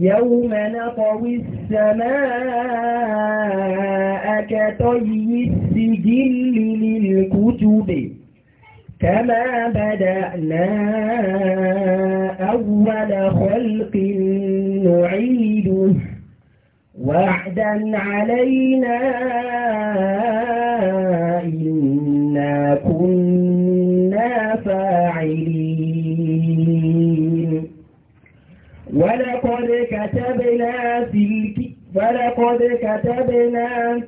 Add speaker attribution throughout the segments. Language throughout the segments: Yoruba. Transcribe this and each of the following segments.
Speaker 1: يوم نطوي السماء كطي السجل للكتب كما بدأنا أول خلق نعيده وعدا علينا إنا كنا فاعلين ولقد كتبنا في الكتاب ولقد كتبنا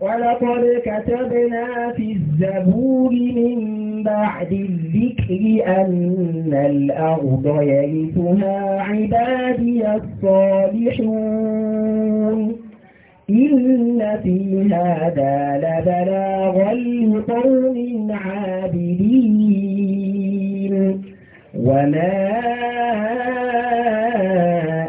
Speaker 1: ولقد كتبنا في الزبور من بعد الذكر أن الأرض يرثها عبادي الصالحون إن في هذا لبلاغا لقوم عابدين وما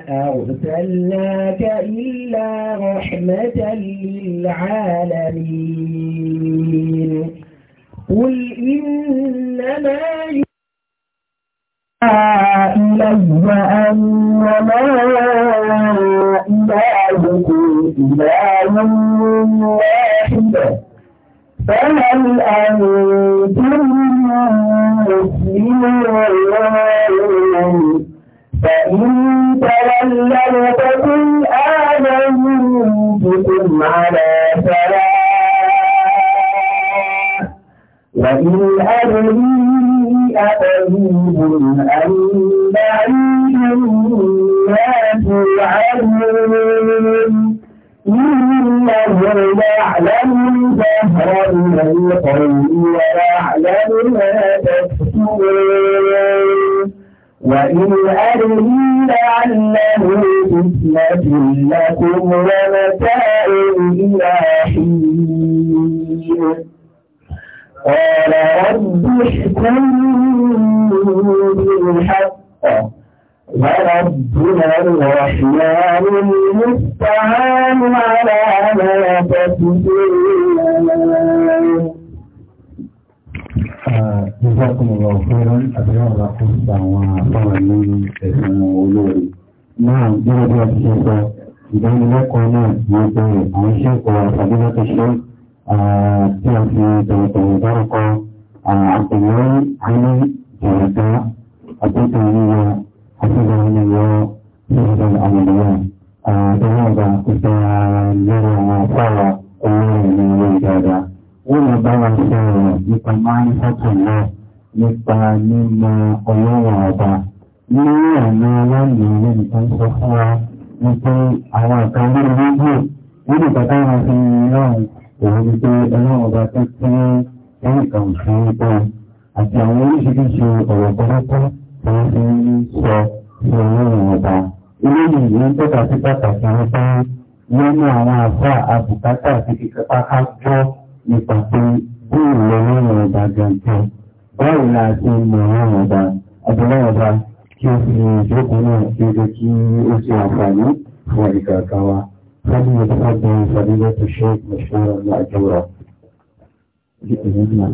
Speaker 1: أرسلناك إلا رحمة للعالمين قل إنما إلي أنما إلهكم إله واحد فهل أنتم تسلموا الله فإن تولوا فقل آمنتكم على سواء وإن أدري أقريب أم بعيد ما توعدون يعلم الجهر من القول ويعلم ما تكتمون وإن أدري لعله فتنة لكم ومتاع إلى حين قال رب احكم بالحق وربنا الرحمن المستعان على
Speaker 2: ما تكذبون
Speaker 3: Ìjọ́kùn ọ̀rọ̀ fẹ́rẹ́ àbẹ́wọ̀n àkóso àwọn àfáà ní ẹ̀sùn olóòrì. Náà gbọ́nà bí ọ̀tí ṣe sọ, ìdánilẹ́kọ̀ọ́ náà ní bẹ̀rẹ̀ àwọn iṣẹ́ ìkọ̀rọ̀ àfàdínlẹ́ tó ṣe tí a fi tọ̀rọ̀tọ̀rọ̀ dárúkọ àtẹ̀lẹ́rí àní ìjọ̀rọ̀dá àtẹ́tẹ̀rí wọn àtúndàmínà yọ nígbà àmàlẹ́yà àtọ́wọ́gbà ìgbà lórí àwọn afárá olórin ní ilé ìdáda wọ́n lè bá wa sọ̀rọ̀ nípa mánífàtà náà nípa mímọ̀ ọlọ́wọ́ ọba ní àná aláìní lẹ́nu tó ń sọ fún wa wípé àwọn àkà lórí rédíò nínú bàtà wọn fi lọ́rùn òun ni pé ọlọ́wọ́ ọba tó kéré lẹ́yìn ọ̀rọ̀ ń sọ fún ọlọ́run ọba ilé yìí ń tọ́ka sí pàtàkì nípa lọ́nà àwọn àfà àbùkátà àti kíkápáká gbọ́ nípa pé bí ìlọ́run ọba gàǹtẹ̀ báwo la ṣe ń mọ ọlọ́run ọba ọdọ́lọ́run ọba kí ó fi ìjókòó náà kí ó jẹ́ kí ó ṣe àǹfààní fún ìkàkà wa. فليتفضل فضيلة الشيخ مشهورا مأجورا. بإذن الله.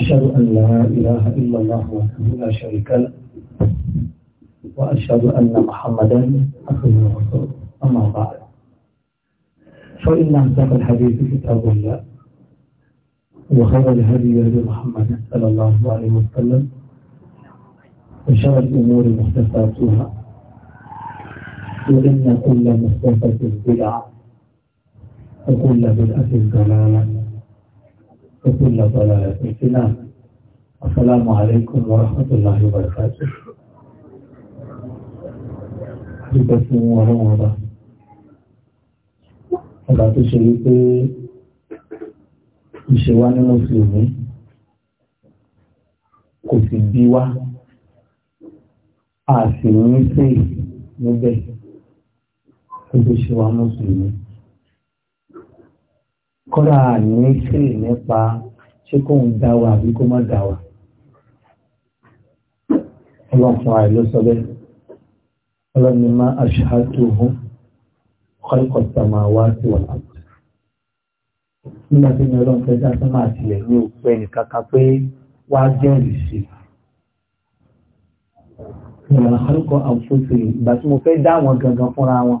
Speaker 3: أشهد أن لا إله إلا الله وحده لا شريك له وأشهد أن محمدا عبده ورسوله أما بعد فإن أصدق الحديث كتاب الله وخير الهدي هدي محمد صلى الله عليه وسلم وشر الأمور محدثاتها وإن كل محدثة بدعة وكل بدعة ضلالة وكل ضلالة في النار السلام عليكم ورحمة الله وبركاته حبيبتي ورحمة ọba tó ṣe wípé ìṣe wa ní mùsùlùmí kò sì bí wa a sì ń ṣe níbẹ̀ kó tó ṣe wa mùsùlùmí kọ́ra ní sírì nípa ṣé
Speaker 4: kò ń dá wa àbí kó má dá wa ọlọ́run fún àìlú sọ bẹ́ẹ̀ ọlọ́run ni má ashhadtuhum khalqa
Speaker 3: samawati wal ard nígbà tí mi ọlọ́run fẹ́ dá sọ́mà àtìlẹ̀ ní òpó
Speaker 4: ẹnì kaka pé wá jẹ́rìí sí ìmọ̀ràn khalqa àwùjọ ìgbà tí mo fẹ́ dá wọn gangan fúnra wọn.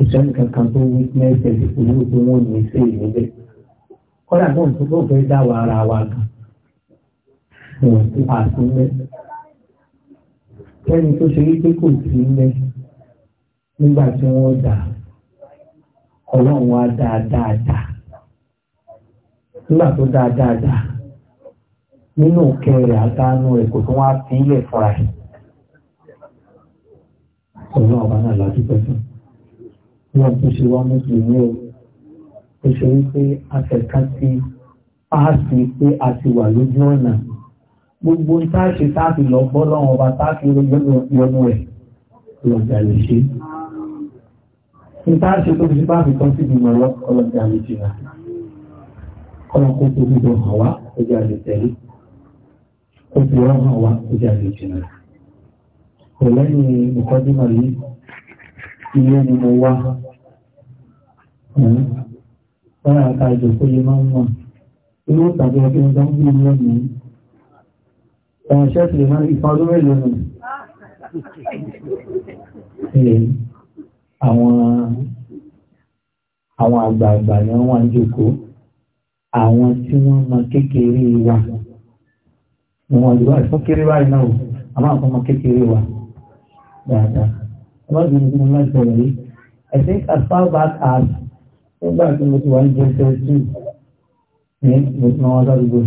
Speaker 3: ìṣẹ́ni kankan tó witness ẹ̀ pẹ̀lú pé wọ́n ní sí ìníbẹ̀. kọ́dà tó ń tó tó fẹ́ dá wa ara wa gan.
Speaker 4: wọ́n ti àti mẹ́. kẹ́ni tó ṣe wípé kò sí mẹ́ nígbà tí wọ́n dà ọlọ́run wa dáa dáadáa. nígbà tó dáa dáadáa nínú àtàánú rẹ̀ kò tó wá fi ilẹ̀ fúnra ọlọ́run ọba náà wọn tó ṣe wá mùsùlùmí o tó ṣe wípé afẹ́ká ti páàsì pé a ti wà lójú ọ̀nà gbogbo ń táàṣì táàfì lọ bọ́ lọ́wọ́ ọba táàfì yọnu rẹ̀ ọlọ́jà lè ṣe ń táàṣì tó fi bá fi tọ́ sí ìgbìmọ̀
Speaker 3: lọ ọlọ́jà lè jìnà kọ́lọ́kọ́ tó fi bọ̀ hàn wá ọjà lè tẹ̀lé ó fi rán hàn wá ọjà lè jìnà pẹ̀lẹ́yìn ìkọ́jú màlúù ìyẹn ni mo wá wọ́n yà ká ìjòkó yìí máa ń mọ̀ inú tàbí ọdún ọdún bí i lónìí
Speaker 4: ẹ̀wọ̀n ṣẹ́sì lè máa ìfọn ọdún mélòó nù àwọn àwọn àgbààgbà ni wọ́n wá ń jòkó àwọn tí wọ́n mọ kékeré wa wọ́n wọ́n jù báyìí kéré báyìí náà àwọn ọmọ kékeré wa dáadáa not the Muslim family. I think as far back as nígbà tí mo ti wà ní jẹ́sẹ̀ tù ní mo ti máa wá sádùúgbò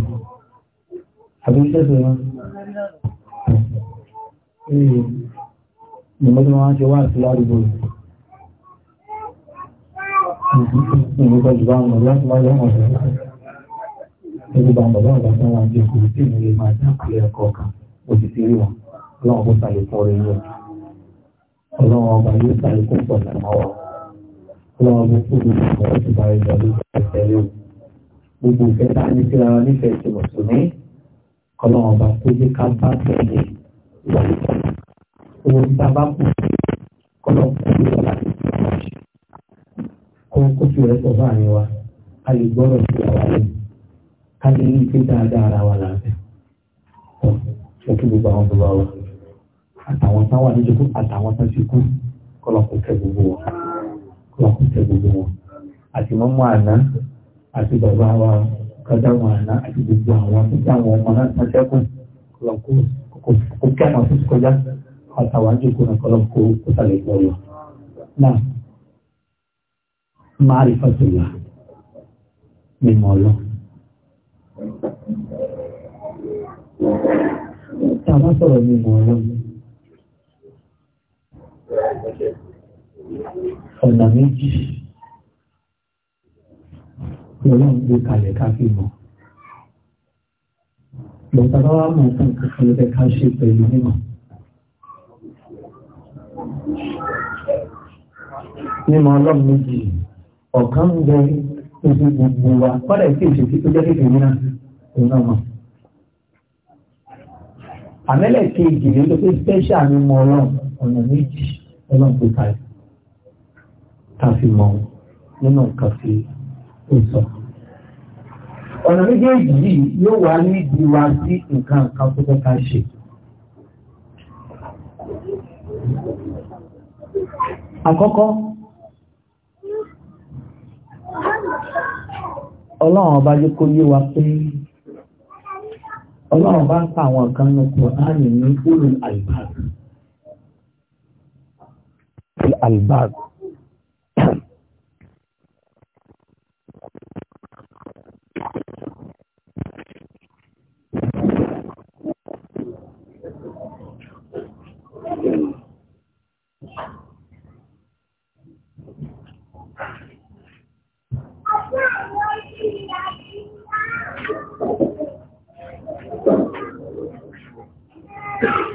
Speaker 3: àbí jẹ́sẹ̀ náà ee ni mo ti máa ṣe wá sí ládùúgbò ìlú pẹ̀lú bá ọmọ láti máa yọmọ sí ìlú bá ọmọ lọ́wọ́ bá wọn ọlọ́run ọba yóò sáré kó pọ̀ lọ́wọ́ wa ọlọ́run ọba kó lórí ìgbà tó bá rí lọ lórí ẹsẹ̀ yóò gbogbo ìfẹ́ tá a ní síra wa nífẹ̀ẹ́ ti mùsùlùmí ọlọ́run ọba kó jẹ́ ká bá tẹ̀lé ìwà ìtọ́ owó tá
Speaker 4: a bá kù kọ́lọ́ kó lórí ọ̀la tó ti wà ṣe kó kó fi rẹ̀ pọ̀ báàrin wa a lè gbọ́rọ̀ sí ara rẹ̀ ká lè ní ìfẹ́ dáadáa ara wa
Speaker 3: làbẹ́ òkè gbogbo àwọn bàbá wa àtàwọn táwọn àti ìjọkú àtàwọn tó ti kú kọlọ̀kù tẹ gbogbo wọn kọlọ̀kù tẹ gbogbo wọn àti mọ́mú àná àti bàbá wa kọ́dáwọn àná àti gbogbo àwọn tó jẹ́ àwọn
Speaker 4: ọmọ náà sàṣẹ́kù kọlọ̀kù kò kí àwọn tó ti kọjá àtàwọn àjòkú náà kọlọ̀kù kó sàlẹ̀ lọ. náà máa rí
Speaker 3: fàtúlà mímọ́ lọ. Tàbá sọ̀rọ̀ mímọ́ lọ́wọ́. ọ̀nà méjì lọ́nà ń gbé kalẹ̀ ká fi mọ̀. Bọ̀tàbá mọ̀ fún kankan lọ́dẹ ká ṣe pẹ̀lú mímọ̀. Mímọ̀ ọlọ́run méjì, ọ̀kan
Speaker 4: ń ojú gbogbo wa, kọ́dà ìfẹ́ ìṣèkí tó jẹ́ ọ̀nà méjì ọlọ́gbé kalẹ̀ tàfi mọ̀ nínú nǹkan fi ó sọ. ọ̀nà méjèèjì yìí yóò wá nídìí wá sí nǹkan kan tó fẹ́ ká ṣe. àkọ́kọ́ ọlọ́run ọba jẹ́ kó yé wa pé ọlọ́run bá ń pa àwọn kan ní kò áàmì ní olùl àìbáàbí. في الألباب Thank you.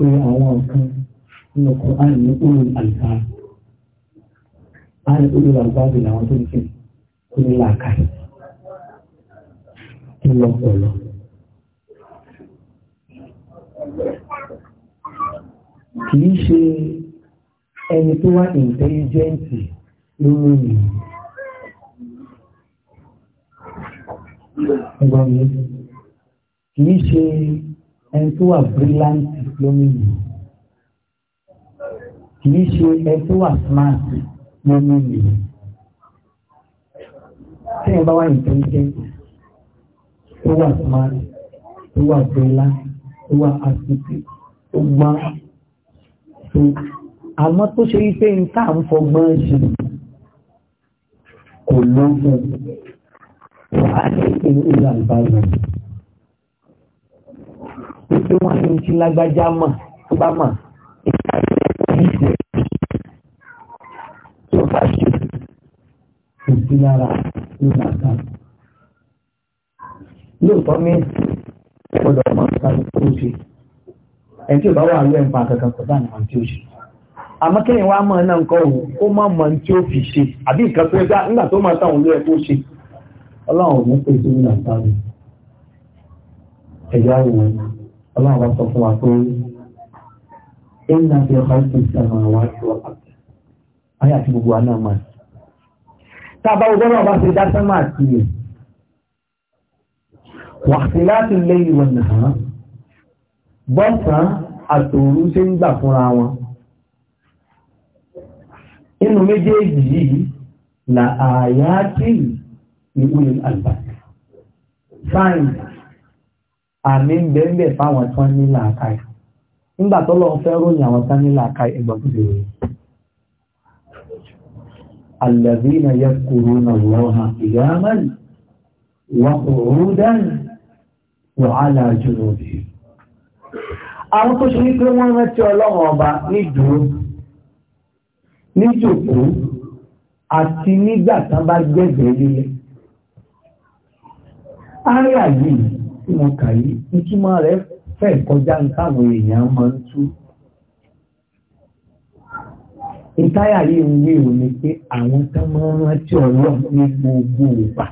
Speaker 3: pé àwọn ọ̀kan nínú Quran ní orí àlùfáà àrùn orí àlùfáà bí làwọn tó ń sìn tó ní làákàyè
Speaker 4: tó lọ́pọ̀lọ́. kì í ṣe ẹni tó wá ìntẹ́lígẹ́ǹtì lórí ìlú. Ẹgbọ́n mi, kì í ṣe ẹni tó wà bíríláǹtì lómìnì kì í ṣe ẹni tó wà smart
Speaker 3: lómìnì tí ẹ bá wà intelligent
Speaker 4: tó wà smart tó wà bíríláǹtì tó wà àtìkì tó gbọ́n tó àmọ́ tó ṣe wípé ń tà ń fọgbọ́n ṣe kò lóògùn wà ní ìlú ìlú àlùbáyọ̀. tí wọ́n ní ti lágbájá mọ̀ tó bá mọ̀ tó bá ṣe kò sí lára lóòótọ́ ní ọ̀dọ̀ ọmọ ìpàdé tó ṣe ẹni tí ò bá wà lóyún pa kankan kò bá tí ó ṣe àmọ́ kẹ́yìn wá mọ̀ náà nǹkan òun ó má mọ̀ tí ó fi ṣe àbí nǹkan tó dá nígbà tó máa táwọn olóyè tó ṣe ọlọ́run ò ní pèsè nígbà táwọn ọlọ́run bá sọ fún wa pé ẹ̀yìn àti ọkọ̀ ìsìn sẹ́nu àwọn àti ọ̀pá ayé àti gbogbo àná máa. tá a bá gbogbo náà bá ṣe dá sẹ́mà àti yẹ̀ wàásì láti lẹ́yìn wọn nàá bọ́sàn àtòrú ṣe ń gbà fúnra wọn. inú méjèèjì yìí là àyà tí ìwúlẹ̀ àgbà sáyẹ̀nsì. àmì ń bẹ ń bẹ fáwọn tí wọ́n ní làákàyè nígbà tó lọ fẹ́ ròyìn àwọn tí wọ́n ní làákàyè ẹgbẹ́ tó lè ròyìn. alladhina yadhkuruna Allaha qiyaman àwọn tó ṣe wípé wọ́n rántí ọlọ́run ọba nídùú níjòkó àti nígbà tán bá tí wọ́n kà yìí ìtumọ̀ rẹ̀ fẹ́ kọjá táwọn èèyàn máa ń tú. ìtáyà yìí ń wé òní pé àwọn tó máa ń rántí ọ̀rọ̀ ní gbogbo ìgbà.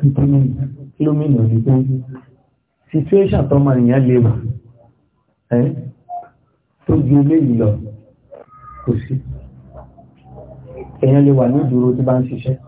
Speaker 4: nítorí lómìnà ní pé situation tó máa yàn lè wà tó ju eléyìí lọ kò sí èèyàn lè wà ní ìdúró tí bá ń ṣiṣẹ́.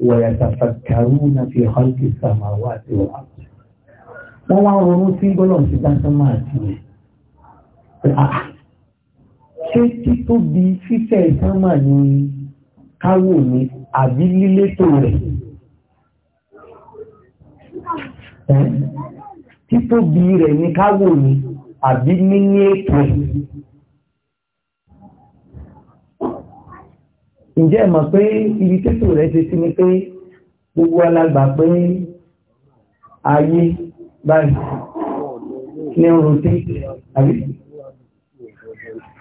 Speaker 4: ويتفكرون في خلق السماوات والأرض wọ́n wá ronú sí gbọ́dọ̀ sí dáńsánmà àti rẹ̀ ah, ah, ṣé títóbi fífẹ̀ ìsánmà ni káwò ni àbí lílétò rẹ̀ títóbi rẹ̀ ni káwò ni àbí níní ètò ǹjẹ́ ẹ mọ̀ pé ibi títù rẹ̀ ti sí ni pé gbogbo alágbà pé ayé báyìí ní ọrùn tí àbí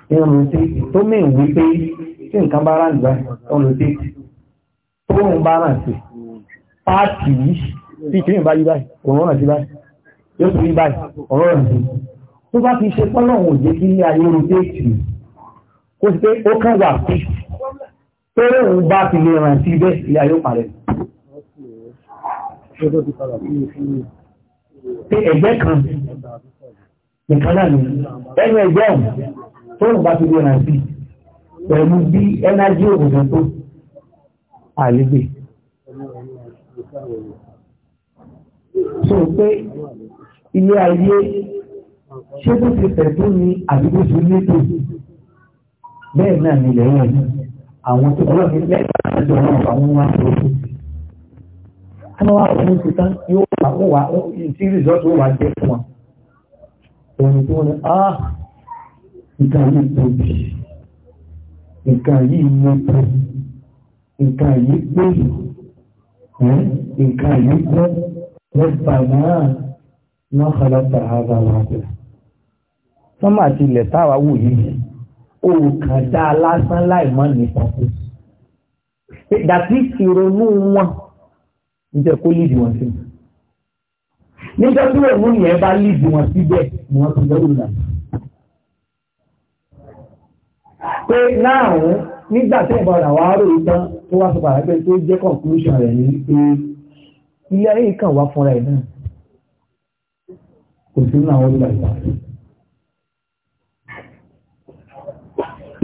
Speaker 4: ní ọrùn tí tó mẹ́ ìwé pé tí nǹkan bá rà nígbà ọrùn tí tó ń bá rà sí páàkì yìí tí kìí bá yí báyìí ọ̀rọ̀ rà sí báyìí yóò tún yí báyìí ọ̀rọ̀ rà sí tó bá fi ṣe pọ́nlọ́hùn òjé kí ayé rotẹ́ẹ̀tì kó sì pé ó kàn wà fíìsì pẹ́rẹ́ òun bá ti lè ràn sí bẹ́ ilé ayó parẹ́ pé ẹgbẹ́ kan nìkan náà ni ẹnu ẹgbẹ́ ọ̀hún tó òun bá ti lè ràn sí pẹ̀lú bí ẹnájí òbòdó tó àlégbè so pé ilé ayé ṣé tó ti tẹ̀ tó ní àdúgbò tó létò bẹ́ẹ̀ náà ni lẹ́yìn ẹ̀yìn àwọn tó lọ ní lẹ́yìn àjọ náà àwọn wá tó tó sí. Àwọn wá òun ti tán yóò wà ó wà ó tí rìsọ́ọ̀tì ó wà jẹ́ fún wa. Òun tó ní á ah, nǹkan yìí tóbi,
Speaker 3: nǹkan yìí mọ́tò, nǹkan yìí pé, nǹkan yìí pẹ́, wọ́n gbà náà náà kọ́lá tàhálà
Speaker 4: wà pẹ̀lú. Sọ́mà àti ilẹ̀ táwa wò yìí yìí kò kàn dá a lásán láì mọ́ nìkan kú dàbí ìrònú wọn níjẹ́ kó lídì wọn sí níjẹ́ tí òun yẹn bá lídì wọn síbẹ̀ ni wọ́n ti lọ́wọ́ ìlànà pé láàrún nígbà tí ìbọ̀dà wà rò ìtàn tó wá sọ pàdé pé tó jẹ́ conclusion rẹ̀ ní pé ilé ayé kan wá fúnra ẹ̀ náà kò sí nínú àwọn olùgbàgbà rẹ̀.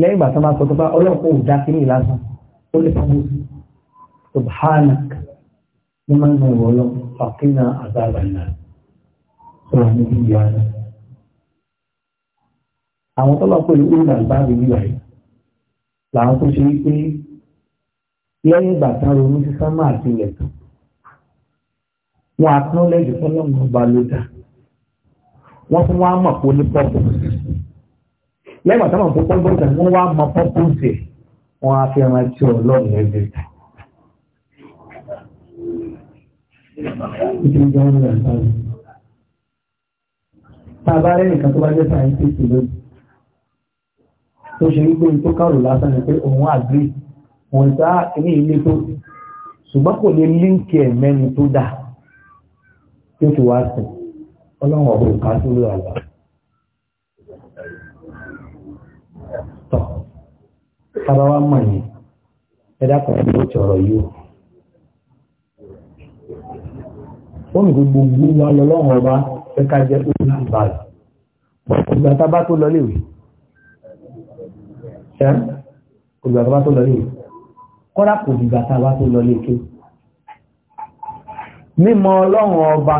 Speaker 4: lẹ́yìn ìgbà tó máa sọ tó bá ọlọ́pọ̀ òdá sí ní ìlàsàn ó lè fọwọ́ sí subhanak ní máa ń mọ ìwọ lọ fàkínà àgbàgbà náà sọ̀rọ̀ níbi ìyá rẹ̀. àwọn tọ́lọ̀ pé ìlú ìlú àgbà rẹ̀ yíwá yìí làwọn tó ṣe wípé lẹ́yìn ìgbà tán ronú sí sánmà àti ilẹ̀ tán wọn àtúnlẹ̀ jù ọba ló dà wọ́n fún wọn á mọ̀ pé ó ní pọ́ọ̀pù sí lẹ́gbàá tó máa fún pọ́ńpọ́n kan wọ́n wá máa pọ́ńpọ́n sí ẹ̀ wọ́n á fi ẹran tí ọlọ́run ẹ̀ bẹ̀rẹ̀ tà. tá a bá rẹ́ nìkan tó bá jẹ́ sáyẹ́ntìsì lónìí tó ṣe wípé tó kárò lásán ni pé òun àgbè òun ìta ní ilé tó ṣùgbọ́n kò lè líǹkì ẹ̀ mẹ́ni tó dà tó ti wá sùn ọlọ́run ọ̀bùn ká sí lórí àgbà. tàbá wá mọ̀ yìí ẹ̀dá kan ló ti ọ̀rọ̀ yìí o. wọ́n ní gbogbo wa lọ́lọ́run ọba fẹ́ ká jẹ́ òun náà báyìí ìgbà tábá tó lọ léwe ẹ́ ìgbà tábá tó lọ léwe kọ́dà kò dìgbà tábá tó lọ léke mímọ̀ ọlọ́run ọba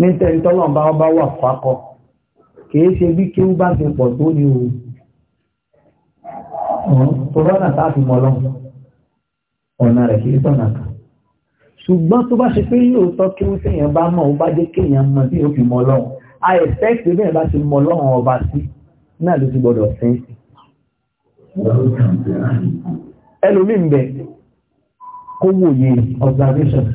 Speaker 4: ní tẹ́ntọ́lọ́run bá wà fákọ kìí ṣe bí kí bá ṣe pọ̀ tó ní òun tó rọ́nà táàfi mọ́ lọ́hùn ọ̀nà rẹ̀ kìí tọ̀nà kan ṣùgbọ́n tó bá ṣe pé lóòótọ́ kí wọ́n téèyàn bá mọ̀ ó bá jẹ́ kéèyàn mọ̀ bí ó fi mọ́ lọ́hùn a expect bí ẹ̀ bá ti mọ́ lọ́hùn ọba sí náà ló ti gbọ́dọ̀ sẹ́yìn sí ẹlòmí ń bẹ kó wòye observation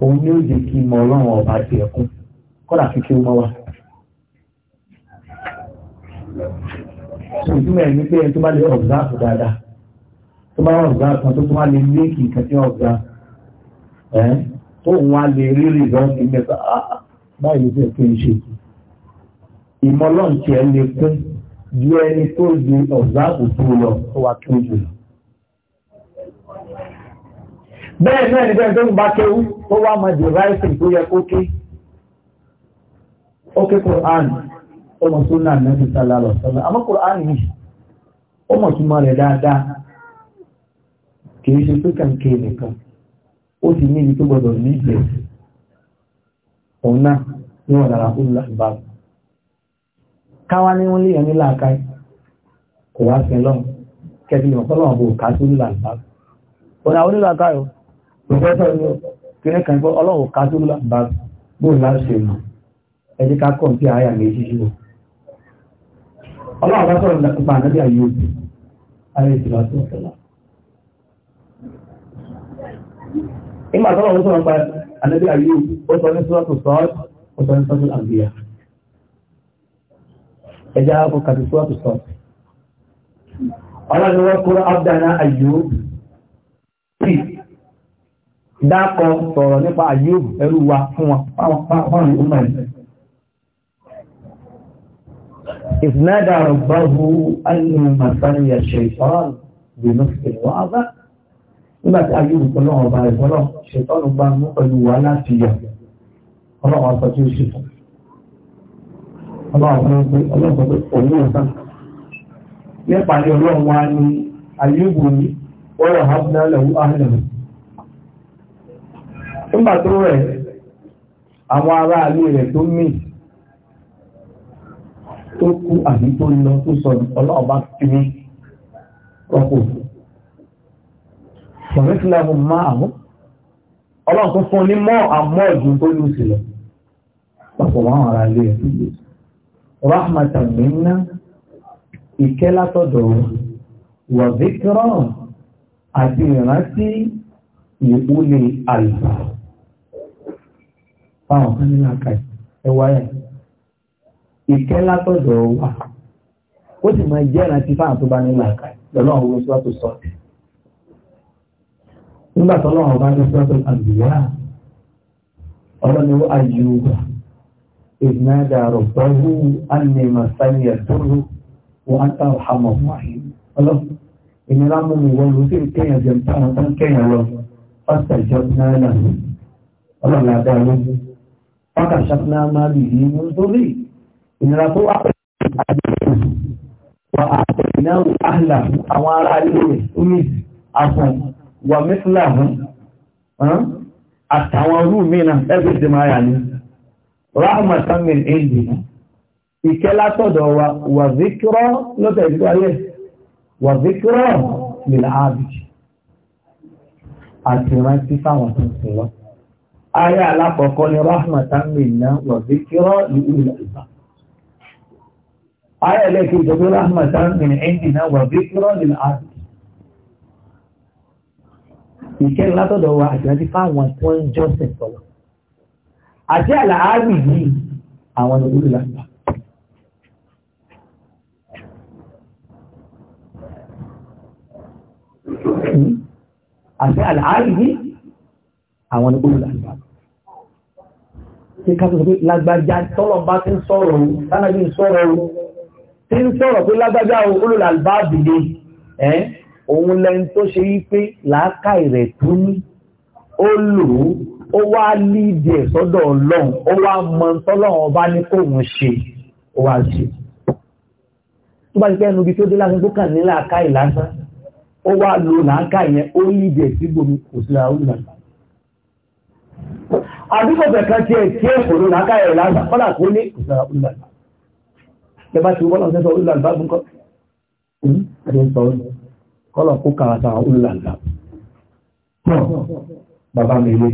Speaker 4: òun ni ó jẹ́ kí mọ̀ ọlọ́run ọba ti ẹ̀kún ṣùgbọ́n ẹni pé ẹni tó bá lè ọ̀bùdáàfù dáadáa tó bá ọ̀bùdáàfù kan tó tó wá lè ní kì í kẹsí ọ̀bùdá ẹ̀ tó ń wá lè rí rìsọ́ọ̀tì mẹ́ta ah, ah, báyìí fẹ́ kí n ṣe ìmọ̀lọ́ǹtì ẹ̀ lè kún ju ẹni tó di ọ̀bùdáàfù tó lọ tó wá kí ó jù lọ. bẹ́ẹ̀ náà ni bẹ́ẹ̀ tó ń bá kéwú tó wá mọ dìváìsì tó yẹ kó ké ó ké kó àná ọmọ tó náà nàbí sálà lọ sálà àmọ́ Kùránì ní ọmọ tó máa rẹ̀ dáadáa kìí ṣe pé kàǹkì nìkan ó sì ní ibi tó gbọdọ̀ ní ìbẹ̀rẹ̀ òun náà ní wọn lára ó lọ ìbá káwá ní wọn léèyàn ní làákàyè kò wá sí lọ́wọ́ kẹ́bí ìmọ̀ fọlọ́wọ́n bò ká tó nílà ìbá ọ̀nà àwọn onílà káyọ̀ pòfẹ́sọ̀ ní kìnnì kan fọ́ ọlọ́wọ́ ká tó nílà ìbá bóun láṣẹ mọ̀ ẹni ká kọ̀ ní ọlọ́run bá sọ̀rọ̀ nípa ànábì ayé òbí ayé ìtura tó fẹ́lá. ìgbà tó lọ́wọ́ sọ̀rọ̀ nípa ànábì ayé òbí ó sọ ní sọ́ọ̀tù sọ́ọ̀tù ó sọ ní sọ́ọ̀tù àgbéyà. ẹja kò kàtí sọ́ọ̀tù sọ́ọ̀tù. ọlọ́run wọn kúrò abdana ayé dákọ̀ sọ̀rọ̀ nípa ayé òbí wa fún wọn fáwọn fáwọn ìhùmọ̀ إذ نادى ربه أنه مسني الشيطان بنفس وعظة nígbà tí ayé òkú náà ọba ìfọlọ ṣètọ́nù gba mú pẹ̀lú wa láti yọ ọlọ́wọ́ sọ tí ó ṣe fún ọlọ́wọ́ sọ pé ọlọ́wọ́ sọ pé òun ò sàn nípa ní ọlọ́run wa ní ayé òkú ní wọ́rọ̀ hábúná lẹ́wọ́ áhìlẹ̀mù nígbà tó rẹ̀ àwọn aráàlú rẹ̀ tó mìí tó kú àbí tó lọ tó sọ̀rọ̀ ọlọ́ọ̀bá fi ní rọ́pò. Sọ̀rọ̀ sílẹ̀ mo máa àwọn ọlọ́run tó fún ní mọ́ àmọ́ ìdùn tó lù sílẹ̀ papọ̀ wọn ara lé ẹ̀ tó lè. Rahmatan minna ìkẹ́ látọ̀dọ̀ wà zikran àti ìrántí ìwúlé àlùfáà. Báwọn kan ní àkàì ẹwà yẹn ìkẹ́ látọ̀dọ̀ wà ó sì máa jẹ́ ìrántí fáwọn tó bá nílò àkàì lọ́nà owó sọ́tò sọ́ọ̀tì nígbà tó lọ́wọ́ bá ní sọ́tò àgbìyà ọlọ́ni ó ayúwà ìdínádà rọ̀bọ́rú ánìmọ̀ sáyẹ̀ dúró wọn á tàn hàmọ̀ wáyé ọlọ́pàá ìnira mú mi wọ́n lọ pásítà ìjọba náà إن وأعطيناه أهله أمار أنا أميز أصلا ومثله أنا من أبي الزمايني أنا من عندنا إكلا أنا وذكرى نتعلم عليه أنا للعابد أتمنى في أنا الله آية على أنا رحمة منا وذكرى أنا الباب Ayé ẹlẹ́kìn tó gbọ́lá Ahmadu Amin Ẹ́ndì náà wà bí kúrọ́ nínú àti. Ìkẹ́ látọ̀dọ̀ wa àjọ́jú fáwọn tí wọ́n ń jọ́sìn sọ̀rọ̀. Àti àlàáàrì yìí àwọn olórí làgbà. Àti àlàáàrì yìí àwọn olórí làgbà ṣe ká tó sọ pé lágbájá tọ́lọ̀ bá ti ń tí ń sọ̀rọ̀ pé lágbájá olùlàlbáàbìlé ẹ́ òun lẹ́n tó ṣe wípé làákà rẹ̀ tún ní ó lò ó ó wá lídìí ẹ̀ sọ́dọ̀ ọlọ́run ó wá mọ tọ́lọ́run ọba ní kóun ṣe ó wá ṣe tó bá ti pẹ́ ẹnu ibi tó dé lásán tó ní làákà ìlásán ó wá lo làákà yẹn ó lídìí ẹ̀ sí kò sí làá òun náà àdúgbò bẹ̀ẹ̀kan tiẹ̀ tí èkó ló làákà ẹ̀ lásán kọ́là kó ní kò sí làá òun tẹbá ti wọ́n lọ́sẹ́sọ olùlàlbábù kọ́ àdínsọ hmm? kọ́lọ̀ kó kàràtà olùlàlbábù náà bàbá mẹ́lẹ́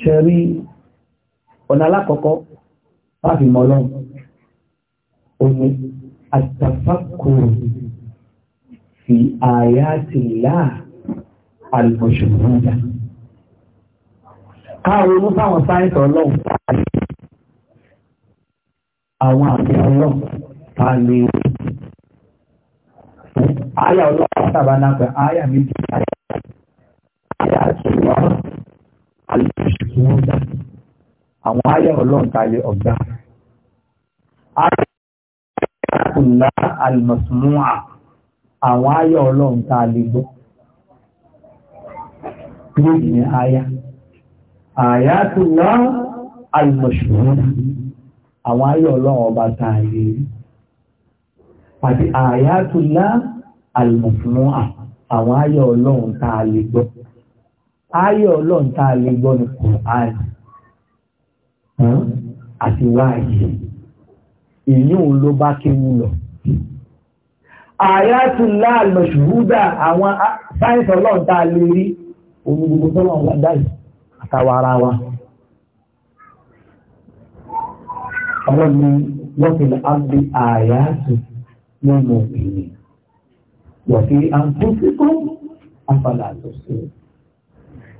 Speaker 4: ṣẹ̀rí ọ̀nà alákọ̀ọ́kọ́ láti mọ̀ lọ́n omi àtàfàkùrù fi àyàtìlá àlùmọ̀ṣùgbọ́n káàrùn ún fáwọn sáyẹ̀tì ọlọ́run àwọn àmì ọlọ́run ta lè rí. Àyà ọlọ́run sábà náà pẹ̀ àyà méjì àyà àyà àti ìwà àlùfẹ́sì tí wọ́n dá. Àwọn àyà ọlọ́run ta lè ọ̀gá. Àyà kùlá àwọn àyà ọlọ́run ta lè gbọ́. Bí ènìyàn àyà. Àyà kùlá àlùmọ̀sùnmùà àwọn ayé ọlọ́run ọba tá a lè rí àti àyàtúlá àlùmọ̀fúnmọ́ àwọn ayé ọlọ́run tá a lè gbọ́ ayé ọlọ́run tá a lè gbọ́ ní Kùránì hmm? àti wáyé ìyún ló bá kéwú lọ àyàtúlá àlùmọ̀ṣùhúdà àwọn sáyẹ́nsì ọlọ́run tá a lè rí omi gbogbo tọ́lọ́run wá dáì àtàwọn ara wa. àwọn ni wọ́n fi lè ábí ààyè àti nínú ìní wọ́n fi àǹtí tó àfàlà tó ṣe.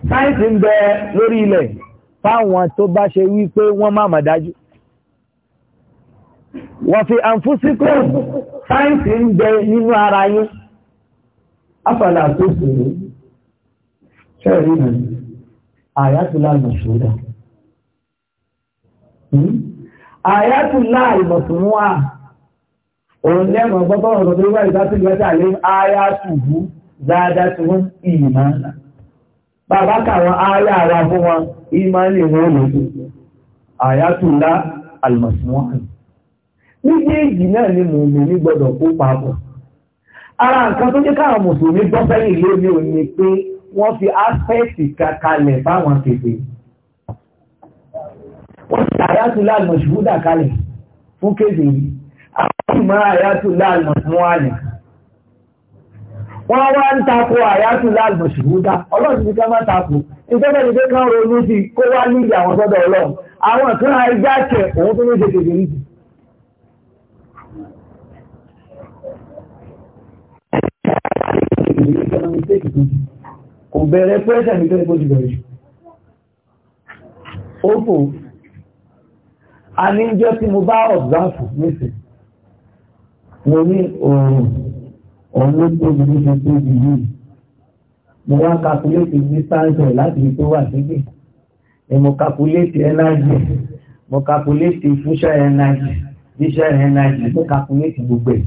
Speaker 4: sáyẹ́ǹsì ń bẹ lórí ilẹ̀ fáwọn tó bá ṣe wí pé wọ́n má mà dájú. wọ́n fi àǹfúsíkò sáyẹ́ǹsì ń bẹ nínú ara yín. àfàlà tó ṣe ṣẹ́ẹ̀rí mi àyà tó lánàá ṣòdà àyàtúlá ìmọ̀túnmúà òun lẹ́mọ̀ gbọ́gbọ́ ọ̀rọ̀ tó wà ìdásí ìgbẹ́sẹ̀ àlẹ́ àyàtúhú dáadáa tí wọ́n ìmọ̀ náà bàbá kàwọn ayá ara fún wọn ìmọ̀ lè wọ́n lè tó àyàtúlá àlùmọ̀túnmúà méjèèjì náà ni mò ń lè ní gbọ́dọ̀ kó papọ̀ ara nǹkan tó jẹ́ káwọn mùsùlùmí gbọ́ sẹ́yìn lé mi ò ní pé wọ́n fi áspẹ́ẹ̀tì kakalẹ̀ báwọn tètè wọ́n ti àyàtò láàrín mọ̀ṣùgbúdà kalẹ̀ fún kéde yìí àwọn ìmọ̀ àyàtò láàrín mọ̀ṣùgbúdà wọ́n wá ń tako àyàtò láàrín mọ̀ṣùgbúdà ọlọ́run ti ká má tako ìjọba ìgbé kan ronú sí kó wá níbi àwọn sọ́dọ̀ ọlọ́run àwọn tó ń ajá kẹ òun tó ní ṣètò ìgbéyìí jù. kò bẹ̀rẹ̀ pẹ́sẹ̀ nítorí kó ti bẹ̀rẹ̀ ó fò a ní jọ́ tí mo bá ọ̀gbáǹfù nísìn mo ní òòrùn òun ló tóbi ní ṣe tóbi yìí mo wá kakuléètì distance láti ibi tó wà síbẹ̀ ni mo kakuléètì energy mo kakuléètì future energy future energy mo kakuléètì gbogbo ẹ̀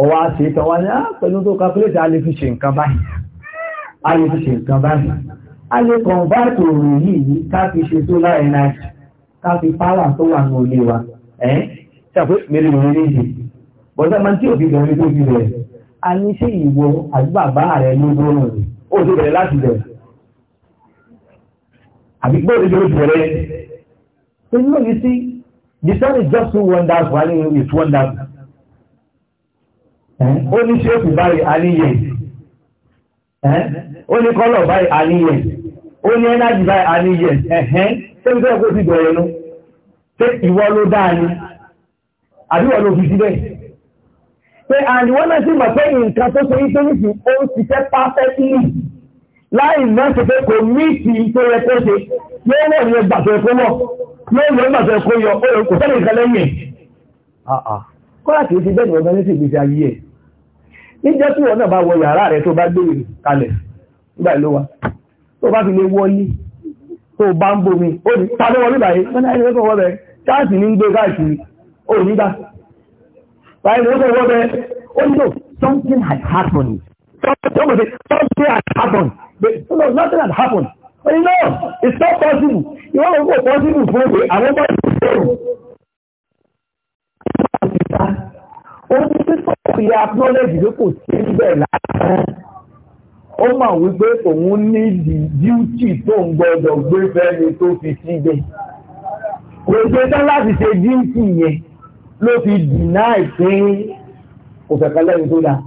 Speaker 4: ọwọ́ àti ìtàn wa ní ah, pẹ̀lú tó kakuléètì a lè fi ṣe nǹkan báyìí a lè fi ṣe nǹkan báyìí a lè kọ̀ǹbáàtì òòrùn yìí ká fi ṣe solar energy ká fi pálà tó wà ní olé wa ẹ́ ṣàpé mèrè lórí léde bọ́dá máa tí òbí bẹ̀rẹ̀ tó fi bẹ̀rẹ̀ a ní ṣé ìwọ àti bàbá rẹ ló gbọ́nà rẹ̀ ó ti bẹ̀rẹ̀ láti bẹ̀rẹ̀ àbí gbọ́dọ̀ tó ti bẹ̀rẹ̀ ṣé ní òbí sí the sun is just too wonderful and it is wonderful ó ní ṣé òkú báyìí a níyẹ̀ ó ní kọ́lọ̀ báyìí a níyẹ̀ ó ní energy by àníyẹ ẹ̀hẹ́n tẹ́bí tẹ́bí kó sì bẹ̀rẹ̀ nu pé ìwọ ló dáa ni àbí wọ́n ló fi síbẹ̀ pé àníwọ́n náà sì mọ̀ pé nǹkan tó ṣe iṣẹ́ nìsín ó ń ṣiṣẹ́ perfectly láì náà ṣe pé kò ní ìsì tó yẹ kó ṣe yóò wọ̀ ní ẹgbà tó yẹ kó wọ̀ yóò wọ̀ nígbà tó yẹ kó yọ kò sẹ́ni nǹkan lẹ́yìn ẹ̀. kọ́lá kìí ti bẹ́ẹ̀ ni ọ̀gá ní sì gbèsè ayé ẹ̀ níjẹ́ tí wọn náà bá wọ yàrá rẹ̀ tó bá gbé kalẹ̀ nígbà ìlú wa tó bá fi lè wọlé tó bá ń bomi ó ní tàbí wọlé báyìí wọ́n ní ẹgbẹ́ wọ́bẹ̀ káàkì ní ń gbé káàkiri ó nígbà báyìí ní ẹgbẹ́ wọ́bẹ̀ ó ní something had happened something, something had happened no nothing had happened no it's not possible You want to go possible I òkè àwọn bá ìṣòro ó ní pípọ̀ ìyá acknowledge ló kò sí níbẹ̀ láàárín ó mọ̀ wípé òun ní díútì tó ń gbọdọ̀ gbé fẹ́ni tó fi síbẹ̀ kò ṣe tán láti ṣe díútì yẹn ló fi dìnnà ìpín òfẹ̀kọ́ lẹ́yìn tó dáa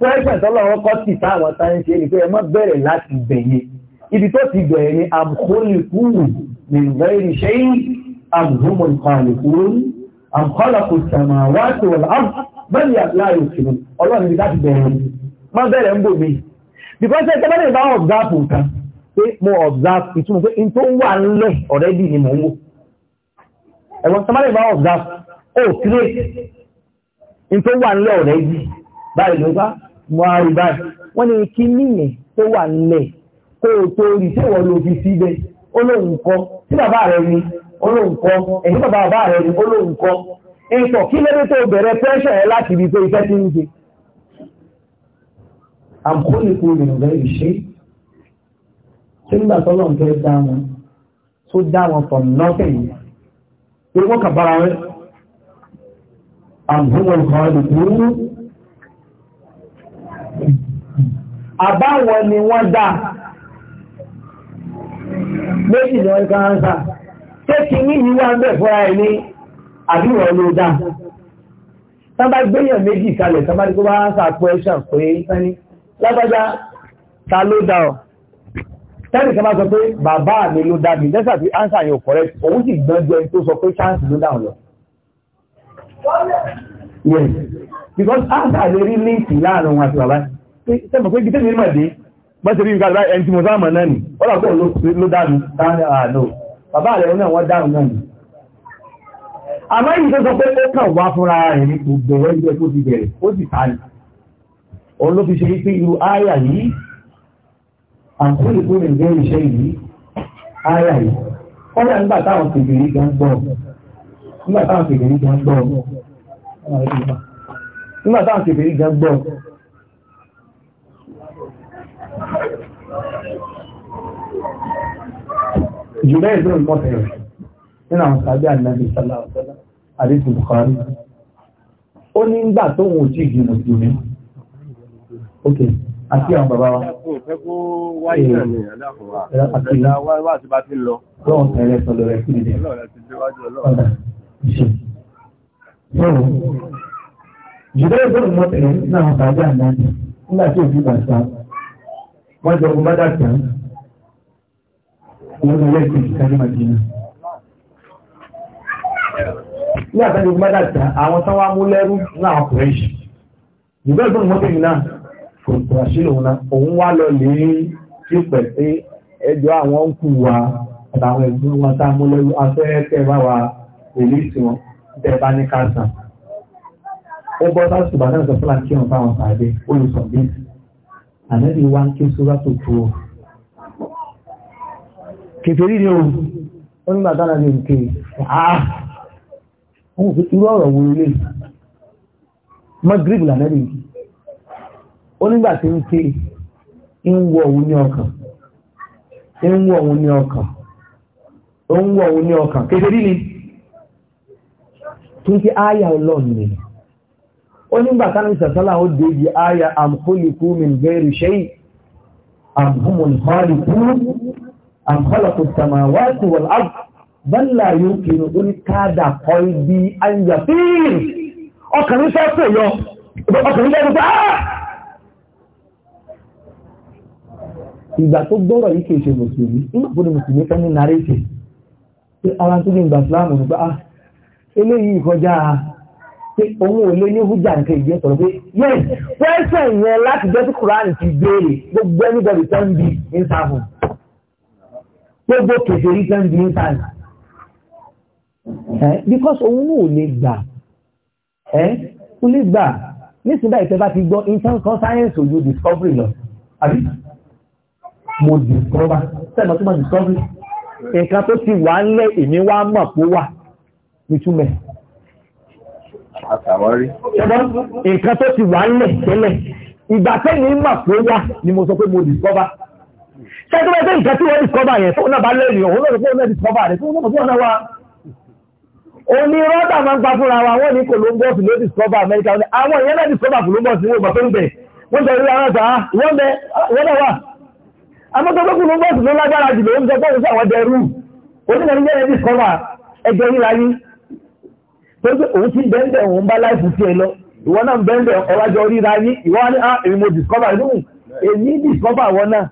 Speaker 4: pẹ́sẹ̀ tọ́lọ́wọ́ kọ́ sì táwọn tá ń ṣe ni pé ẹ má bẹ̀rẹ̀ láti bẹ̀yẹ ibi tó ti bẹ̀rẹ̀ ni àmkólìkú nìgbà ìrìṣẹ́ yìí àmhùmọ̀ ìkọ̀ọ̀lùkú àmkọ́lọ̀kù sàmàwátì wọ̀lá bẹ́ẹ̀ ni àláyò kìnnì ọlọ́run ibi láti bẹ̀rẹ̀ má bẹ̀rẹ̀ ń bò mí because ẹ̀ tẹ́lẹ̀ bá observe nǹkan pé mo observe ìtumọ̀ pé n tó wà nílẹ̀ already ni mò ń wò ẹ̀wọ̀n tẹ́lẹ̀ bá observe oh create n tó wà nílẹ̀ already báyìí ló bá mo á rí báyìí wọ́n ní kí níyẹn tó wà nílẹ̀ kó o tó rí tí wọ́n lo fi síbẹ̀ olóhùn kọ́ tí bàbá rẹ̀ ni olóhùn kọ́ ẹ̀yìn bàbá rẹ̀ ni pressure ẹ̀ láti ibi pé iṣẹ́ ti ń àkólìkù ìrìnlẹ̀ ìṣe tí nígbà tọ́lọ̀ ń fẹ́ dá wọn tó dá wọn from nothing pé wọ́n kà bára rẹ̀ àbúrò ìkọlùkù àbáwọn ni wọ́n dá méjì lọ ẹ̀ka ánsà tó ti ní ìwà ń bẹ̀ fúra ẹ̀ ní àbúrò ló dá tán bá gbéyàn méjì kalẹ̀ tán bá ní kó bá ánsà pẹ́ ṣàpẹ́ sẹ́ni lágbájá ta ló dá ọ tẹ́lì kan bá sọ pé bàbá mi ló dá mi lẹ́sà tí ánsà yóò correct òun sì gbọ́n jẹ́ tó sọ pé chance ló dáhùn lọ yes because ánsà lè rí líǹkì láàrin òun àti bàbá sẹ́mọ̀ pé gítẹ́ nílùú mọ̀dé bọ́n ti rí nǹkan báyìí ẹni tí mo sá mọ̀ náà nì ó lọ́pọ̀ ló dá mi dáhùn ah, bàbá rẹ̀ náà wọ́n dáhùn náà nì àmọ́ ìyí tó sọ pé ó kàn wá fúnra rẹ̀ ní gbogbo ẹgbẹ́ tó ti bẹ̀rẹ̀ ó sì sáà òun ló fi ṣe wípé irú áyà yìí àkúrò ìkúrò ìgbẹ́ iṣẹ́ yìí áyà yìí kọ́lá nígbà táwọn kèbèrè gan gbọ́ nígbà táwọn kèbèrè gan gbọ́ nígbà táwọn kèbèrè gan gbọ́ jùlọ ìlú ìmọ̀tẹ̀rẹ̀ nínú àwọn sàbí ànábì sálà àdéhùn Bukhari ó ní ń gbà tóun ò tí ì di mùsùlùmí ok àti àwọn bàbá wa lọ́wọ́n tẹ̀lé sọ̀lọ̀ rẹ̀ sílẹ̀ jùlọ
Speaker 3: ìgbọ́n mọ́tẹ̀lẹ̀ náà bàjá àmọ́ nígbà tí òfin bàtà
Speaker 4: wọ́n jọ ọgbọ́n bá dàtà wọ́n lọ lẹ́ẹ̀kì ìkájú màdínà ní àtàjù ọgbọ́n bá dàtà àwọn tán wá mú lẹ́rú náà ọkùnrin jùlọ ìgbọ́n mọ́tẹ̀lẹ̀ náà fòtòṣìlòna òun wá lọ lè rí tí pẹ̀ pé ẹjọ́ àwọn ń wa àtàwọn ẹ̀gbọ́n wa tá mú lẹ́rú afẹ́ẹ́kẹ́ bá wa èlé tí wọn bẹ́ẹ̀ bá ní káàsà ó bọ́ sáà náà sọ fúlàní kí bá wọn pàdé wa ń ké sórà tó tu ọ ni o ó nígbà dára ní òkè àá wọn ò fi onígbà tí ń ké ń wọ òun ní ọkàn ń wọ òun ní ọkàn ó ń wọ òun ní ọkàn kékeré ni tún kí áyà ọlọ́run ni onígbà tánà ìsàtọ́lá ó débi áyà àmkólikú min gẹ́rù ṣe àmkólikú àmkólikú samawati wal ard bala yóò kiri ó ní káàdà kọ́ ibi ayà ọkàn ní sọ́ọ̀tì yọ ọkàn ní sọ́ọ̀tì yọ ìgbà tó gbọ́rọ̀ yìí kìí ṣe mùsùlùmí nígbà tó ní mùsùlùmí fẹ́ ní nàrétì pé ara tó ní ìgbà síláàmù nípa ah eléyìí kọjá pé òun ò lé ní hújà nǹkan ìgbé sọ̀rọ̀ pé yes pẹ́sẹ̀ yẹn láti jẹ́ sí Kùránì ti béèrè gbogbo anybody tó ń di ìsàfù gbogbo kèfèrí tó ń di ìsàfù because òun ò lè gbà ẹ́ ó lè gbà nísìnyí báyìí tẹ́ bá ti gbọ́ intan kan ojú discovery lọ àbí mo discover sẹ́nà tó mọ̀ discovery nǹkan tó ti wà ń lẹ́ èmi wá mọ̀ pó wà nítúmẹ̀ àtàwárí ṣẹ́bọ́n nǹkan tó ti wà ń lẹ̀ tẹ́lẹ̀ ìgbà tẹ́ni mọ̀ pó wà ni mo sọ pé mo discover ṣẹ́tọ́ bẹ́ẹ̀ pé nǹkan tí wọ́n discover yẹn fún náà bá lẹ́yìn òun náà fún náà discover rẹ̀ fún náà fún náà wá oní rọ́dà máa ń pa fúnra wa wọ́n ní kòlóńgọ́ọ̀sì ló discover America àwọn ìyẹn náà discover kòlóńgọ́ọ̀sì wọ́n gbà tó ń bẹ̀ wọ́n tẹ̀lé ah ọ̀tá wọ́n bẹ̀ náà wà amọ́tọ́gbọ́kùn ló bọ́ọ̀sì ló lágbára jùlọ ó ń sọ pọ́ọ̀sì àwọn ẹ̀dẹ̀rú onígbàrí jẹ́ ẹni kọ́mà ẹgbẹ́ yíra yín tó ń pẹ́ òun ti bẹ́ńbẹ̀ òun bá láìfù sí ẹ lọ ìwọ náà bẹ́ńbẹ̀ ọlájọ ríra yín ìwọ ní á ah, èmi mo discover inú èmi discover wọn náà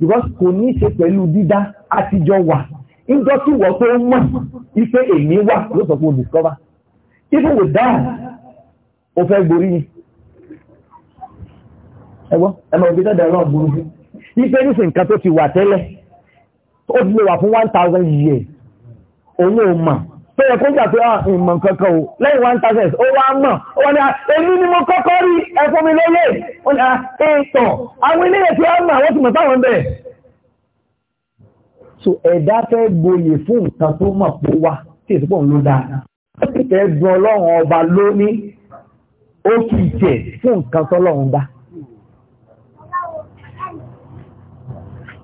Speaker 4: because kò ní í ṣe pẹ̀lú dídá àtijọ́ wà níjọ́ tí wọ́n tó mọ̀ ife èmi wà ló sọ pé o discover even with that o fẹ́ gborí yín ẹgbọ́n ẹ máa gbé dáadáa náà burú fún ipe nísìn nǹkan tó ti wà tẹ́lẹ̀ ó ti lè wà fún one thousand years òun ò mà tó yẹ kó gbà pé ìmọ̀ ah, kankan o lẹ́yìn one thousand years ó wá mọ̀ ó wà ní ah, èmi ni mo kọ́kọ́ rí ẹ̀fọ́ mi lóye ó ní ètò ah, àwọn ilé tí wọ́n mọ̀ àwọn ti mọ̀ táwọn bẹ̀. so ẹ̀dá fẹ́ gboyè fún nǹkan tó mọ̀ pé wá tí èsì pọ̀ ń lo dáadáa ó ọlọ́run ọba lóní ó kì í jẹ fún nǹkan tọ́lọ́run dá.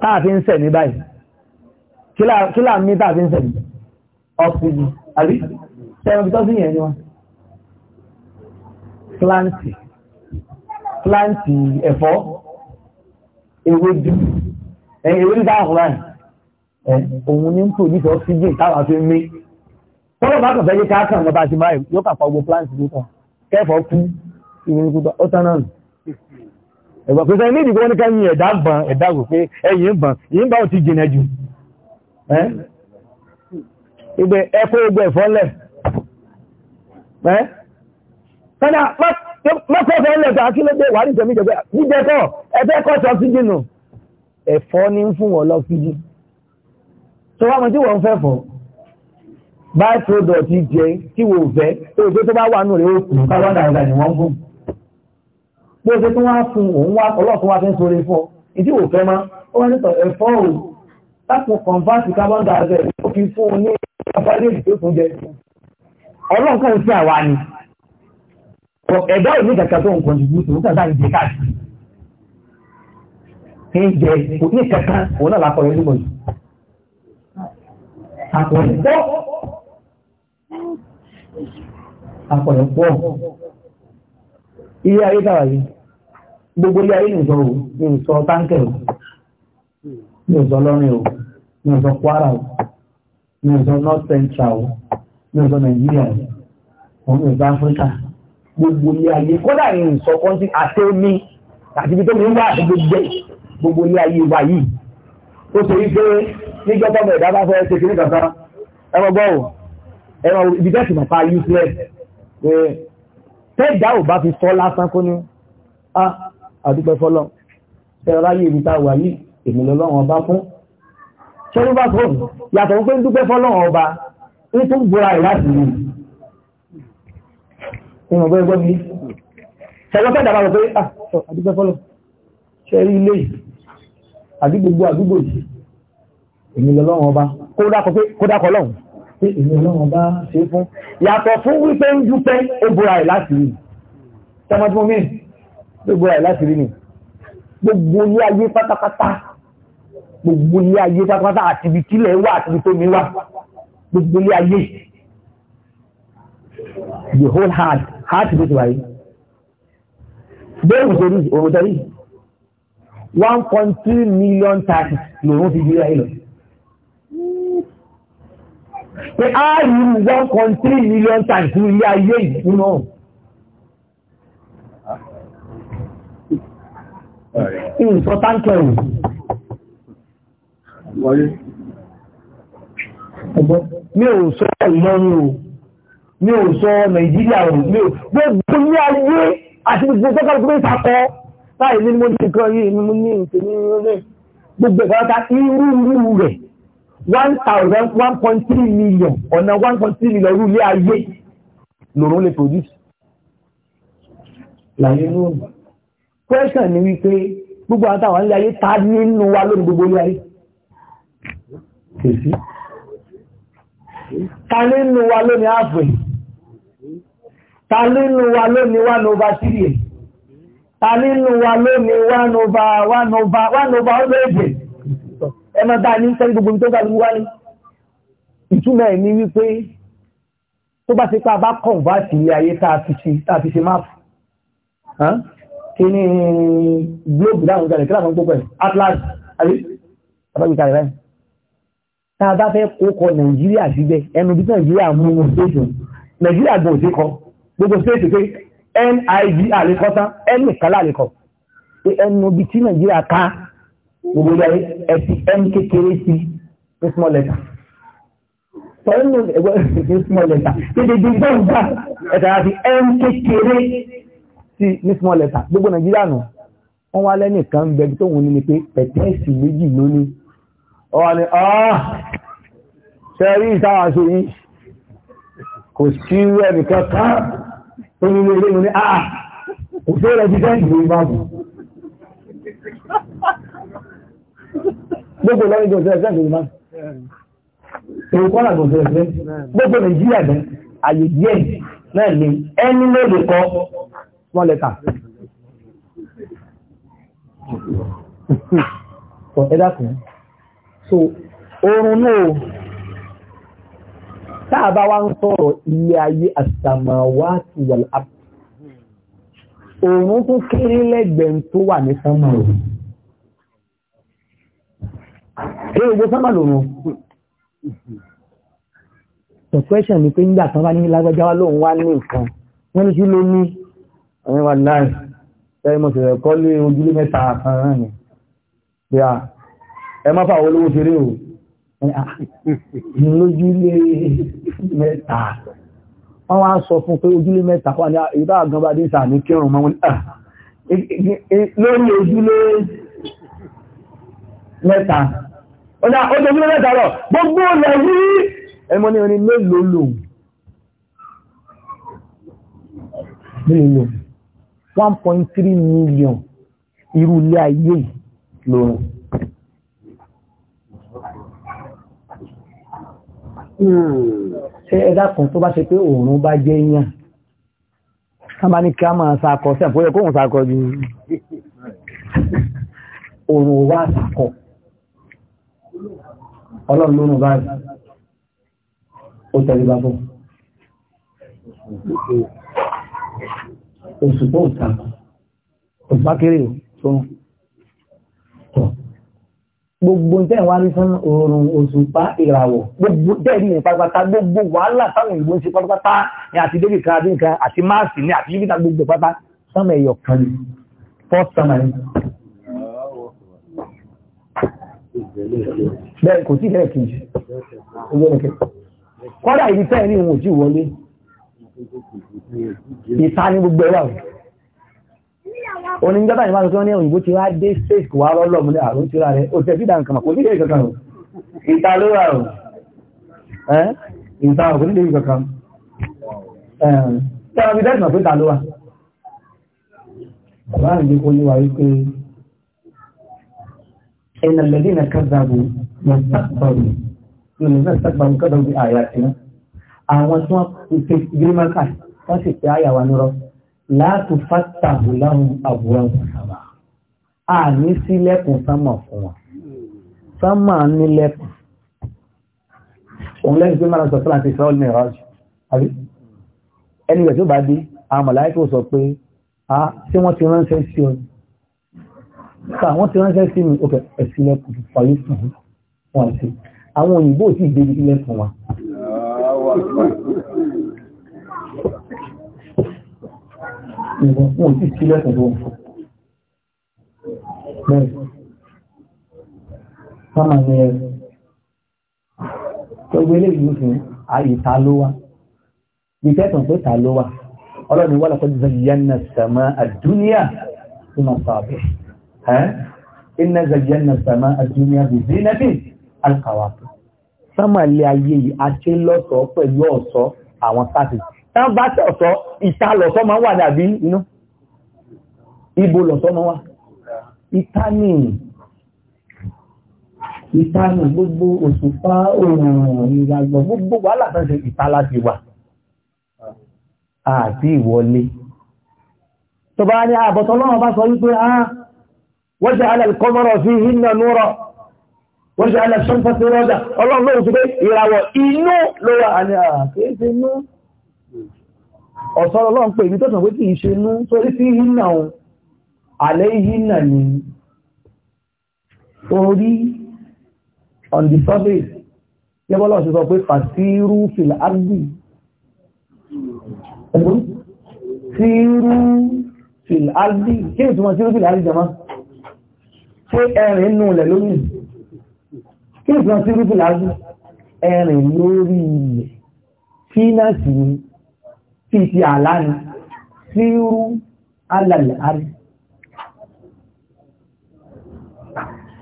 Speaker 4: táàfí ń sẹ̀mí báyìí kí láà mí táàfí ń sẹ̀mí ọ̀pùnì àrí sẹ́wọ̀n tó sí yẹn ni wọ́n planti planti ẹ̀fọ́ ewédú ẹ̀yìn ewédú táàkùn láì ẹ̀ òun ní ń tò nífẹ̀ẹ́ oxygen táwọn fi ń mí tọ́lọ̀ bá kàn fẹ́ yé káàkàn lọ́ba ti máa yóò kà pa gbogbo planti tó kàn kẹ́fọ́ kú ìwé ikú tó ẹ̀gbà pé sẹ́yìn nídìí wọ́n ní ká yin ẹ̀dá gbọ̀n ẹ̀dá wò pé ẹ̀yìn gbọ̀n yìí bá ò ti jìnà jù ibẹ̀ ẹkọ́ ogun ẹ̀fọ́ lẹ̀ kọ́nà mọ́kọ̀ọ́fẹ́ lẹ̀ tó akílódé wà ní ìjọmí ìjọba níjẹ́kọ́ ẹgbẹ́ kọ́sọ sí jìnà ẹ̀fọ́ ní ń fún wọn lọ sí jù tó wá mọ̀ tí wọ́n fẹ́ fọ́ by product jẹ tí wọ́n fẹ́ tó tó bá wà nù rẹ̀ ó kù bó ṣe tó wá fún òun wá ọlọ́fún wá fẹ́ sórí fún ìdí òfẹ́ má ó wá nítọ̀ ẹ̀fọ́ òun lápùn kọ̀ǹfàtì carbon dioxide ó fi fún un ní ọ̀pọ̀lẹ́dì tó fún jẹ ọlọ́run kan sí àwa ni ẹ̀dá òní kàkà tó ń contribute òun kàkà ìjẹ káàkiri kí ń jẹ kò ní kàkà òun náà lápọ̀ ẹlúmọ̀ yìí àpọ̀lẹ́pọ̀ àpọ̀lẹ́pọ̀ iye ayé dára yìí gbogbo ilé ayé nìsọ o ní ìsọ o ní ìsọ o ní ìsọ Kwara o ní ìsọ North Central o ní ìsọ Nàìjíríà o ní ìsọ Áfíríkà gbogbo ilé ayé kódà ní ìsọ kọ́ńtì àti omi àti ibi tó mi ń wá àti gbogbo gbogbo ilé ayé wa yìí ó ṣe wípé níjọ́ tọ́mọ ẹ̀dá bá fẹ́ ṣe kí ní kankan ẹ̀rọ gbọ́ o ẹ̀rọ ibi tẹ́sí mọ̀pá useless tẹ́ẹ̀dá ò bá fi sọ lásán kó ní ah àdúpẹ́ fọ́lọ́ ẹ̀rọ ayé ibi tá a wà yìí èmi lọ́lọ́wọ́n bá fún ṣẹ́rí bá tó yàtọ̀ wípé ń dúpẹ́ fọ́lọ́wọ́n ọba ń tún gbọ́ra ẹ̀ láti rí ìmọ̀ bẹ́ẹ̀ gbọ́bí ṣẹ́gbọ́n fẹ́ dàbà rẹ̀ pé àdúpẹ́ fọ́lọ́ ṣẹ́rí ilé àbí gbogbo àdúgbò yìí èmi lọ́lọ́wọ́n ọba kó dákọ̀ lọ́hùn pé èmi lọ́wọ́n bá ṣe fún yàtọ̀ fún wípé ń dúpẹ́ ó gbọ́ra ẹ̀ láti rí ṣẹ́gbọ́n fún mi gbogbo ẹ̀ láti rí ni gbogbo ilé ayé pátápátá gbogbo ilé ayé pátápátá àti ibi tílẹ̀ wà àti ibi tómi wà gbogbo ilé ayé the whole heart heart ló ti wáyé bẹ́ẹ̀ òṣèré òṣèré one point three million times lòun fi gbé ayé lọ pé a rí one point three million times ní ilé ayé yìí nínú Ìsọ táńkẹ̀ rù. Mi ò sọ Ìlọrin o, mi ò sọ Nàìjíríà o, mi ò gbogbo ní ayé àti gbogbo sọ́kàlù tó ń sakọ láì ní mo ní nǹkan yìí ni mo ní ìpè ní ilé. Gbogbo ìfọwọ́ta irú irú rẹ̀ one thousand one point three million ọ̀nà one point three million rú ilé ayé lòrún lè produce. Làyé lóòrùn question ni wípé gbogbo àwọn táwọn ilé ayé ta nínú wa lórí gbogbo ilé ayé kèsí ta nínú wa lónìí ààfẹ́ ta nínú wa lónìí wà ní ọba síríẹ̀ ta nínú wa lónìí wà ní ọba wà ní ọba wà ní ọba ọlọ́ẹ̀dẹ̀ ẹmọ tá a ní sẹ́yìn gbogbo tó ga gbogbo wa ní ìtumọ̀ wípé tó bá ti pa bá kọ̀ǹvá sí ilé ayé tá a fi ṣe máàpù kíní globe dáhùn kalẹ̀ kíláàsán tó pẹ̀lú atlas àbí abágbékalẹ̀ báyìí tá a bá fẹ́ kókọ nàìjíríà síbẹ̀ ẹnu bí nàìjíríà mú un station nàìjíríà gbọ́ òsì kọ gbogbo station pé nig àlékọ́ tán ẹnì kálá àlékọ́ pé ẹnu bí tí nàìjíríà ká gbogbo ilẹ̀ ẹ̀sì m kékeré sí ní small letter tọ́lú ẹgbẹ́ ní small letter tètè dé gbọ́ǹgbà ẹ̀ka àti m kékeré sí ní small letter gbogbo nàìjíríà nù wọ́n wá lẹ́nìkan ń bẹ̀bí tóun ní ni pé pẹ̀tẹ́ẹ̀sì méjì lónìí ọwọ́ ni ọ́ọ́ ah! sẹ́rí ìtawà ṣe yìí kò sí ẹnìkan kan tó nílé ilé ní àà ah! kò sí ẹ̀rẹ́ ti tẹ́ǹkì lórí báàbù gbogbo lọ́rin jọ sẹ́rẹ̀ sẹ́ǹkì lórí báàbù èrò kọ́nà jọ sẹ́rẹ̀ sẹ́ǹkì gbogbo nàìjíríà bẹ́ẹ̀ àyè díẹ̀ náà ni ẹni lóde kọ́ small letter so ẹ̀dá kan so oorun náà táàbá wá ń sọ̀rọ̀ ilé ayé àtàmàwá ti wà láàpù oorun tún kéré lẹ́gbẹ̀ẹ́ tó wà ní sánmà rẹ̀ kéré gbogbo sánmà lòrùn the question ni pé nígbà tán bá ní lágbájá lóun wá ní nǹkan wọ́n ní kí ló ní ẹ̀yìn wà láì tẹ́yìn mọ̀ sẹ̀rẹ̀ kọ́ lé ojúlé mẹ́ta kan náà ni pé à ẹ má fà olówó ṣeré o ah, lójúlé mẹ́ta wọ́n wá sọ fún pé ojúlé mẹ́ta wà ní ìbá àgbà dé ìsà ní kírùn mọ́ ah, lórí ojúlé mẹ́ta ọ̀dá ojúlé mẹ́ta lọ gbogbo ọ̀nà yìí ẹmọ ní orin mélòó lòun 1.3 point three million irú ilé ayé lòrùn. ṣé ẹ̀dá kan tó bá ṣe pé òòrùn bá jẹ́ yàn wọ́n bá ní kí a máa sakọ sí àpòyẹ kóhùn sakọ ju òòrùn wá sakọ ọlọ́run lóòrùn báyìí ó tẹ̀lé bá bọ́ òṣùpá òtakù òṣùpá kéré òṣùpá gbogbo tẹ́ wá rí fún oòrùn òṣùpá ìràwọ̀ gbogbo tẹ́ẹ̀rí ní pátápátá gbogbo wàhálà táwọn ìlú ń ṣe pátápátá ní àti débì kan àti nǹkan àti máàsì ní àti yíbítà gbogbo pátá sọmọ ẹ̀yọ̀ kan ní first summer bẹ́ẹ̀ kò sí ìrẹ́kejì kọ́dà ìdí tẹ́ẹ̀rí òun ò tí wọlé ìta ní gbogbo ẹwà rẹ̀ oníjọba ìmá sọ ní òyìnbó ti wá dé space kò wá rọ́lọ́ mú ní àrùn tí ra rẹ̀ ó tẹ́ fídà nǹkan kò nílé kankan rò ìta ló rà rò ẹ́ ìta kò nílé kankan tí a fi dẹ́sùn pé ta ló wà bàbá mi kò yíwa wípé ẹnà lẹ́dínà kàzàbù mọ̀ sàkpàrù yóò lè náà sàkpàrù àwọn tí wọ́n fi gírímọ́kà wọ́n sì pé àyàwó nírọ́ láti fàtàbù láhùn àbúrò sábà a ní sílẹ̀kùn sánmà fún wọn sánmà nílẹ̀kùn òun lẹ́yìn pé máa sọ fúlàntì israel ní ìrọ́jù àbí ẹni rẹ̀ tó bá dé àwọn mọ̀láìkò sọ pé a ṣé wọ́n ti ránṣẹ́ sí ọ ká wọ́n ti ránṣẹ́ sí mi ok ẹ̀sìnlẹ̀kùn fàyè fún wọn sí àwọn òyìnbó ò tí ì débi ilẹ̀kùn wa Wọ́n ti ti lẹ́kọ̀ọ́ lọ. Bẹ́ẹ̀, sáàmà ní ẹ̀rọ. Gbogbo ilé ìlú fún ààyè ta ló wá. Ìtẹ́tàn pé ta ló wá. Ọlọ́run wọ́n lọ́kọ́ zayyana sàmà àdúnyà tí máa sàbẹ̀. Inna zayyana sàmà àdúnyà bí zinabi sánmàlẹ̀ ayé yìí àti lọ́sọ̀ọ́ pẹ̀lú ọ̀ṣọ́ àwọn sáàtì tán bá tẹ̀ ọ̀ṣọ́ ìta lọ́sọ́ máa wà dàbí inú ibo lọ́sọ́ máa wà ìta ní ìta ní gbogbo òṣùpá òòrùn ìrìnàgbọ̀n gbogbo wàhálà tán ṣe ìta láti wà àti ìwọlé tó bá ní àbọ̀tọ́lọ́wọ́ bá sọ wípé ah, wọ́n jẹ́ alẹ́ kọ́mọ́rọ̀ fi hinna núrọ̀ wọ́n ṣe alẹ́ sọ́n fọ́sí rọ́dà ọlọ́run lóhùn sí pé ìràwọ̀ inú ló wà ní àkéèsè inú ọ̀sọ́ ọlọ́run pé ibi tó sàn pé kì í inú torí sí hínà òun àlẹ́ hínà ní orí on the surface yẹ́bọ́lọ́ ṣe sọ pé fàtírú fìlàágbì tírú fìlàágbì kí ni túnmọ̀ tírú fìlàágbì jẹ́ máa ṣé ẹ̀rìn inú rẹ̀ lónìí kí ni ìfúnná sí rúbù lágùn ẹ̀rìn lórí ilẹ̀ fínàsì ni tí ti àlá ni sírú alàlẹ̀ àrí.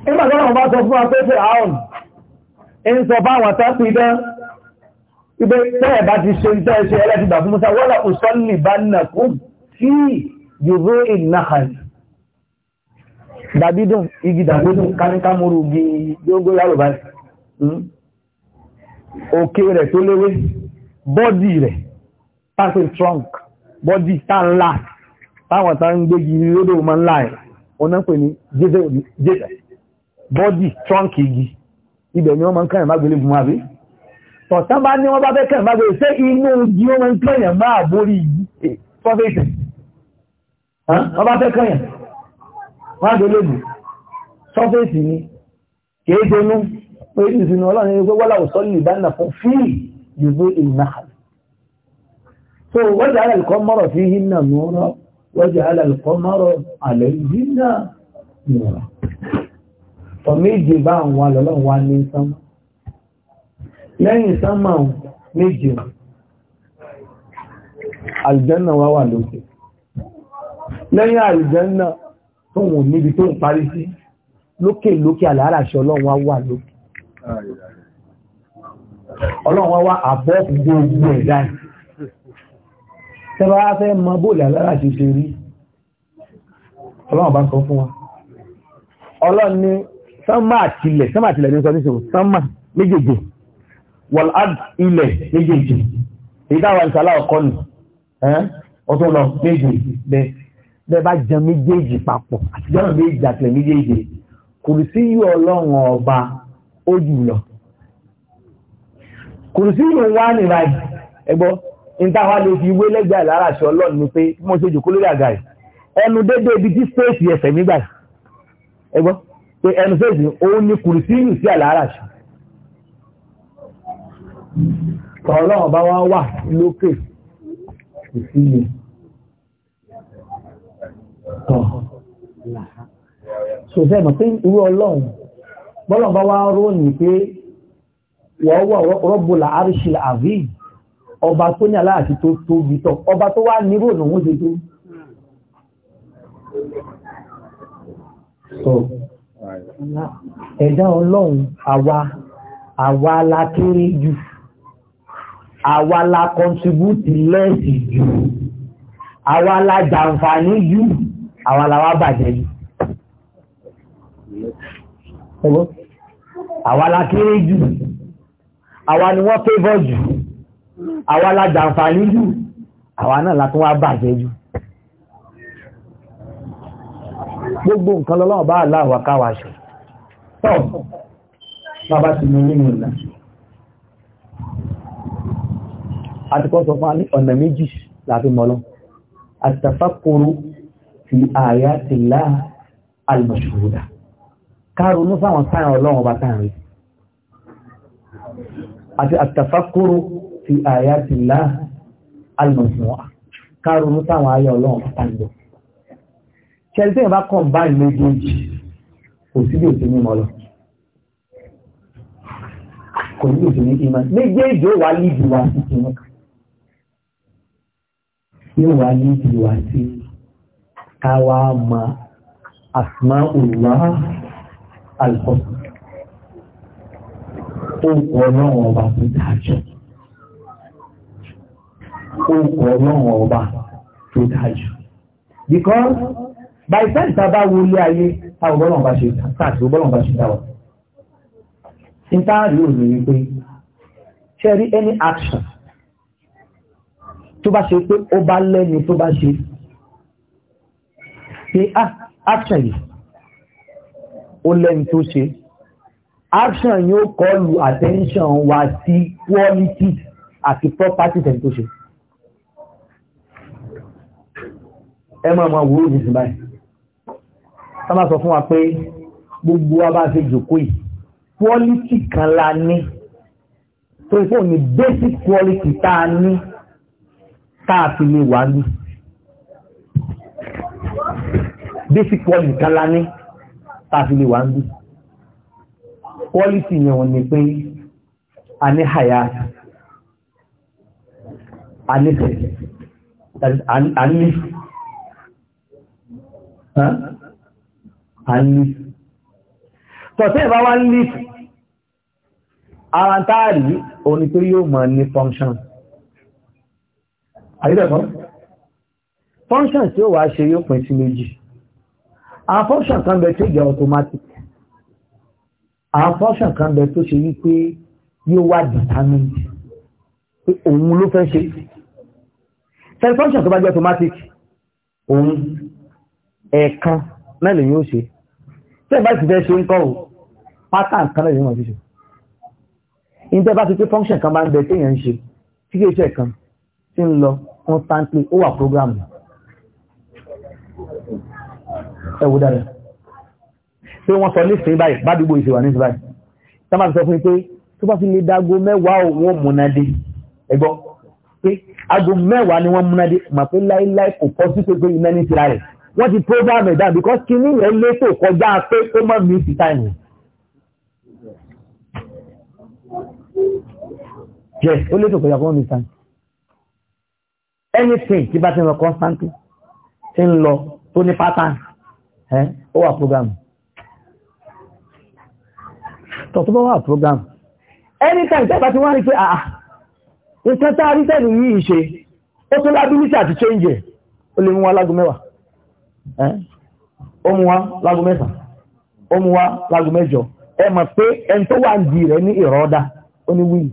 Speaker 4: nígbà tó náà bá sọ fún afẹ́fẹ́ àwọn ń sọ fáwọn àtàkùn idán ibẹ̀ tẹ́ẹ̀ bá ti ṣe iṣẹ́ ẹlẹ́tìgbà fún musa wọ́n lọ òṣèlú ìbánilẹ̀kùn sí yorùbá ìnáhàlì dàbídùn igi dàbídùn káníkámúrú igi dógó yàrò báyìí hmm? òkè rẹ̀ tó léwé bọ́dì rẹ̀ pàṣẹ trunk bọ́dì tá ńlá táwọn tá ń gbégi lódò máa ńlá ẹ̀ ọ̀nà pè ní jésẹ̀ bọ́dì trunk igi ibẹ̀ ni wọ́n máa ń kẹ́yìn bá gbélé gun àbí tọ̀tán bá ní wọ́n bá bẹ́ kẹ́yìn bá gbélé ṣé inú igi wọ́n máa ń kẹ́yìn máa borí igi tọ́fẹ́sẹ̀ wọ́n bá fẹ́ kẹ́yìn wádólébù sọ́fẹ́sì ni kéèkénú pé ìsinú ọlọ́rin ẹgbẹ́ wọ́lá òsọ́lù ìbánà fún fíì yìí ìnáhàlì so wọ́jà alẹ́lẹ́kọ́ mọ́rọ̀ fi hínà nùúrọ̀ wọ́jà alẹ́lẹ́kọ́ mọ́rọ̀ alẹ́ hínà nùúrọ̀ ọ̀méje bá àwọn alọ́lọ́run wá ní sánmà lẹ́yìn sánmà méje àlùjànnà wá wà lókè lẹ́yìn àlùjànnà tóun níbi tó ń parí sí lókè lókè àlàáràṣẹ ọlọ́run wá wà lókè ọlọ́run wá wá àbọ̀ gbogbo ẹ̀dá ẹ̀ tẹ́bàá fẹ́ mọ bóòlù àlàáràṣẹ ṣe rí ọlọ́run bá sọ fún wa ọlọ́run ní sánmà àtìlẹ̀ sánmà àtìlẹ̀ ní sọ ní sọ sánmà méjèèjì wọ̀lád ilẹ̀ méjèèjì ìdáwà ìsàlá ọkọ nù ọtún lọ méjèèjì bẹ́ẹ̀ bẹ́ẹ̀ bá jẹ méjèèjì papọ̀ àtijọ́ méjèèjì àtìlẹ̀ méjèèjì kùrùsí yìí ọlọ́run ọba ó jù lọ kùrùsí yìí wá ní báyìí ẹgbọ́ ìtawà lè fi ìwé lẹ́gbẹ̀ẹ́ ìlara àṣọ ọlọ́run ni pé mo ṣe jòkó lórí àga rẹ̀ ẹnu dédé ibi tí spéèsì ẹsẹ̀ mi gbà ẹgbọ́ pé ẹnu spéèsì òun ni kùrùsí yìí sí àlara àṣọ ọlọ́run ọba wa wà lókè kùrùsí yìí
Speaker 2: tọ̀ làá
Speaker 4: ṣòṣẹ́ mọ̀ pé irú ọlọ́run bọ́lọ̀ bá wá rónìí pé wọ́n wọ́ rọ́bù làárìṣì àbí ọba tó ní aláàtí tó tóbi tọ̀ ọba tó wá nírò nà wọ́n ṣe tó ẹ̀dá ọlọ́run àwa àwa la kéré jù àwa la kọntribútì lẹ́ẹ̀sì jù àwa la jàǹfààní jù àwa làwa bàjẹ́ yìí àwa la kéré jù àwa ni wọ́n fẹ́bọ̀ jù àwa la jàǹfààní jù àwa náà la tún wá bàjẹ́ jù gbogbo nǹkan lọ́lọ́wọ́ bá aláwọ̀ káwà ṣe tọ́ bàbá ti mú nínú ìlà àti kọ́ sọ fún ọ̀nà méjì láti mọ́lọ́ àti tàfà kúrú fi àyà ti lá àlùmọ̀ṣòwòdà kárùnú sáwọn sáyẹn ọlọ́run ọba sáyẹn rí àti àtàfàkúrò fi àyà ti lá àlùmọ̀ṣòwòdà kárùnú sáwọn ayé ọlọ́run ọba sáyẹn lọ ṣẹlẹ̀ tí yẹn bá kàn bá ìlú méjèèjì kò ní òsì ní méjèèjì ó wà lídìí wá sí ìmọ̀ yóò wá lídìí wá sí ìmọ̀ káwà ma asma'ullah al-husna orúkọ ọlọ́run ọba tó dájú orúkọ ọlọ́run ọba tó dájú because by time tá a bá wo ilé ayé tá a bọ́lọ̀ bá ṣe tá a ti bọ́lọ̀ bá ṣe dá wa ìtaàrí ò wípé ṣe rí any action tó bá ṣe pé ó bá lẹ́ni tó bá ṣe pé ah action yìí ó lẹ́ni tó ṣe action yóò kọlu attention wa sí quality àti property tẹ̀lé tó ṣe ẹ máa máa wúrò ní ìsìn báyìí tá máa sọ fún wa pé gbogbo wa bá ṣe jòkó yìí quality kan la ní tó ìfóònù basic quality tá a ní tá a fi lè wà ní. basic one nìkan la ní tààfi lè wà ń bí quality yẹn wọn ni pé a ní hayat a ní sẹ̀sẹ̀ a ní a ní tọ̀tẹ́ ìbá wá ń lè ara táàrí òun ni pé yóò mọ̀ ní function àyíkẹ́kọ́ function tí ó wà ṣe yóò pín sí méjì àwọn function kan bẹ tó jẹ́ automatic àwọn function kan bẹ tó ṣe wípé yóò wá determined pé òun ló fẹ́ ṣe ṣe function tó bá jẹ́ automatic òun ẹ̀ẹ̀kan náà lèyìn ó ṣe tẹ́ bá ti fẹ́ ṣe ń kọ́ ò pattern kan lèyìn wọ́n fi ṣe ìtẹ́ bá ti pé function kan bá ń bẹ téèyàn ń ṣe tí kìí ṣe kan tí ń lọ constantly ó wà program náà ẹwù dára pé wọ́n sọ nísìnyí báyìí bá dùgbò ìṣèwà nísìnyí báyìí tá máa fi sọ fún yín pé tó bá fi lè dágo mẹ́wàá òun múnadé ẹgbọ́ pé ago mẹ́wàá ni wọ́n múnadé mà pé láíláí kò kọ́ sí pé iná ní tira rẹ̀ wọ́n ti program ẹ̀ down because kí ní ìyẹn létò kọjá pé ó mọ̀ mí sí yes ó létò kọjá pé ó mọ̀ mí sí táìmù. anything tí bá ti ń lọ constantly ti ń lọ tó ní pattern ẹ́ ó wà bá wà program anytime tẹ́bà tí wọ́n rí pé àà ah, ah, nǹkan tá a rí ní ìṣe ó tó change ó lè mú wa lágún mẹ́wàá ó mú wa lágún ó mú wa lágún mẹ́jọ ẹ mọ̀ pé ẹn tó wà ń di ní ó ní wíì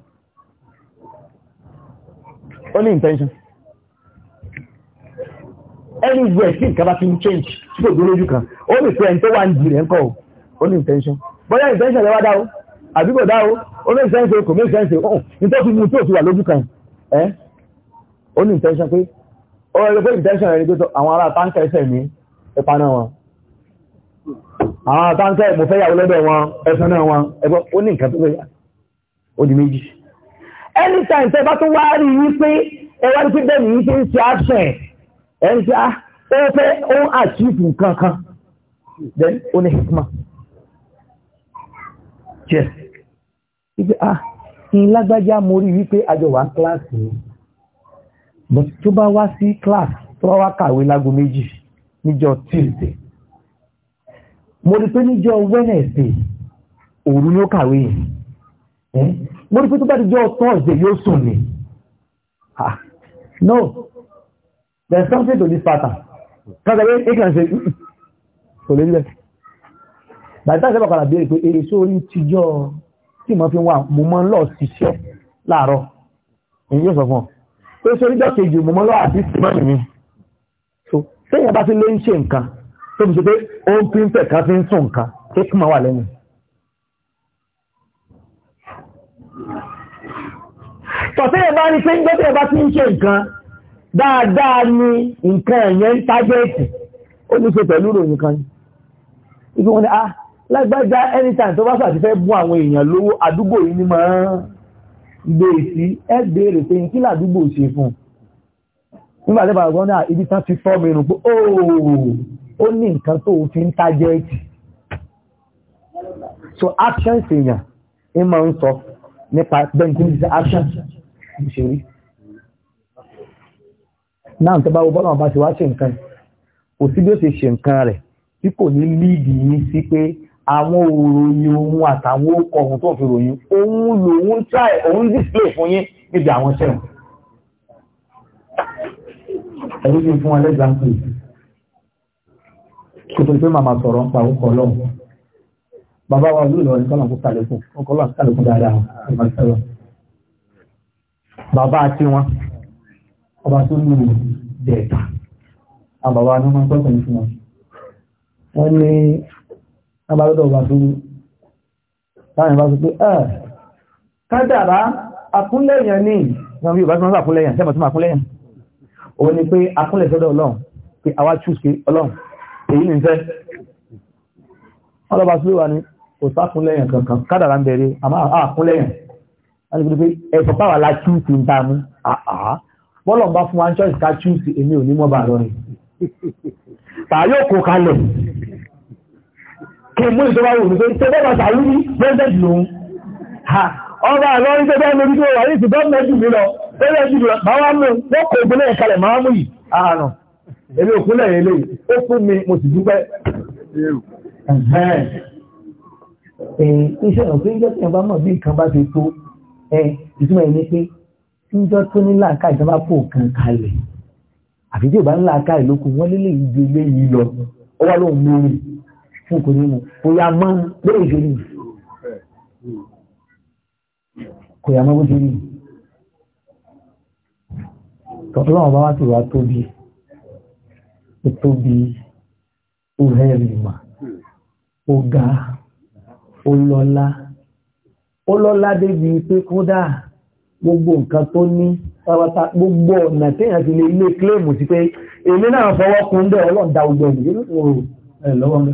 Speaker 4: anywhere tí nǹkan bá ti ń change tí kò dúró lójú kan ó lè fẹ́ ẹni tó wà ń jì ń kọ́ o ó ní intention bóyá intention rẹ̀ wá dá o àbí kò dá o ó make sense o kò make sense o nítorí fi mu tí ò fi wà lójú kan ẹ́ ó ní intention pé ó rẹ̀ pé intention rẹ̀ ni pé àwọn ará táǹkà ẹsẹ̀ ní ipa náà wọn àwọn táǹkà mo fẹ́ yàwó lọ́dọ̀ wọn ẹ̀sán náà wọn ẹgbọ́ ó ní nǹkan tó fẹ́ yà ó di méjì anytime tẹ bá tún wá rí i pé ẹ wá rí pé bẹ́ẹ̀ ni yìí ṣe ń ṣe àṣẹ ẹni tí a ah, ó fẹ́ ó ń then ó ní hikma yes wípé a ah, kí n lágbájá mo rí wípé àjọ wà kíláàsì ni but tó bá wá sí kíláàsì tó bá wá kàwé lágo méjì níjọ́ tuesday mo rí pé níjọ́ wednesday òru ló kàwé yìí mo rí pé tó bá di jọ́ thursday yóò sùn ni ah, no There is something to this pattern. Kọ́sọ̀ pé é kàn ṣe kò lè rílẹ̀. Bàtí táṣẹ́ bàkàrà béèrè pé èrè sórí tíjọ́ tí mo fi wà mo mọ́ lọ ṣiṣẹ́ láàárọ̀. Èyí yóò sọ fún ọ. Pé sórí jọ́ kejì mo mọ́ lọ àti ìsìnkú mi. So, téèyàn bá fi lé ń ṣe nǹkan tó fi ṣe pé ó ń pín tẹ̀ka fi ń sùn nǹkan tó kí máa wà lẹ́nu. Tọ̀tẹ́yẹ̀ bá ní pé ń gbọ́dẹ̀ bá ti ń ṣe nǹkan dáadáa ni nǹkan ẹ̀yẹn ń tágẹ́ẹ̀tì ó ní ṣe pẹ̀lú ìròyìn kan ní ibi wọn ni ah lágbájá anytime tó bá sàti fẹ́ bún àwọn èèyàn lówó àdúgbò yìí ni máa ń gbé e sí ẹ béèrè pé kí làdúgbò ṣe fún un nígbà tí bàbá wọn náà ah, ibi tán ti fọ́ mi rùn pé oh! ó ní nǹkan tó fi ń tágẹ́ẹ̀tì so actions èèyàn ń máa ń sọ nípa bẹ́ẹ̀ ní kí ní ṣe actions ìṣèrí náà tó bá wo bọ́lá ọba ṣe wá ṣe nǹkan kò sí bí ó ṣe ṣe nǹkan rẹ̀ tí kò ní líìdì yín sí pé àwọn òròyìn ohun àtàwọn ókọ ohun tó fi ròyìn ohun lòun try ohun display fún yín níbi àwọn ṣẹ̀wọ̀n ẹ̀rí fi fún ẹlẹ́gbàmù kò tó pé màmá sọ̀rọ̀ ń pa ókọ lọ́wọ́ bàbá wa ló lọ nǹkan lọ́kọ́ kàlẹ́kùn ọkọ̀ lọ́kọ́ kàlẹ́kùn dáadáa bàbá àti wọn ọba tó ní ìlú dẹ̀ẹ̀ta àbàbà ní wọ́n tọ́kùn fún wọn wọ́n ní abálọ́dọ̀ ọba tó láàrin bá sọ pé ẹ̀ kádàrá akúnlẹ̀yàn ní ìgbàmí yorùbá tí wọ́n sàkúnlẹ̀yàn tẹ́mọ̀ tí wọ́n akúnlẹ̀yàn òun ni pé akúnlẹ̀ sọ́dọ̀ ọlọ́run pé àwa chúùs pé ọlọ́run èyí ni fẹ́ ọlọ́ba sílùwà ni kò sákúnlẹ̀yàn kankan kádàrá ń bẹ̀rẹ̀ àmọ́ àkúnlẹ̀yàn wọ́n ti pé ẹ̀fọ́ pàwà la chúùs ń ta mú àá bọ́lọ̀ bá fún wa ń ṣọ́ọ̀ṣì ká chúùsì èmi ò ní mọ́ bà lọ́rin tààyò kò kalẹ̀ kí mú ìjọba wò ní pé tẹ́ bọ́bà sàárú ní bẹ́ẹ̀dẹ̀dì lòun ọba àlọ́rin tẹ́ bẹ́ẹ̀ lórí tó wà ní ìsìnkọ́ mẹ́jù mi lọ bẹ́ẹ̀ jù lọ máa wá mú wọ́n kò gbé lẹ́yìn kalẹ̀ máa mú yìí ààrùn èmi òkú lẹ́yìn eléyìí ó fún mi mo sì dúpẹ́ iṣẹ́ ìrọ̀pẹ́ ìjọ́ tí ẹ̀ bá mọ̀ bí nǹkan bá ti tó ẹ̀ ìtumọ̀ ẹ̀ ní pé níjọ́ tó ní làákà ìjọba pò kan kalẹ̀ àfi tí ò bá ń làákà ìlókù wọ́n lélẹ̀ ìgbé léyìí lọ ọwọ́ ló ń mérì fún kò ní mu kò yá mọ́ lórí ìṣòro kò yá mọ́ bó ti rí tọ́tọ́ náà bá wá sí wa tóbi ó tóbi ó hẹ́rì mà ó ga ó lọ́lá ó lọ́lá débi pé kódà gbogbo nǹkan tó ní pátápátá gbogbo ọ̀nà téèyàn ti lè ilé kílèmù sí pé èmi náà fọwọ́ kun bẹ́ẹ̀ ọlọ́ọ̀dà ogun ẹ̀mí yóò wò ẹ̀ lọ́wọ́ mi.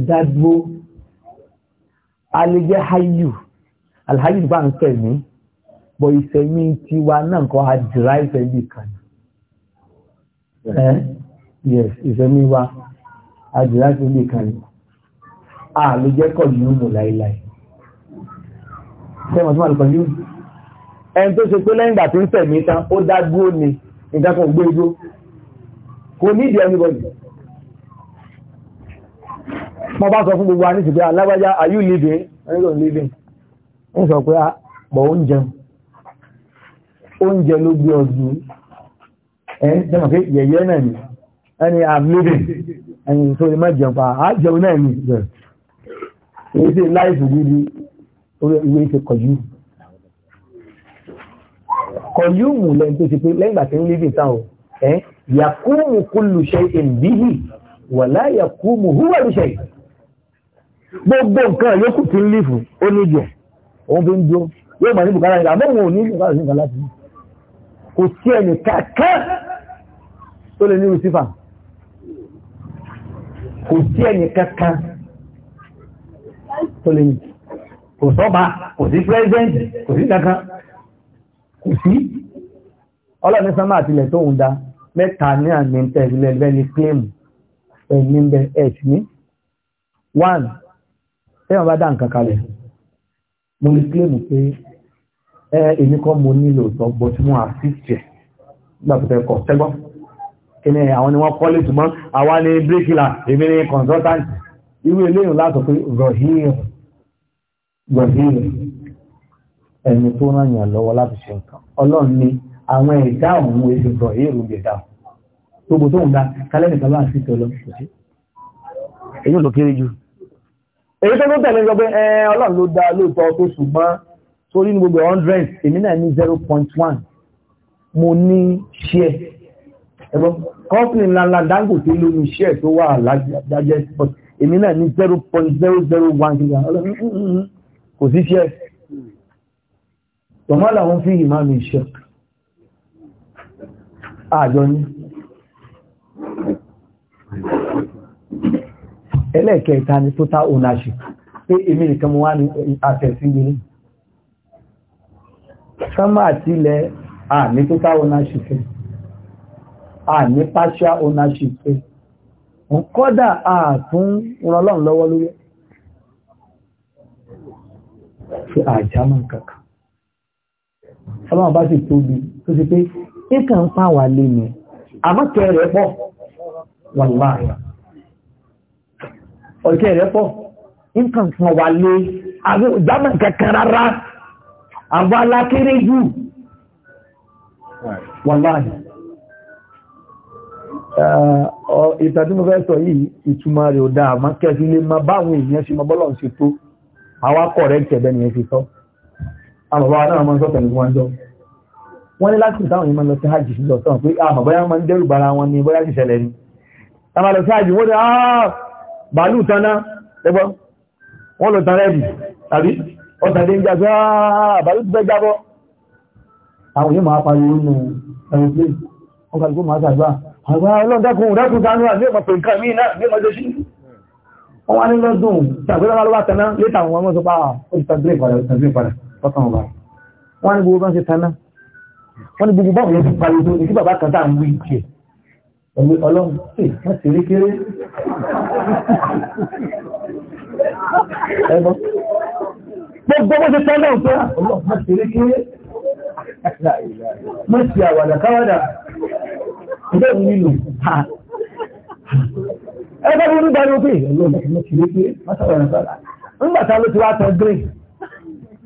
Speaker 4: gbogbo hayu alhayu bá ń sẹ̀mí bọ̀ ìsẹ̀mí tiwa náà kọ́ àdìrá ìsẹ̀mí kan. ẹ yes ìsẹ̀mí wa àdìrá ìsẹ̀mí kan àlè jẹ́ kọ̀lùmù láìláì ṣe mọ̀ sí màlùkọ̀ yóò ẹni tó ṣe pé lẹ́yìn ìgbà tó ń tẹ̀mí tán ó dá dúró ni nǹkan kan gbé igbó kò nídi anybody mo bá sọ fún gbogbo wa ní ṣùgbọ́n alágbájá ah, are you living are you living ń sọ pé ah, bọ̀ oúnjẹ oúnjẹ ló gbé ọdún ẹ̀ dẹ́mọ̀ pé yẹ̀yẹ́ náà ni ẹni i'm living ẹni tó lè má jẹun pa á ah, jẹun náà ni bẹ̀rẹ̀ èyí sí láìsù gidi ìwé ṣe kọjú kọjú mù lẹ́yìn tó ṣe pé lẹ́yìn àti ń lébi ìtàn ẹ̀ yàkúmù kullu shay'in bihi wala yàkúmù huwa bi shay' gbogbo nǹkan yókù tí ń lífù ó ní jọ òun fi ń jó yóò mọ̀ ní bùkárà ìlà mọ́ òun ní bùkárà ìlà láti ní kò sí ẹni kàkẹ́ tó lè ní rúsífà kò sí ẹni kankan tó lè yìí kò sọ́ba kò sí pírẹ́sẹ̀ntì kò sí kankan kò sí ọlọ́ni sánmà àtìlẹ̀ tó ń da mẹ́ta ní àmì tẹ̀lẹ̀ lẹ́ni kílẹ̀mù ẹ̀mí bẹ ẹ̀sì ní one tẹ́wọ̀n bá dá nǹkan kalẹ̀ mo ní kílẹ̀mù pé ẹ èmi kọ́ mo nílò ìtọ́ gbọ́ tí mo àfíìsì ẹ̀ nígbà tó fẹ́ kọ́ tẹ́gbọ́ kí ni àwọn ni wọ́n kọ́lé tùmọ́ àwa ni bíríkìlà èmi ni consultant irú eléyìn látò pé rọ̀hìr rọ̀hìr ẹni tó ràn yàn lọ́wọ́ láti ṣe nǹkan ọlọ́run ni àwọn ẹ̀dá òun èsì rọ̀hìr ń gbẹ̀dá gbogbo tó ń da kálẹ̀ nìkan bá ń sì tọ́ lọ sí èyí ló kéré jù èyí tó tó tẹ̀lé sọ pé ẹ ọlọ́run ló dá lóòótọ́ tó ṣùgbọ́n sórí ní gbogbo hundred èmi náà ní zero point one mo ní share ẹ̀gbọ́n kọ́ọ̀pì ńláńlá Dangote ló ní share tó wà lájẹ́ èmi náà ní zero point zero zero one kìlọ̀ ọlọ́run mm, mm, mm, kò sí ṣe tọ̀mọ́ làwọn fi ìmá mi ṣe àjọ ní ẹlẹ́ẹ̀kẹta ni total ownership pé èmi nìkan mo wá ní àtẹ̀sí eh, yìí sánmà àti ilẹ̀ àní total ownership àní partial ownership kọ́dà ààtún rọlọ́run lọ́wọ́ lórí ṣe àjámọ̀ kankan ọlọ́run bá sì tóbi tó sì pé ẹkà ń pa wà lè ní àmọ́kẹ́ rẹ̀ pọ̀ wàláhì ọ̀kẹ́ rẹ̀ pọ̀ nǹkan kan wà lè àjámọ̀ kankan rárá àwọn alákéré jù wàláhì ìtàn tí mo fẹ́ sọ yìí ìtumọ̀ rẹ̀ ò dáa má kẹfì lè má báwọn èèyàn ṣe mọ bọ́lọ̀ ń ṣe tó àwa kọ̀ rẹ̀ kẹ̀bẹ́ nìyẹn fi sọ àbàbà náà máa ń sọ pẹ̀lú wọn jọ wọ́n ní láti táwọn yìí máa lọ sí hajj lọ sọ pé àbàbà ah, yẹn máa ń dẹ́rù bara wọn ni bóyá sì ṣẹlẹ̀ ni táwọn máa lọ sí hajj wọ́n ní ah, bàálù tanná ẹgbọ́n wọ́n lọ tan rẹ́ẹ̀dì tàbí ọ̀tàn lè ń jà ah, sọ́ọ́ àwọn yóò máa pariwo nínú ẹ̀rọ pé wọ́n kàlùkù máa ṣàdúrà àwọn ọlọ́dẹ́kùn rẹ́kùn dánú àti ìmọ̀pẹ̀ nǹkan mí náà ní ọjọ́ sí wọ́n wá ní lọ́dún tàbílá wá lọ́wọ́ tẹ́ná létà wọn mọ́ sọpá òtítàbílẹ̀ ah, padà òtítàbílẹ̀ padà tọ́kàn ọba wọ́n ní gbogbo bá ń ṣe tẹ́ná wọ́n ní gbogbo báwọn lọ́dún parí tó ìdí bàbá kan tá à ń wí ìkẹ́ ẹ̀mí ọlọ́run sì wọ́n sì rí kéré ẹ̀bọ gbogbo bó ṣe tẹ́ná òfin ọlọ́run sì rí kéré mọ́ sí àwàdà káwàdà bẹ́ẹ̀ nílò ha ẹgbẹ́ bí wọ́n darí pé ìlú ọ̀gá ìlú kìlé pé mọ́sálà rẹ̀ sọ́la ńgbàtà ló ti wá tẹ gré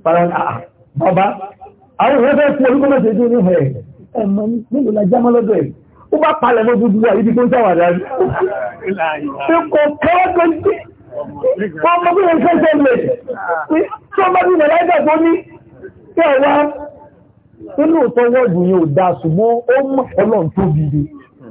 Speaker 4: para ah, ah, bàbá àwọn ìwé fẹ́ fún olùkọ́ mẹ́sẹ̀ tó ní ẹ̀ ẹ̀ mọ́ ní mélòó la jámọ́ lọ́dọ̀ ẹ̀ ó bá palẹ̀ mọ́ dúdú wa ibi tó ń sàwàdà rí
Speaker 2: ṣe kò kọ́wọ́ tó ń dé
Speaker 4: wọ́n mọ́ bí wọ́n fẹ́ sẹ́ lẹ̀ tí wọ́n bá bí mẹ̀láìdà tó ní tẹ̀ wá inú ìtọ́wọ́ ìgbìyànjú dá ṣùgbọ́n ó mọ̀ ọlọ́run tó bìí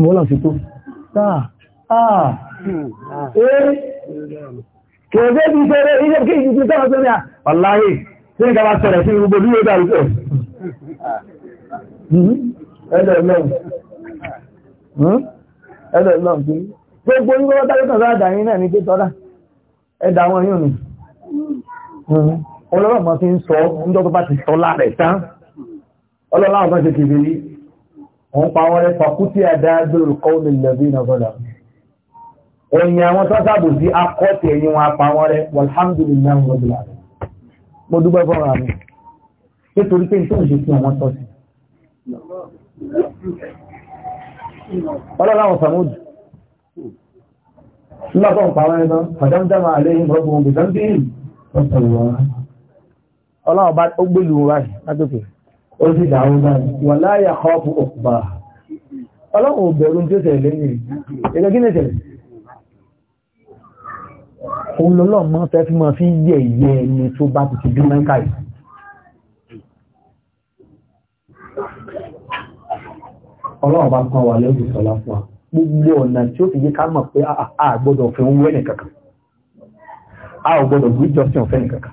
Speaker 4: mọ́lá sí tó táà àà ee kèèké bí fẹ́rẹ́ ilé kí ìjú tọ́wọ́ tó ní à wàláhì tí ní kàbá sẹ̀rẹ̀ sí gbogbo bí ó dà rúkọ̀ ẹ̀dẹ̀ lọ́n tí gbogbo ní gbogbo tàbí tàbí àdáyín náà ní pé tọ́dá ẹ̀dà wọn yóò nù hmm? ọlọ́rọ̀ mọ́ fi ń sọ ń dọ́ tó bá ti sọ láàrẹ̀ tán ọlọ́rọ̀ àwọn kan ti kìbìrì wọ́n pa wọ́n rẹ̀ fàkútí àdáàgbèrò kọ́ọ̀lù lẹ́bí nàbọ́lá ẹ̀yìn àwọn tó sábò sí akọ́tì ẹ̀yìn wọn apá wọn rẹ̀ walhamdulillahi rabbil alamin mo dúpẹ́ fún ọ̀rọ̀ mi nítorí ọlọ́run àwọn sàmódù nígbàtọ̀ ń pàwọn ẹ̀nà látòkè ó sì dáhùn náà wà láyà kọ́ọ̀pù ọ̀pá ọlọ́run ò bẹ̀rù tí ó tẹ̀lé lẹ́yìn ẹgbẹ́ kí ní tẹ̀lé òun lọ́lọ́mọ fẹ́ fi máa fi yẹ ìyẹ ẹni tó bá ti ti bí mẹ́ńkà yìí ọlọ́run bá kan wà lẹ́gbù sọ́lá fún wa gbogbo ọ̀nà tí ó fi yé ká mọ̀ pé a gbọ́dọ̀ fi ń wẹ́ nìkankan a ò gbọ́dọ̀ gbé jọ́sìn ọ̀fẹ́ nìkankan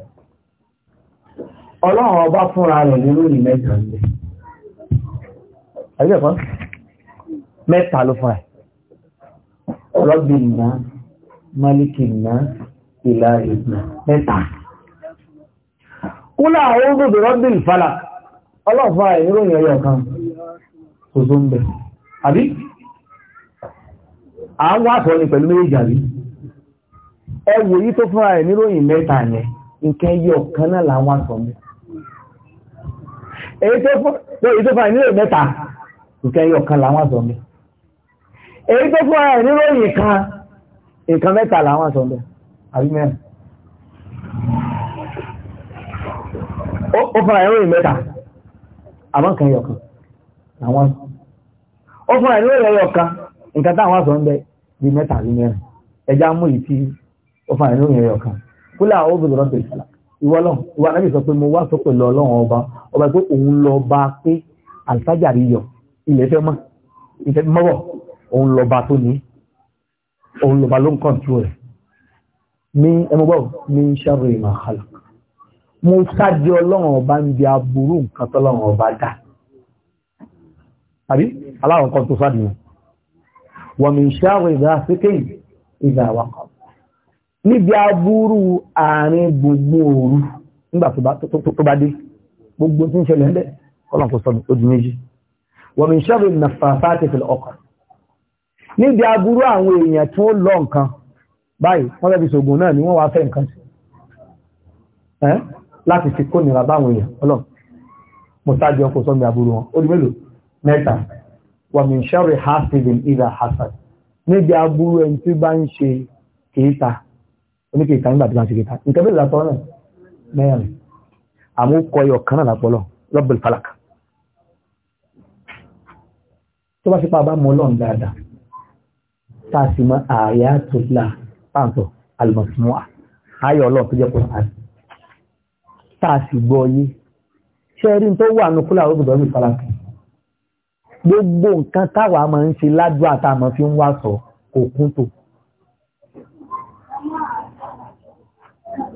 Speaker 4: ọlọ́run ọba fúnra rẹ̀ lórí mẹ́ta ń bẹ̀. ẹgbẹ́ kan mẹ́ta ló fún ẹ̀ ọlọ́gbìn náà málìkì náà ìlà ìgbà mẹ́ta. kúlà àwọn olóògbé rọ́gbìn ìfàlà ọlọ́run fúnra rẹ̀ níròyìn ẹyọ kan ṣoṣo ń bẹ̀. àbí à ń wá sọ ni pẹ̀lú méjì àbí ẹ wòye tó fúnra rẹ̀ níròyìn mẹ́ta yẹn nǹkan ẹyọ kan làwọn àtọ̀ mẹ́ta. èyí tó fún nílò mẹ́ta nǹkan ẹyọ kan làwọn sọ mi èyí tó fún nílò nǹkan nǹkan mẹ́ta làwọn sọ mi àbí mẹ́rin ó fún nílò mẹ́ta Na nǹkan kan làwọn ó fún nílò ẹyọ kan nǹkan táwọn sọ bí mẹ́ta àbí mẹ́rin mú ó nílò ìwọ́lọ́ ìwà náà sọ pé mo wá sọ pẹ̀lú ọlọ́run ọba ọba pé òun lọ bá pé àlùfájàrí yọ ilẹ̀ fẹ́ mọ́ ìfẹ́ mọ́wọ́ òun lọ bá tó ní òun lọ bá ló ń kọ̀ǹtú rẹ̀ ní ẹmọgbọ́ ní ṣàrò ìmọ̀ mo sáájú ọlọ́run ọba ń di aburú nǹkan tọ́lọ́run ọba dá àbí aláwọn kan tó sáàdì wọn mi ṣàrò ìdá síkè ìdá àwàkọ̀ níbi aburú àárín gbogbo òru nígbà tó bá dé gbogbo tí ń ṣẹlẹ̀ ń bẹ̀ ọlọ́nkò sọ ojú méjì wa min sharri naffasati fil uqad níbi aburú àwọn èèyàn tí ó lọ nǹkan báyìí wọ́n lẹ́bi ṣògùn náà ni wọ́n wá fẹ́ nǹkan sí láti fi kó nira báwọn èèyàn ọlọ́run mo sáájú ọkọ̀ sọ́mi àbúrò wọn ó di mélòó mẹ́ta wa min sharri hasidin idha hasad níbi aburú ẹni tí bá ń ṣe kìíta oníkè ìka nígbà tí wọ́n ṣe kìta nǹkan bẹ́ẹ̀ lásán náà mẹ́rin àmú kọyọ kan náà lápọ̀lọ́ lọ́bẹ̀l falak tó bá sípa bá mọ ọlọ́run dáadáa tá a sì mọ ààyè àtúlá pàǹtọ̀ àlùmọ̀sùmọ́à ayọ̀ ọlọ́run tó jẹ́ kó sàn tá a sì gbọ́ falak gbogbo nǹkan táwa máa ń ṣe ládùúgbò àtàwọn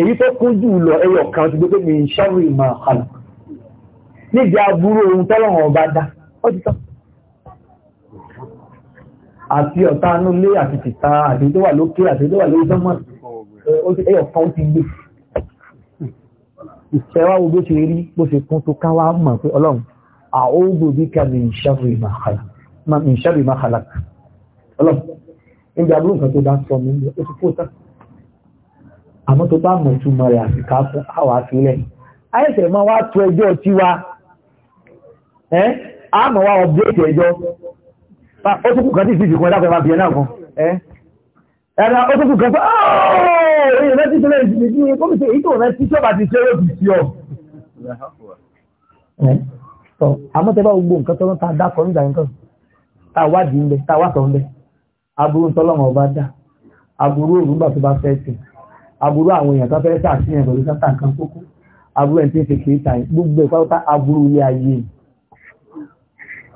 Speaker 4: èyí tó kún jù lọ ẹyọ kan ti gbogbo mi ṣọ́rù ìmọ̀ àkàlù níbi aburú ohun tọ́lọ́run ọba dá ọ́dítọ́ àti ọ̀tá anúlé àti tìta àti tó wà lókè àti tó wà lórí sọ́mọ̀ ẹyọ kan ti gbé ìṣẹ́wà wo bó ṣe rí bó ṣe kún tó káwá mọ̀ pé ọlọ́run àógbò bí kàbí ìṣẹ́rù ìmọ̀ àkàlù ọlọ́run níbi aburú nǹkan tó dá sọ mi ó ti kó tán àmọ́ tó bá mọ̀ rẹ̀ àsìká fún àwà sílẹ̀ àìsẹ̀ máa wá tó ẹjọ́ tí wá ẹ́ àmọ́ wá ẹjọ́ ó tún kù kan tí ìfìfì kan ẹ̀dá kan bàbí náà kan ẹ́ ó tún kù kan fún ọ̀ọ́ọ̀ọ́ rẹ̀ ti tẹ́lẹ̀ ìdílé tí ó ṣe èyí tó rẹ̀ tí sọ́ba ti ṣe ó fi ṣe àmọ́ bá gbogbo Aburu àwọn èèyàn tó fẹ́ sàtìyàn pẹ̀lú sáta nǹkan kókó aburú ẹ̀ tí ń fi kìí ta ẹ̀ gbogbo ìpáwọ́tá aburú ilé ayé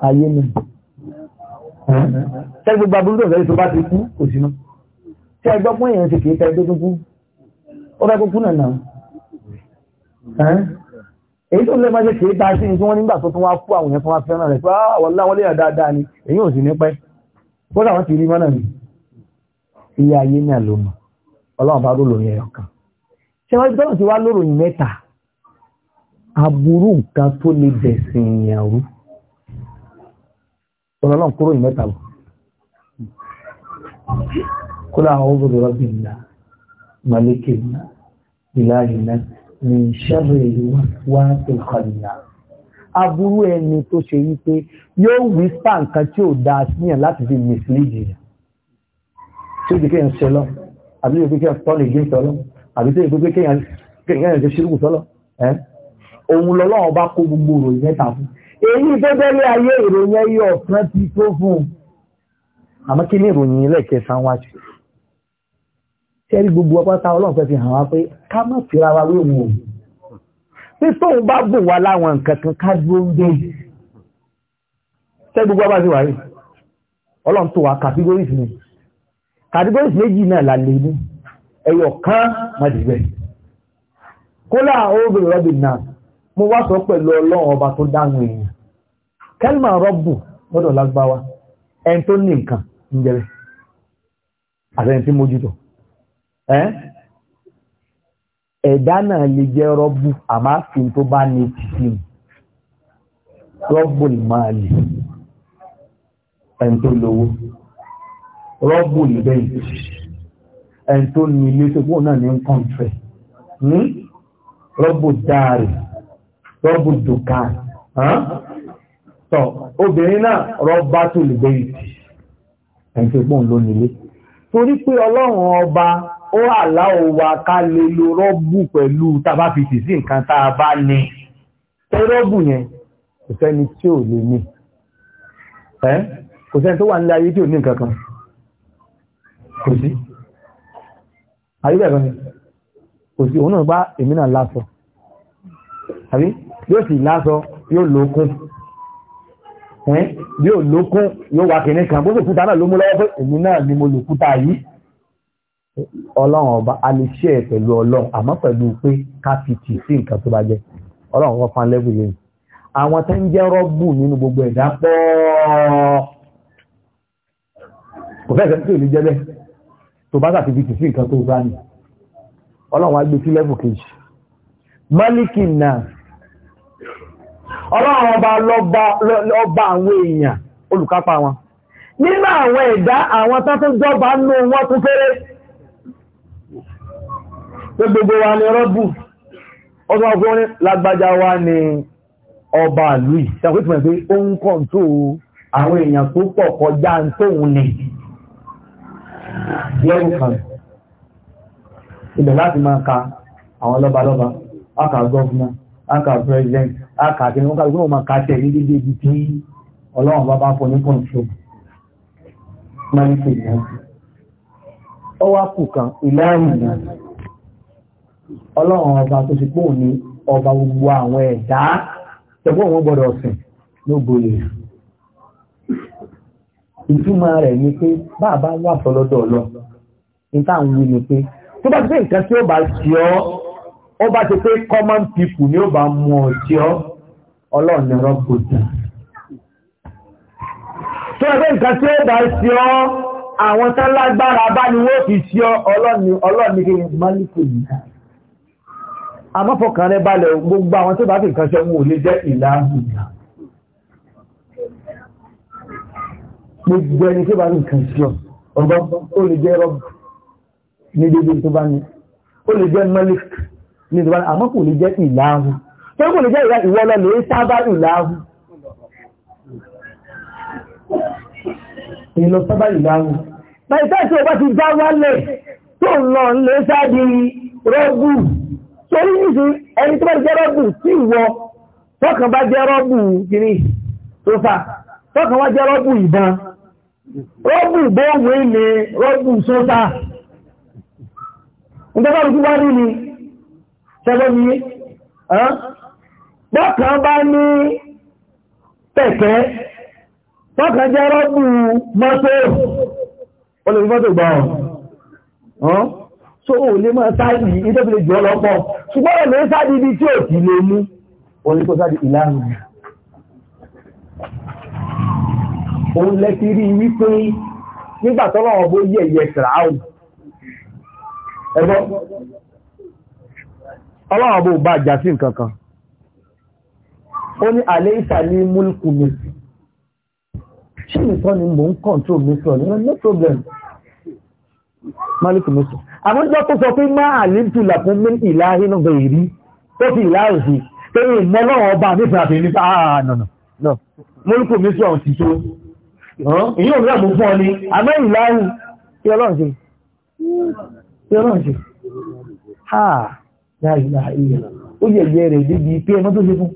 Speaker 4: ayé náà tẹ́ gbogbo aburú tó fẹ́ tó bá ti kú kò sínú tí ẹ gbọ́ fún èèyàn ti kìí ta ẹgbẹ́ tó kú ó fẹ́ kó kú nànà èyí tó lè máa ṣe kìí ni tí ah, ní pẹ́ ọlọ́run bá rò lóyìn ẹ̀yọ̀ kan ṣé wọ́n gbọ́dọ̀ ti wá lóròyìn mẹ́ta aburú nǹkan tó lè bẹ̀sìn ìyàwó ọlọ́run kúrò yìí mẹ́ta bọ̀ kó láwọn ó gbọdọ̀ rọ́bì ńlá màlíkì ńlá ìlàyìn náà ní ṣẹ́rẹ̀ ìlú wá ìkọlìyà aburú ẹni tó ṣe yí pé yóò wí spa tí ò dáa síyàn láti fi mislead tí ó di kéèyàn àbí èyí pé tọ́nì gé sọ́lọ́ àbí tó èyí pé kéèyàn ṣe ṣírùkù sọ́lọ́ òun lọ́lọ́wọ́ bá kó gbogbo ìròyìn mẹ́ta fún èyí tó bẹ́lẹ̀ ayé ìròyìn ẹyẹ ọ̀kan ti tó fún un àmọ́ kí ní ìròyìn ẹlẹ́kẹsàn wá sí sẹ́rí gbogbo ọpátá ọlọ́run fẹ́ fi hàn wá pé ká má fira wa lóhun òun pé tóun bá bò wá láwọn nǹkan kan ká dúró ń dé sẹ́ gbogbo ọpátá ti wà rí ọlọ́run tó wà kàbí lórí ìsinmi categories méjì náà la lè mú ẹyọ kan kólà obìnrin robin náà mo wá sọ pẹ̀lú ọlọ́run ọba tó dáhùn èèyàn kelman rọ́bù lọ́dọ̀ lágbáwá ẹni tó ní nǹkan ń jẹ́rẹ́ àtẹni tí mójútó ẹ̀dá náà lè jẹ́ rọ́bù àmáfin tó bá ní rọ́bù ìbẹ̀yìn ẹn tó ní ilé tó kó náà ní kọ́ńtrẹ̀ hmm? rọ́bù dáàrì rọ́bù dùkà tọ́ obìnrin náà rọ́bà tó lè bẹ̀yìn ẹn tó kó ló nílé torí pé ọlọ́run ọba ó àláwọ̀ wa ká lè lo rọ́bù pẹ̀lú tàbá fi tì sí nǹkan tá a bá ní rọ́bù yẹn kò sẹ́ni tí ò lè ní kò sẹ́ni tó wà nílé ayé tí ò ní nǹkan kan kò sí àyíbẹ̀rẹ̀ kò sí òun náà bá èmi náà lásọ àbí yóò sì lásọ yóò lókún ẹ́n yóò lókún yóò wà kìíní kan gbogbo òkúta náà ló mú lọ́wọ́ pé èmi náà ni mo lòkúta yìí ọlọ́run ọba a lè ṣe ẹ̀ pẹ̀lú ọlọ́run àmọ́ pẹ̀lú pé ká fi tì sí nǹkan tó bá jẹ́ ọlọ́run wọn fan lẹ́bù yẹn àwọn tó ń jẹ́ rọ́bù nínú gbogbo ẹ̀dá pọ̀ kò fẹ́ sẹ́ni ò ní jẹ́ bẹ́ẹ̀ tó bá tàbí bìtì sí nǹkan tó bá ní ọlọ́run agbé sí lẹ́bù kejì mọ́líkì náà ọlọ́run ọba lọ́ba àwọn èèyàn olùkápá wọn nínú àwọn ẹ̀dá àwọn tó tó jọba nú wọn tó fẹ́rẹ́ pé gbogbo wa ni rọ́bù ọdún ọgbọ́n ní lágbájá wa ni ọba lùí ṣàkóso pé ó kọ̀ǹtò àwọn èèyàn tó pọ̀ kọjá tóun nìyí lẹ́rù kan ibẹ̀ láti máa ka àwọn lọ́balọ́ba aka gọ́fúnà aka president aka akẹ́ni wọ́n kàgbọ́n máa ka tẹ̀ ní dédé ibi tí ọlọ́run bá bá fọ ní kọ̀ǹtò mẹ́rìnkì náà ó wá kù kan náà ọlọ́run ọba tó ti pòun ní ọba gbogbo níta ń wí ni pé tó bá ti pé nǹkan tí ó bá ti ọ́ ó bá ti pé common people ni ó bá mú ọ tí ọ́ ọlọ́run ni rọ́pò tà tó bá pé nǹkan tí ó bá ti ọ́ àwọn tán lágbára bá ni wọ́n fi ṣe ọlọ́ni ọlọ́ni kí ni málìkù nìyà amọ́fọ̀kan rẹ balẹ̀ gbogbo àwọn tó bá fi nǹkan ṣe wọn ò lè jẹ́ ìlàhùn nìyà gbogbo ẹni tó bá fi nǹkan ṣe ọgbọ́n ó lè jẹ́ rọ́bù ní dédé tó bá ní ó lè jẹ́ malik ní tó bá ní àmọ́ kò lè jẹ́ ìlàáhù tó kò lè jẹ́ ìlà ìwọ lọ lè sábà ìlàáhù èyí lọ sábà ìlàáhù báyìí táì tí o bá ti dá wálẹ̀ tó ń lọ lè sáàdì rọ́bù torí nìsí ẹni tó bá jẹ́ rọ́bù tí ìwọ tọkàn bá jẹ́ rọ́bù kìíní tó fà tọkàn wá jẹ́ rọ́bù ìbọn rọ́bù bọ́ọ̀wé ni rọ́bù sóta. So ìjọba rúkú bá rí ni ṣẹgbẹ́ mi bọ́kàn bá ní kẹ̀kẹ́ bọ́kàn jẹ́ rọ́bù mọ́tò ó lè mọ́tò gbà ọ̀ so ó lè máa sáàdì ìjọba lè jọ lọ́pọ̀ ṣùgbọ́n ó lè sáàdì ibi tí ò sí lè mú ó lè kó sáàdì ìlànà òun lẹ wípé nígbà bó yẹ̀yẹ̀ fìràáwù ẹgbọ́n ọlọ́wọ́ bó bá jà sí nǹkan kan ó ní alẹ́ ìsà ní múlùkù mi ṣí nìkan ni mò ń kọ̀ntró mi sọ ní no problem málùkù mi sọ àwọn ìjọ tó sọ pé má àlébùtù làkún mí ìlà inú bẹ̀ ìrí tó fi ìlà òsì pé ìmọ̀ náà ọba nípa àbí ah, nípa ààrùn náà múlùkù mi sọ ti tó ìyóò rẹ̀ mú fún ọ ní àmọ́ ìlà ìlọ́run fẹ́ràn jù ha láìlá ilẹ̀ ó yẹ̀yẹ́ rẹ̀ débi pé ẹmọ́ tó ṣe fún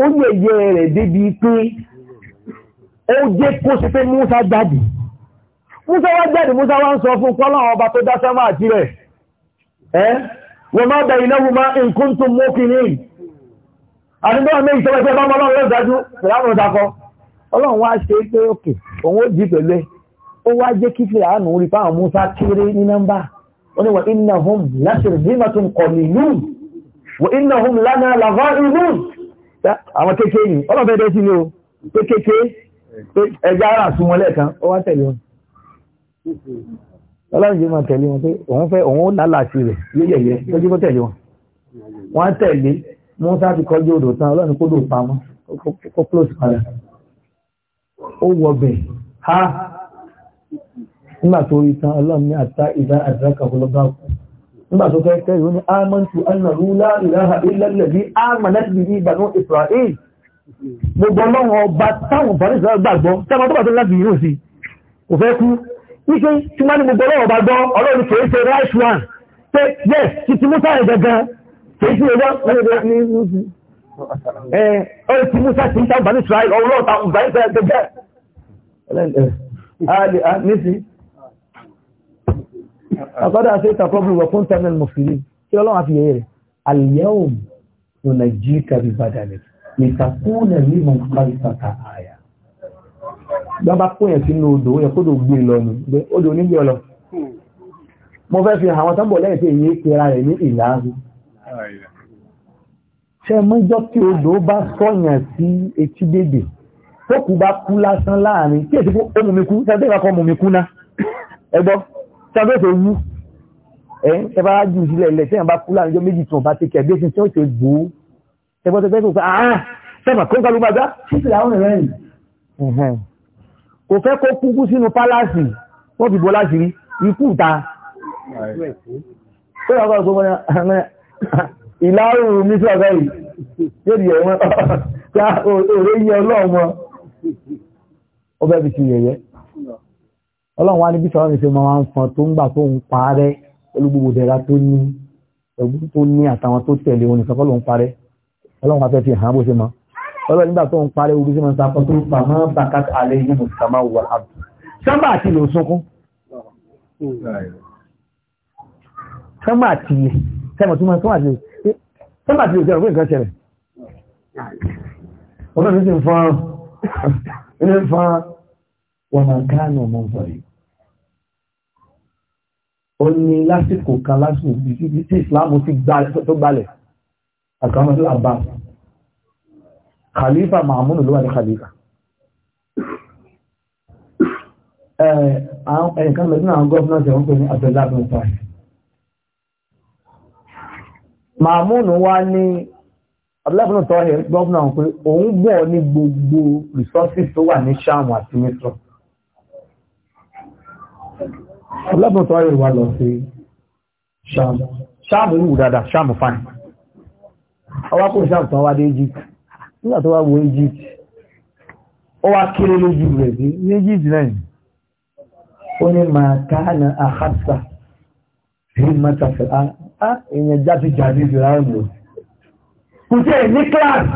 Speaker 4: ó yẹ̀yẹ́ rẹ̀ débi pé ó jẹ́ kó ṣe pé Musa jáde Musa wá jáde Musa wá ń sọ fún kọ́láwọn ọba tó dá sẹ́mà àti rẹ̀ ẹ́ wọ́n má bẹ̀rẹ̀ iná wọ́n má nǹkan tó mọ́ kiri àdúgbò àmì ìṣẹ́wẹ́sẹ́ bá mọ́ ọlọ́run lọ́dájú ìlànà ìdákọ́ ọlọ́run wá ṣe pé òkè òun ó jí pẹ̀lú ẹ̀ ó wá jẹ́ kí fìlà ánù rí fáwọn Musa kéré ní nọ́mbà wọ́n ni wà innahum lásìrì dímọ̀tún qalilun wà innahum lánà làvá inú àwọn kéèké ni ọlọ́fẹ́ dẹ́ sí ni o kéèké ẹja ara sún lẹ́ẹ̀kan ó wá tẹ̀lé wọn ọlọ́run máa tẹ̀lé wọn pé òun fẹ́ òun lálàsì rẹ̀ yóò lójú kó tẹ̀lé wọn wọ́n tẹ̀lé Musa ti kọjú odò tán ọlọ́run kó dò pamọ́ kó close padà ó wọ nígbà tó rí tán ọlọ́run ní àtà ìdá àdìrákà ọlọ́gbà kù nígbà tó fẹ́ kẹ́rì ó ní ámọ́ntù anàrú láìláha ilẹ̀lẹ̀bí ámàlẹ́tìbí ní ìbànú Israel gbogbo ọlọ́run ọba táwọn bàbá ìsọ̀rọ̀ gbàgbọ́ táwọn tó bá tó láti yìí sí kò fẹ́ kú wípé tí wọ́n ní gbogbo ọlọ́run ọba gbọ́ ọlọ́run kìí ṣe right one pé ààlè àníṣì àkọ́dá sí ìtàkọ́bù wọ̀ fún tẹ́mẹ̀lì mùsùlùmí kí ọlọ́run àfi yẹ̀ rẹ̀ àlìyẹ́wòm ló nà jí kàbí bàdàlẹ̀ ìtàkùnlẹ̀ ní mọ̀nkárì tàkà àyà gbọ́n bá kún yẹn sínú odò yẹn kódò gbé lọ nù odò nígbé ọlọ mo fẹ́ fi tó kù bá kú lásán láàrin tí èsì kó ó mú mi kú tẹ́lẹ̀ ìwàkọ́ mú mi kú náà ẹgbọ́ tẹ́lẹ̀ tó wú ẹ̀ ẹbá jù sílẹ̀ ilẹ̀ tẹ́yàn bá kú láàrin jọ méjì tún ọba tẹ́kẹ̀ bí ẹsìn tí ó ṣe gbò ó ẹgbọ́ tẹ́lẹ̀ tó fẹ́ àá sẹ́mà kó ń kálú gbàgbá títí àwọn ẹ̀rẹ́ yìí kò fẹ́ kó kúkú sínú pálásì wọ́n fi bọ́ láti rí ikú ta ó yà kọ́ ìlà òòrùn mi sí ọ̀gá yìí yóò di ẹ̀wọ̀n òòrè yẹ ọlọ́ọ̀mọ́ ó bẹ́ẹ̀ fi ṣe yẹ̀yẹ́ ọlọ́run wá níbi sọ̀rọ̀ mi ṣe máa ń fọn tó ń gbà tó ń parẹ́ pẹ̀lú gbogbo ìdẹ̀ra tó ní ẹ̀gbọ́n tó ní àtàwọn tó tẹ̀lé òun nìkan kọ́ ló ń parẹ́ ọlọ́run afẹ́ fi hàn án bó ṣe mọ́ ọlọ́run nígbà tó ń parẹ́ ogun sí máa ń sapọ́ tó ń pa máa ń bà ká alẹ́ yìí mo sàmà wà ábù sábà àti lò sunkún sábà àti lè sẹ́mọ̀ tó máa tó àti lè sábà àti lè sẹ́mọ̀ pé nǹkan ṣẹlẹ̀ ọlọ́run ti ń fọ́n ilé ń fa wọn máa káànù ọmọ ìfọ̀rí ó ní lásìkò kan lásìkò ibi tí ìsìláàmù ti tó gbalẹ̀ àkàmọ́sí àbá khalifa mahmud ló wà ní khalifa ẹ̀ẹ̀kan lọ́dún àwọn gọ́ọ̀nà ṣe wọ́n pè ní abdullahi mahmud wá ní abúlẹ́fún tó ẹ̀ gọ́ọ̀nà pé òun gbọ́ ní gbogbo resources tó wà ní sham àti metro abúlẹ́fún tó ẹ̀ wà lọ sí sham sham wù dáadáa sham fine ọwá kó sham tó wá dé Egypt nígbà tó wá wo Egypt ó wá kéré lójú rẹ̀ sí ní Egypt náà ó ní máa káàna àhásà rí á ìyẹn jáde jáde jù láàrín kò jẹ́ ní class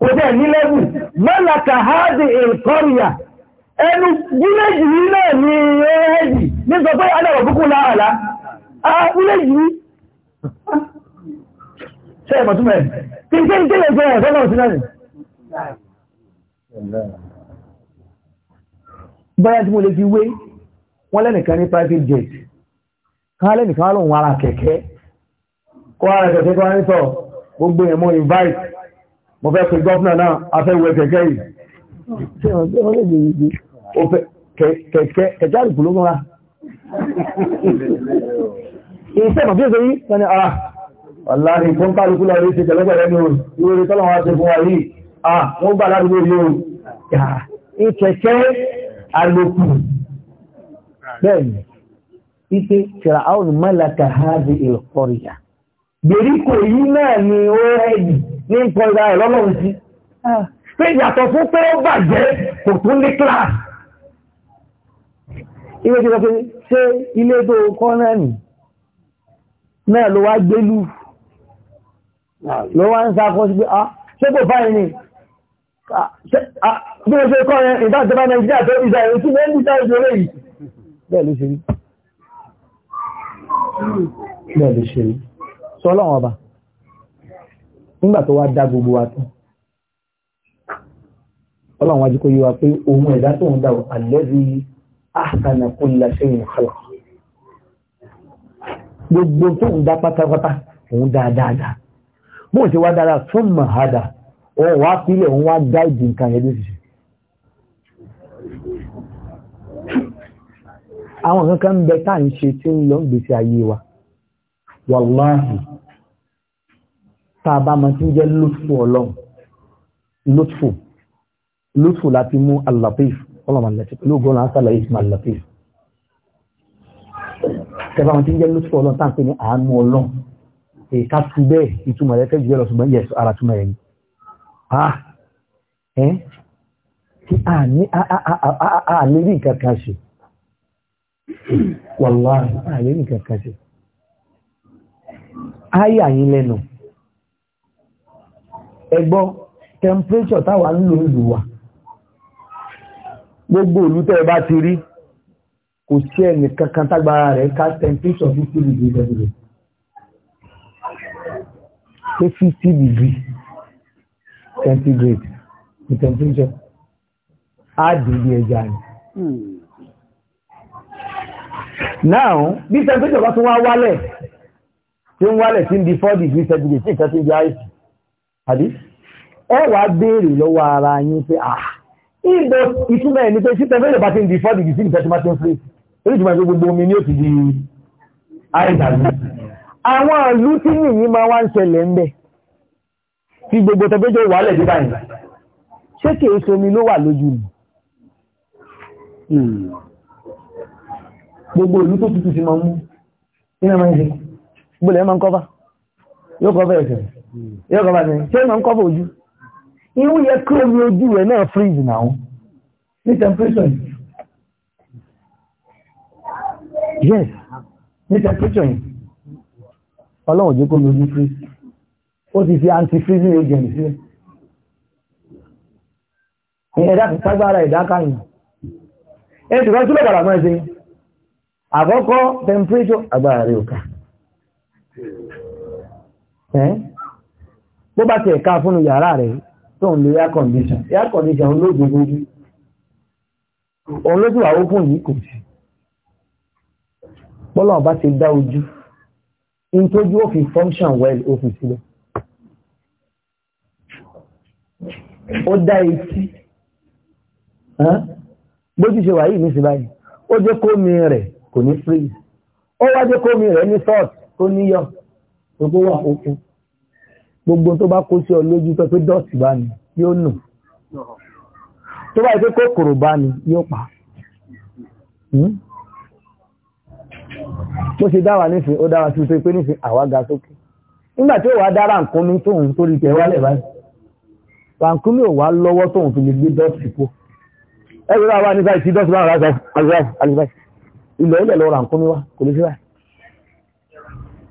Speaker 4: kò jẹ́ ní level mọ́làkà háàdì ìkọ́rìyà ẹnu village yìí náà ní ẹ́ẹ̀dì ní sọ pé adáwọ̀ púpù láàrá a village yìí ṣe ẹ̀mọ̀ túnmọ̀ ẹ̀ kí n kéyìn kéyìn jẹ́ ẹ̀fẹ́ náà sí náà báyá tí mo lè fi wé wọ́n lẹ́nìkan ní private jet kan lẹ́nìkan lóun ara kẹ̀kẹ́ kọ́ ara kẹ̀kẹ́ kọ́ ara ní sọ̀rọ̀ gbogbo ẹ̀mọ́ invite mo fẹ́ pè gọ́ọ̀nà náà afẹ́wẹ̀ kẹ̀kẹ́ yìí kẹ̀kẹ́ àrùkù ló mọ́ra iṣẹ́ mọ̀ bí ó ṣe yí wọ́n ni ara aláàrí fún kálukú lọ rí ṣe tẹ̀lẹ́gbẹ̀rẹ́ ní orí orí tọ́lọ̀ wá ṣe fún wa yìí à ah, wọ́n gbà ládùúgbò yìí o kẹ̀kẹ́ àrùkù bẹ́ẹ̀ ni ike kìrà áwọn mọ́lá kàhádi ìlkọ́rìyà gbèríkò yìí náà ni ó ẹ̀yìn ní ìpọ̀lá ẹ̀ lọ́lọ́run sí pé ah. yàtọ̀ fún pé ó bàjẹ́ kò tún ní class ilé tí wọ́n fi ṣe ilé tó kọ́ náà nì náà ló wá gbélú ló wá ń sáfọ́ sí pé ah ṣé kò báyìí ni ah, ah, bí mo ṣe kọ́ yẹn ìdájọba nàìjíríà tó ìjà ìrètí lẹ́yìn ìdájọ́ ìjọ lẹ́yìn bẹ́ẹ̀ ló ṣe rí bẹ́ẹ̀ ló ṣe rí sọ́lọ́wọ́n ọba nígbà tó wá dá gbogbo wa tán ọlọ́run wájú kó yí wa pé ohun ẹ̀dá tó ń dá wọ àlẹ́rí ahsana kulla shay'in khalaqa gbogbo tó ń dá pátápátá òun dáadáa bó ṣe wá dára fún mahada òun wá pílẹ̀ òun wá dá ìdí nǹkan yẹn àwọn kankan bẹ tá ń ṣe tí ń lọ ń gbèsè ayé wa wàláhì tá a bá máa ti ń jẹ́ lótfù ọlọ́run lótfù lótfù láti mú al-Latif ọlọ́run al-Latif lóògùn náà sàlàyé ìsìn al-Latif tẹ́ bá máa ti ń jẹ́ lótfù ọlọ́run tá à ń pè ní àánú ọlọ́run èka tu bẹ́ẹ̀ ìtumọ̀ rẹ̀ fẹ́jú ẹ̀rọ àlérí nǹkan kan ṣe áyà yín lẹ́nu ẹgbọ́ temperature táwa ń lò ìlú wa gbogbo ìlú tẹ́ ẹ bá ti rí kò sí ẹnì kankan tágbára rẹ̀ ká temperature fifty degree lẹ́gbẹ̀rẹ̀ pé fifty degree centigrade ní temperature á dì bí ẹja ni. Hmm. now bí temperature bá tún wá wálẹ̀ tí ń wálẹ̀ tí ń di four degree centigrade tí nǹkan ti di àìsàn àbí ẹ wàá béèrè lọ́wọ́ ara yín pé à ah, ìbò ìtumọ̀ ẹni pé síta fẹ́lẹ̀ bá ti ń di four degree centigrade tí wọ́n ti ń fi èyí ìtumọ̀ ẹni gbogbo omi ni ó ti di àìsàn àwọn ìlú tí nìyí máa wá ń ṣẹlẹ̀ ń bẹ̀ tí gbogbo tẹgbẹ́jọ wàálẹ̀ dídá yìí ṣé kìí ṣomi ló wà lójú mi hmm. gbogbo ìlú tó tutù ti máa mú iná máa ń ṣe gbọ́lẹ̀ ma ń kọ́fà yóò kọ́fà ẹ̀sẹ̀ yóò kọ́fà ẹ̀sẹ̀ ṣe ma ń kọ́fà ojú irú yẹ kí omi ojú rẹ̀ náà freeze náà ní temperature yes ní temperature yìí ọlọ́run jẹ́ kó mi ojú freeze ó ti fi anti-freezing agent sílẹ̀ ìyẹn ẹ̀dá kìtàgbára ẹ̀dá kàyìn ẹ̀ tìkọ́ tí lọ́gbàrà mọ́ ẹ̀sẹ̀ àkọ́kọ́ temperature agbára rẹ̀ òkà ẹ́ bó bá ti ẹ̀ka fún yàrá rẹ̀ tó ń lo air condition air condition olóògbé lójú òun lójú àwọn òkun yìí kò sí bọ́lá ọba ti dá ojú in tójú ó fi function well ó fi sílẹ̀ ó dá etí bójú ṣe wà yìí ní sí báyìí ó jẹ́ kómi rẹ̀ kò ní freeze ó wá jẹ́ kómi rẹ̀ ní salt tó níyọ̀ gbogbo wà fúnfún gbogbo tó bá kó sí ọ lójú pé dọ̀tí bá ní yóò nù tó bá yẹ pé kòkòrò bá ní yóò pa hmm? bó ṣe dáwà nífin ó dáwà sí pé nífin àwa ga sókè nígbà tí ó wà dára nǹkan mi tóun tó rí tẹ̀ wálẹ̀ báyìí ràǹkúmí ò wá lọ́wọ́ tóun fi lè gbé dọ́ọ̀tì kó ẹgbẹ́ bá wà nígbà tí dọ́ọ̀tì bá wà láti àlùbáyìí ilẹ̀ ilẹ̀ lọ ràǹkúmí wá kò lè sí báyìí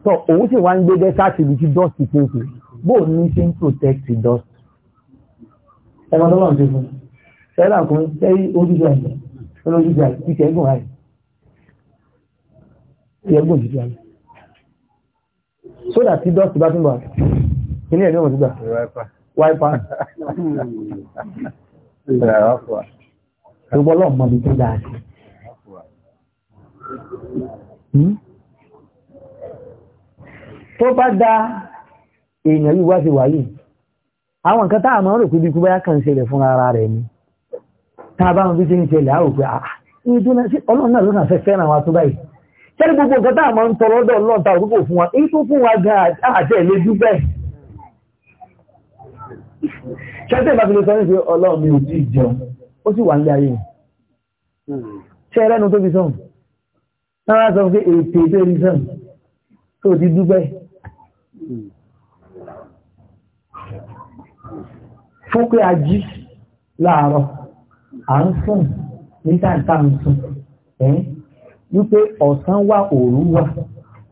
Speaker 4: tọ òun sì wá ń gbé dẹ́sáàtì ibi tí dọ́ọ̀tì tó kù bóò ní ṣe ń protect dọ́ọ̀tì. ẹ̀rọ tó lọ́n ti fún ṣẹ́yìn náà kún ṣẹ́yìn ojúṣe ẹ̀jẹ̀ olójúṣe àti ìṣẹ́gun àyè ìṣẹ́gun òjúṣe àyè. sódà tí dọ́ọ̀tì bá tún bọ̀ kíní ẹ̀ ní ọmọ sígbà wáìpà ṣùgbọ́n lọ́ọ̀ mọ̀ mi tó dáa sí tó bá da èèyàn yìí wá sí wáyé àwọn nǹkan tá a máa rò pé bí kúbáyà kan ṣẹlẹ̀ fún ara rẹ̀ ni tá a bá wọn bí ṣe ń ṣẹlẹ̀ á rò pé àà ìdúná sí ọlọ́run náà ló náà fẹ́ fẹ́ràn wa tó báyìí sẹ́ni gbogbo nǹkan tá a máa ń tọrọ ọ̀dọ̀ ọlọ́run ta òkúkò fún wa èyí tó fún wa gan àti ẹ̀ lójú bẹ́ẹ̀ ṣẹ́tẹ̀ bá fi lè sọ ní pé ọlọ́run mi ò tí ì jẹun ó sì wà ní ayé ṣe ẹlẹ́nu tó fi sọ fún pé a jí láàárọ̀ à ń sùn nígbà ń sùn wípé òru wà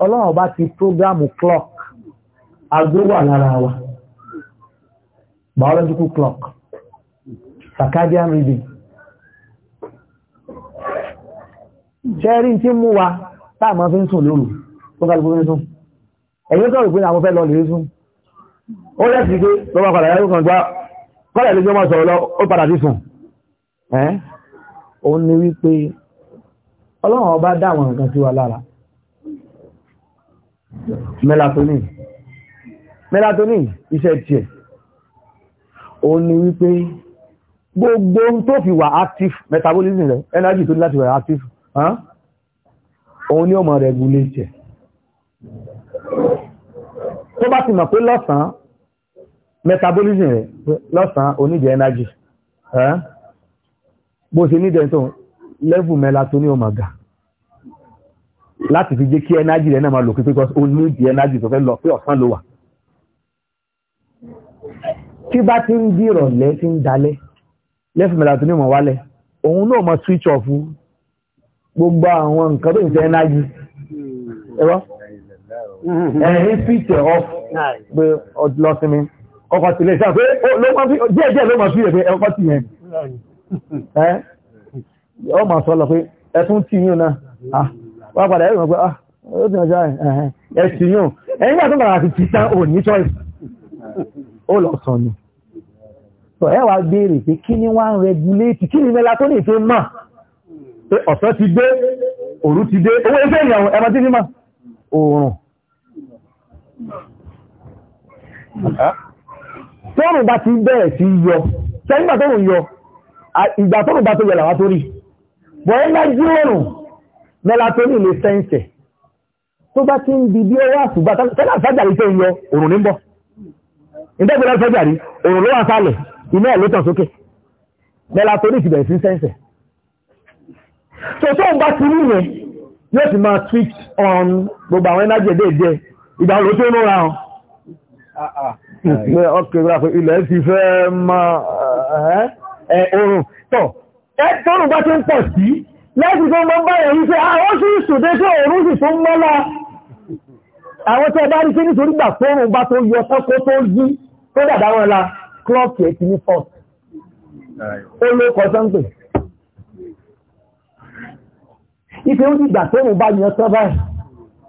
Speaker 4: ọlọ́run bá ti prógrámù clock aago wà lára wa biological clock circadian rhythm ṣẹ́rí tí mú wa táàmà fi ń sùn lóru ẹ̀yìn sọ̀rọ̀ pé àwọn fẹ́ lọ lè sún ó lẹ́sì pé tó bá padà yàrá kan gbá kọ́lẹ̀ lójú ọmọ sọ̀rọ̀ lọ ó padà sí sùn ẹ́ òun ni wípé ọlọ́run ọba dá àwọn nǹkan sí wa lára melatonin melatonin iṣẹ́ tiẹ̀ òun ni wípé gbogbo tó fi wà active metabolism rẹ̀ energy tó ní láti wà active òun ni ó máa regulate tó bá ti mọ̀ pé lọ́sàn-án metabolism rẹ̀ lọ́sàn-án oníjẹ energy bó ṣe ní dẹ̀ntọ́ level melatonin ó máa ga láti fi jẹ́ kí energy rẹ̀ náà máa lò pé because o ní di energy tó fẹ́ lọ pé ọ̀sán ló wà tí bá ti ń di ìrọ̀lẹ́ tí ń dalẹ́ level melatonin ó máa wálẹ̀ òun náà máa switch off gbogbo àwọn nǹkan tó ń fẹ́ energy ẹ̀rọ
Speaker 2: ẹ̀yìn switch ẹ̀ off
Speaker 4: pé lọ sinmi ọkọ̀ tilẹ̀ ṣáà pé díẹ̀ díẹ̀ ló máa fi ẹ̀fẹ́ ọkọ̀ tì yẹn ẹ́ ọ máa sọ lọ pé ẹ̀tún tì yín náà ah, wọ́n padà ẹ̀rù wọn pé ah, ó ti ọjọ́ ẹ̀ tì yín ẹ̀yìn gbà tó bàrà àti tìta ò ní choice ó lọ sọ ni sọ ẹ wá béèrè pé kí ni wọ́n rẹ̀gúlétì kí ni melatonin fi mọ̀ pé ọ̀sán ti dé òru ti dé owó ẹgbẹ́ ìyàwó ẹmọ tọ́rùn bá ti bẹ̀rẹ̀ sí yọ tẹ́gbà tọ́rùn yọ ìgbà tọ́rùn bá tó yẹ làwá tó rí bọ̀ ẹ́gbà jíwọ̀rùn melatonin lè sẹ́ǹsẹ̀ tó bá ti ń di bí ọwọ́ àṣùgbà tẹ́lá sájàrí tẹ́ yọ òrùn ní bọ̀ ìdẹ́gbẹ̀lá sájàrí òrùn ló wà sálẹ̀ iná ẹ̀ ló tàn sókè melatonin ti bẹ̀rẹ̀ sí sẹ́ǹsẹ̀ tó tó ń bá ti rí yẹn yóò ti máa switch on gbogbo ìgbà ló tó múra ọ ah, ah. ọkẹ̀ ìgbàfẹ́ ilẹ̀ ti fẹ́ máa ẹ̀ oòrùn tọ́ ẹ tóòrùn bá ti ń pọ̀ sí lẹ́sì tó mọ́ báyẹ̀ yí pé àwọn ah, sí ìṣòdé tó oòrùn sì tó mọ́lá àwọn tó bá rí pé nítorí gbà tóòrùn bá tó yọ tọ́kó tó yí tó dàdá wọn la klọ́ọ̀kì ẹ̀ ti ní pọ̀ ó ló kọ sọ́ńpẹ̀ ipe ó ti gbà tóòrùn bá yọ tọ́ báyìí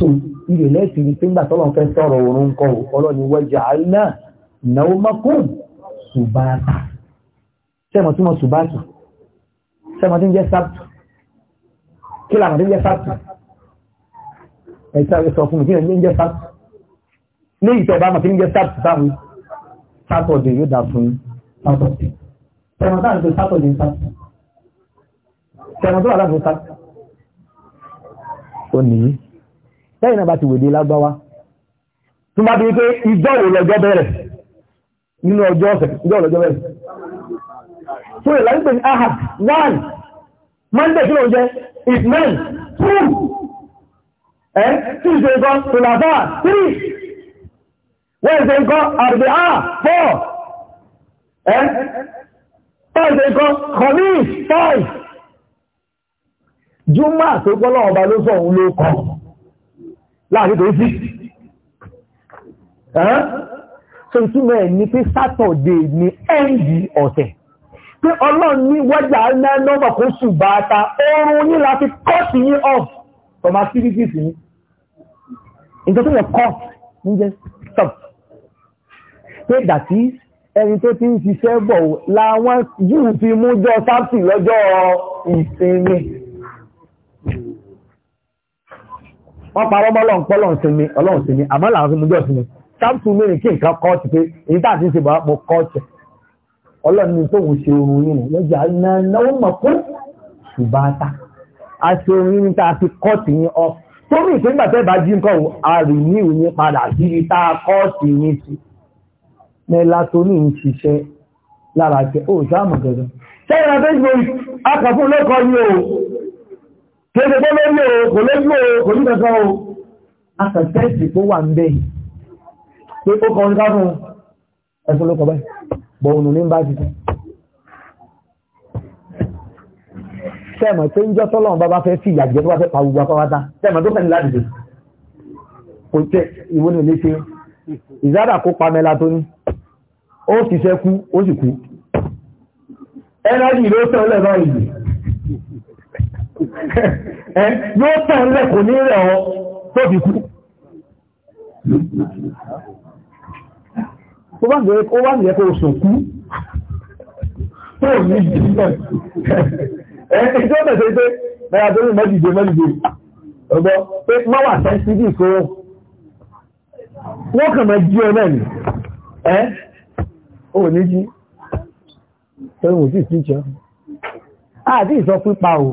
Speaker 4: so ilé lẹ́sìn ní pé ńgbà tọ́lọ́ fẹ́ sọ̀rọ̀ òun kọ́ ọlọ́ni wọ́jà àìlá náà mọ́kùn ṣùbáàtà sẹ́mọ̀ tí mo ṣùbáàtà sẹ́mọ̀ tí ń jẹ́ sáàtù kí làmọ̀ tí ń jẹ́ sáàtù ẹ̀sà ẹ̀sọ̀ fún mi kí làmọ̀ tí ń jẹ́ sáàtù ní ìtọ̀ bá mọ̀ tí ń jẹ́ sáàtù sáàtù sátọ̀dẹ̀ sẹ́yìn náà bá ti wèdè lágbáwá tó bá bí pé ìjọ wo bẹ̀rẹ̀ nínú ọjọ́ ọ̀sẹ̀ ìjọ lọ́jọ́ bẹ̀rẹ̀ tó lè láti pè ní one monday kí ló ń jẹ ismail two ẹ tí ìṣe nǹkan tòlàfà three wọ́n ìṣe nǹkan àrùbíà four ẹ tọ́ ìṣe nǹkan kọ̀mí five júmọ́ àtòkọ́lọ́ ọba ló sọ òun ló kọ́ láàrin tó sí ẹ́n so ìtumọ̀ ẹ̀ ni pé sátọ̀dé ni ẹ́ndì ọ̀tẹ̀ pé ọlọ́run ní wájà ná nọ́mbà kó sùn bá ta oorun ní láti kọ́ọ̀tì yín off from activities yín nǹkan tó yẹ kọ́ọ̀tì ń stop pé that is ẹni tó ti ń ṣiṣẹ́ bọ̀ láwọn yóò fi mú jọ sáàtì lọ́jọ́ ìsinmi wọ́n parọ́ mọ́ ọlọ́run pọ́ ọlọ́run sinmi ọlọ́run sinmi àmọ́ làwọn fi mú jọ sinmi sáàpù mẹ́rin kí nǹkan kọ́ ti pé èyí tá à ti ń ṣe bọ̀ mo kọ́ ọ̀tẹ̀ ọlọ́run ní tóun ṣe oorun yìí lọ́jà náà mọ̀ kó ṣùgbọ́n a ṣe oorun yìí tá a fi kọ́ ti yín ọ tó ní ìpín gbàtẹ́ bá jí nǹkan a rì ní ìwé padà sí i tá a kọ́ ti yín sí melatonin ń ṣiṣẹ́ lára jẹ́ ó sáà mọ̀ gẹ́gẹ́ sẹ́yìn Kéde bọ́ lórí o, kò lójú o, kò ní kankan o. A kàn tẹ́sì tó wà ń bẹ̀. Pé ó kọ orin káfún ẹ̀sùn ló kọ bẹ́ẹ̀. Bọ̀ òun ní bá ti tẹ̀. Sẹ́mọ̀ tó ń jọ́ tọ́lọ́run bá bá fẹ́ fi ìyà ṣẹ́kú, ó sì kú. Ẹnẹ́jì ló sọ lẹ́nà ìgbì. Eh, yóò tẹ̀ ń lẹ́kùn ní rẹ̀ ọ tó fi kú. ó bá nìyẹ kó o sùn kú tó o ní ìdí náà ẹjọ́ bẹ̀rẹ̀ pé bẹ́ẹ̀ tó ní mẹ́jìdé mẹ́jìdé ọgbọ́ pé má wà sẹ́ńsìtì ìṣòro wọ́n kàn máa jí ọ náà nì ẹ́ ò ní jí ẹ̀rùn ò sì sí ìjọ àti ìsọpípa o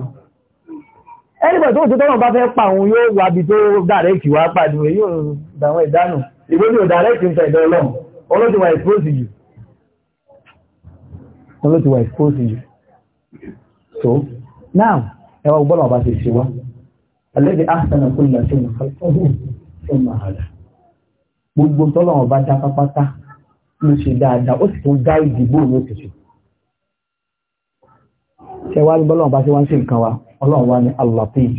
Speaker 4: ẹnìgbà tó tó tọ́nà bá fẹ́ pa òun yóò wà bí tó dàrẹ́kì wá pàdé rẹ̀ yóò dàwọn ìdánù ìwé ní òdàrẹ́kì ń fẹ̀dọ̀ ọlọ́run ọlọ́tí wà expose you ọlọ́tí wà expose you so now ẹwà gbọ́nà bá ti ṣe wá alẹ́bí ahsana kún ilẹ̀ tó nǹkan ọdún tó máa hàlà gbogbo tọ́lọ́run bá dá pápátá ló ṣe dáadáa ó sì tún dá ìdìbò ló ti ṣe ṣe wá ní bọ́lọ̀ bá ṣe wá ń ṣe nǹkan wa ọlọ́run wá ní Al-Latif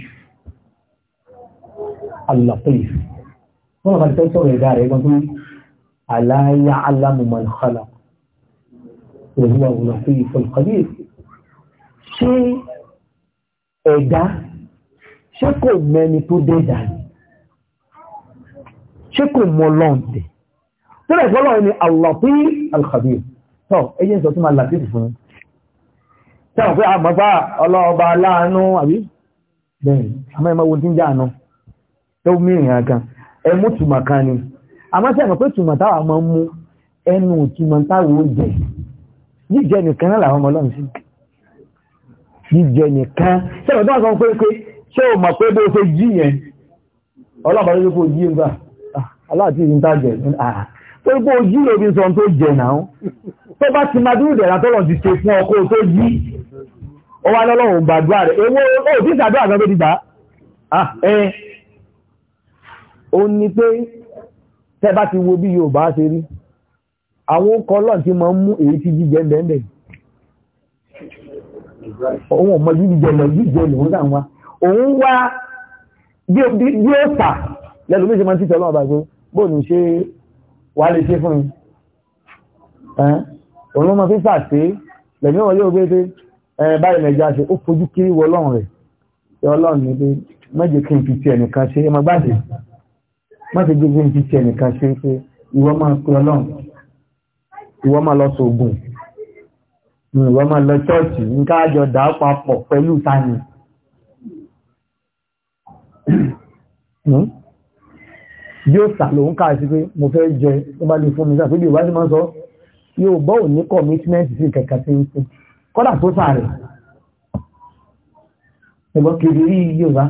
Speaker 4: Al-Latif wọ́n bá ti tẹ́ sọ̀rọ̀ ẹ̀dá rẹ̀ gbọ́n Ala ya'lamu man khalaq wa huwa al-Latiful Khabir ṣé ẹ̀dá ṣé kò mẹ́ni tó dẹ́dà ni ṣé kò mọ lọ́ǹdẹ̀ tó rẹ̀ gbọ́lọ̀ sẹ́wọ̀n pé àmọ́fà ọlọ́ọba aláàánú àbí bẹ́ẹ̀ àmọ́ ma tí ń jà àánú tó mí ìrìn àkan ẹmú tùmọ̀ kan ni àmọ́ sẹ́wọ̀n pé tùmọ̀ táwa máa mú ẹnu jíjẹ nìkan sí jíjẹ nìkan tó pé ṣé o mọ̀ pé bó ṣe jí yẹn ló kó jí aláàtì ah, ìrìn tó bá ti máa dúró ìdẹ̀ra tọ́lọ̀ ti ṣe fún ọkọ̀ tó yí ó wá lọ́lọ́run gbàdúrà rẹ̀ ewó ó ti ṣàdúrà gan tó ti gbà ẹ́ ó ní pé tẹ́ bá ti wo bí Yorùbá ṣe rí àwọn ọkọ̀ ọlọ́run ti máa ń mú èyí ti jíjẹ bẹ́ẹ̀ òun ọmọ jíjẹ lọ jíjẹ lòun náà wá òun wá bí ó sà lẹ́nu bí ṣe máa ń títẹ̀ ọlọ́run bá gbé bóòlù ṣe wà lè ṣe fún un òun ló mọ fífà sí lẹ́mí wọn yóò gbé pé ẹ báyìí nàìjíríà ṣe ó fojú kiri wọ ọlọ́run rẹ̀ ṣe ọlọ́run ní pé mẹ́jẹ kí n fi ti ẹnìkan ṣe ẹmọ gbáàdì mẹ́jẹ kí n fi ti ẹnìkan ṣe pé ìwọ máa pe ọlọ́run ìwọ máa lọ sóògùn ìwọ máa lọ ṣọ́ọ̀ṣì nǹkan àjọ dà á papọ̀ pẹ̀lú tani. yóò hmm? sà lòun káàsì pé mo fẹ́ jẹ tó bá lè fún mi sáà pé bí ìwádìí máa ń sọ ọ́ yóò bọ́ òní commitment sí kẹ̀kẹ́ tí ń sí kọ́dà tó sàárẹ̀ ẹ̀gbọ́n kiri rí yorùbá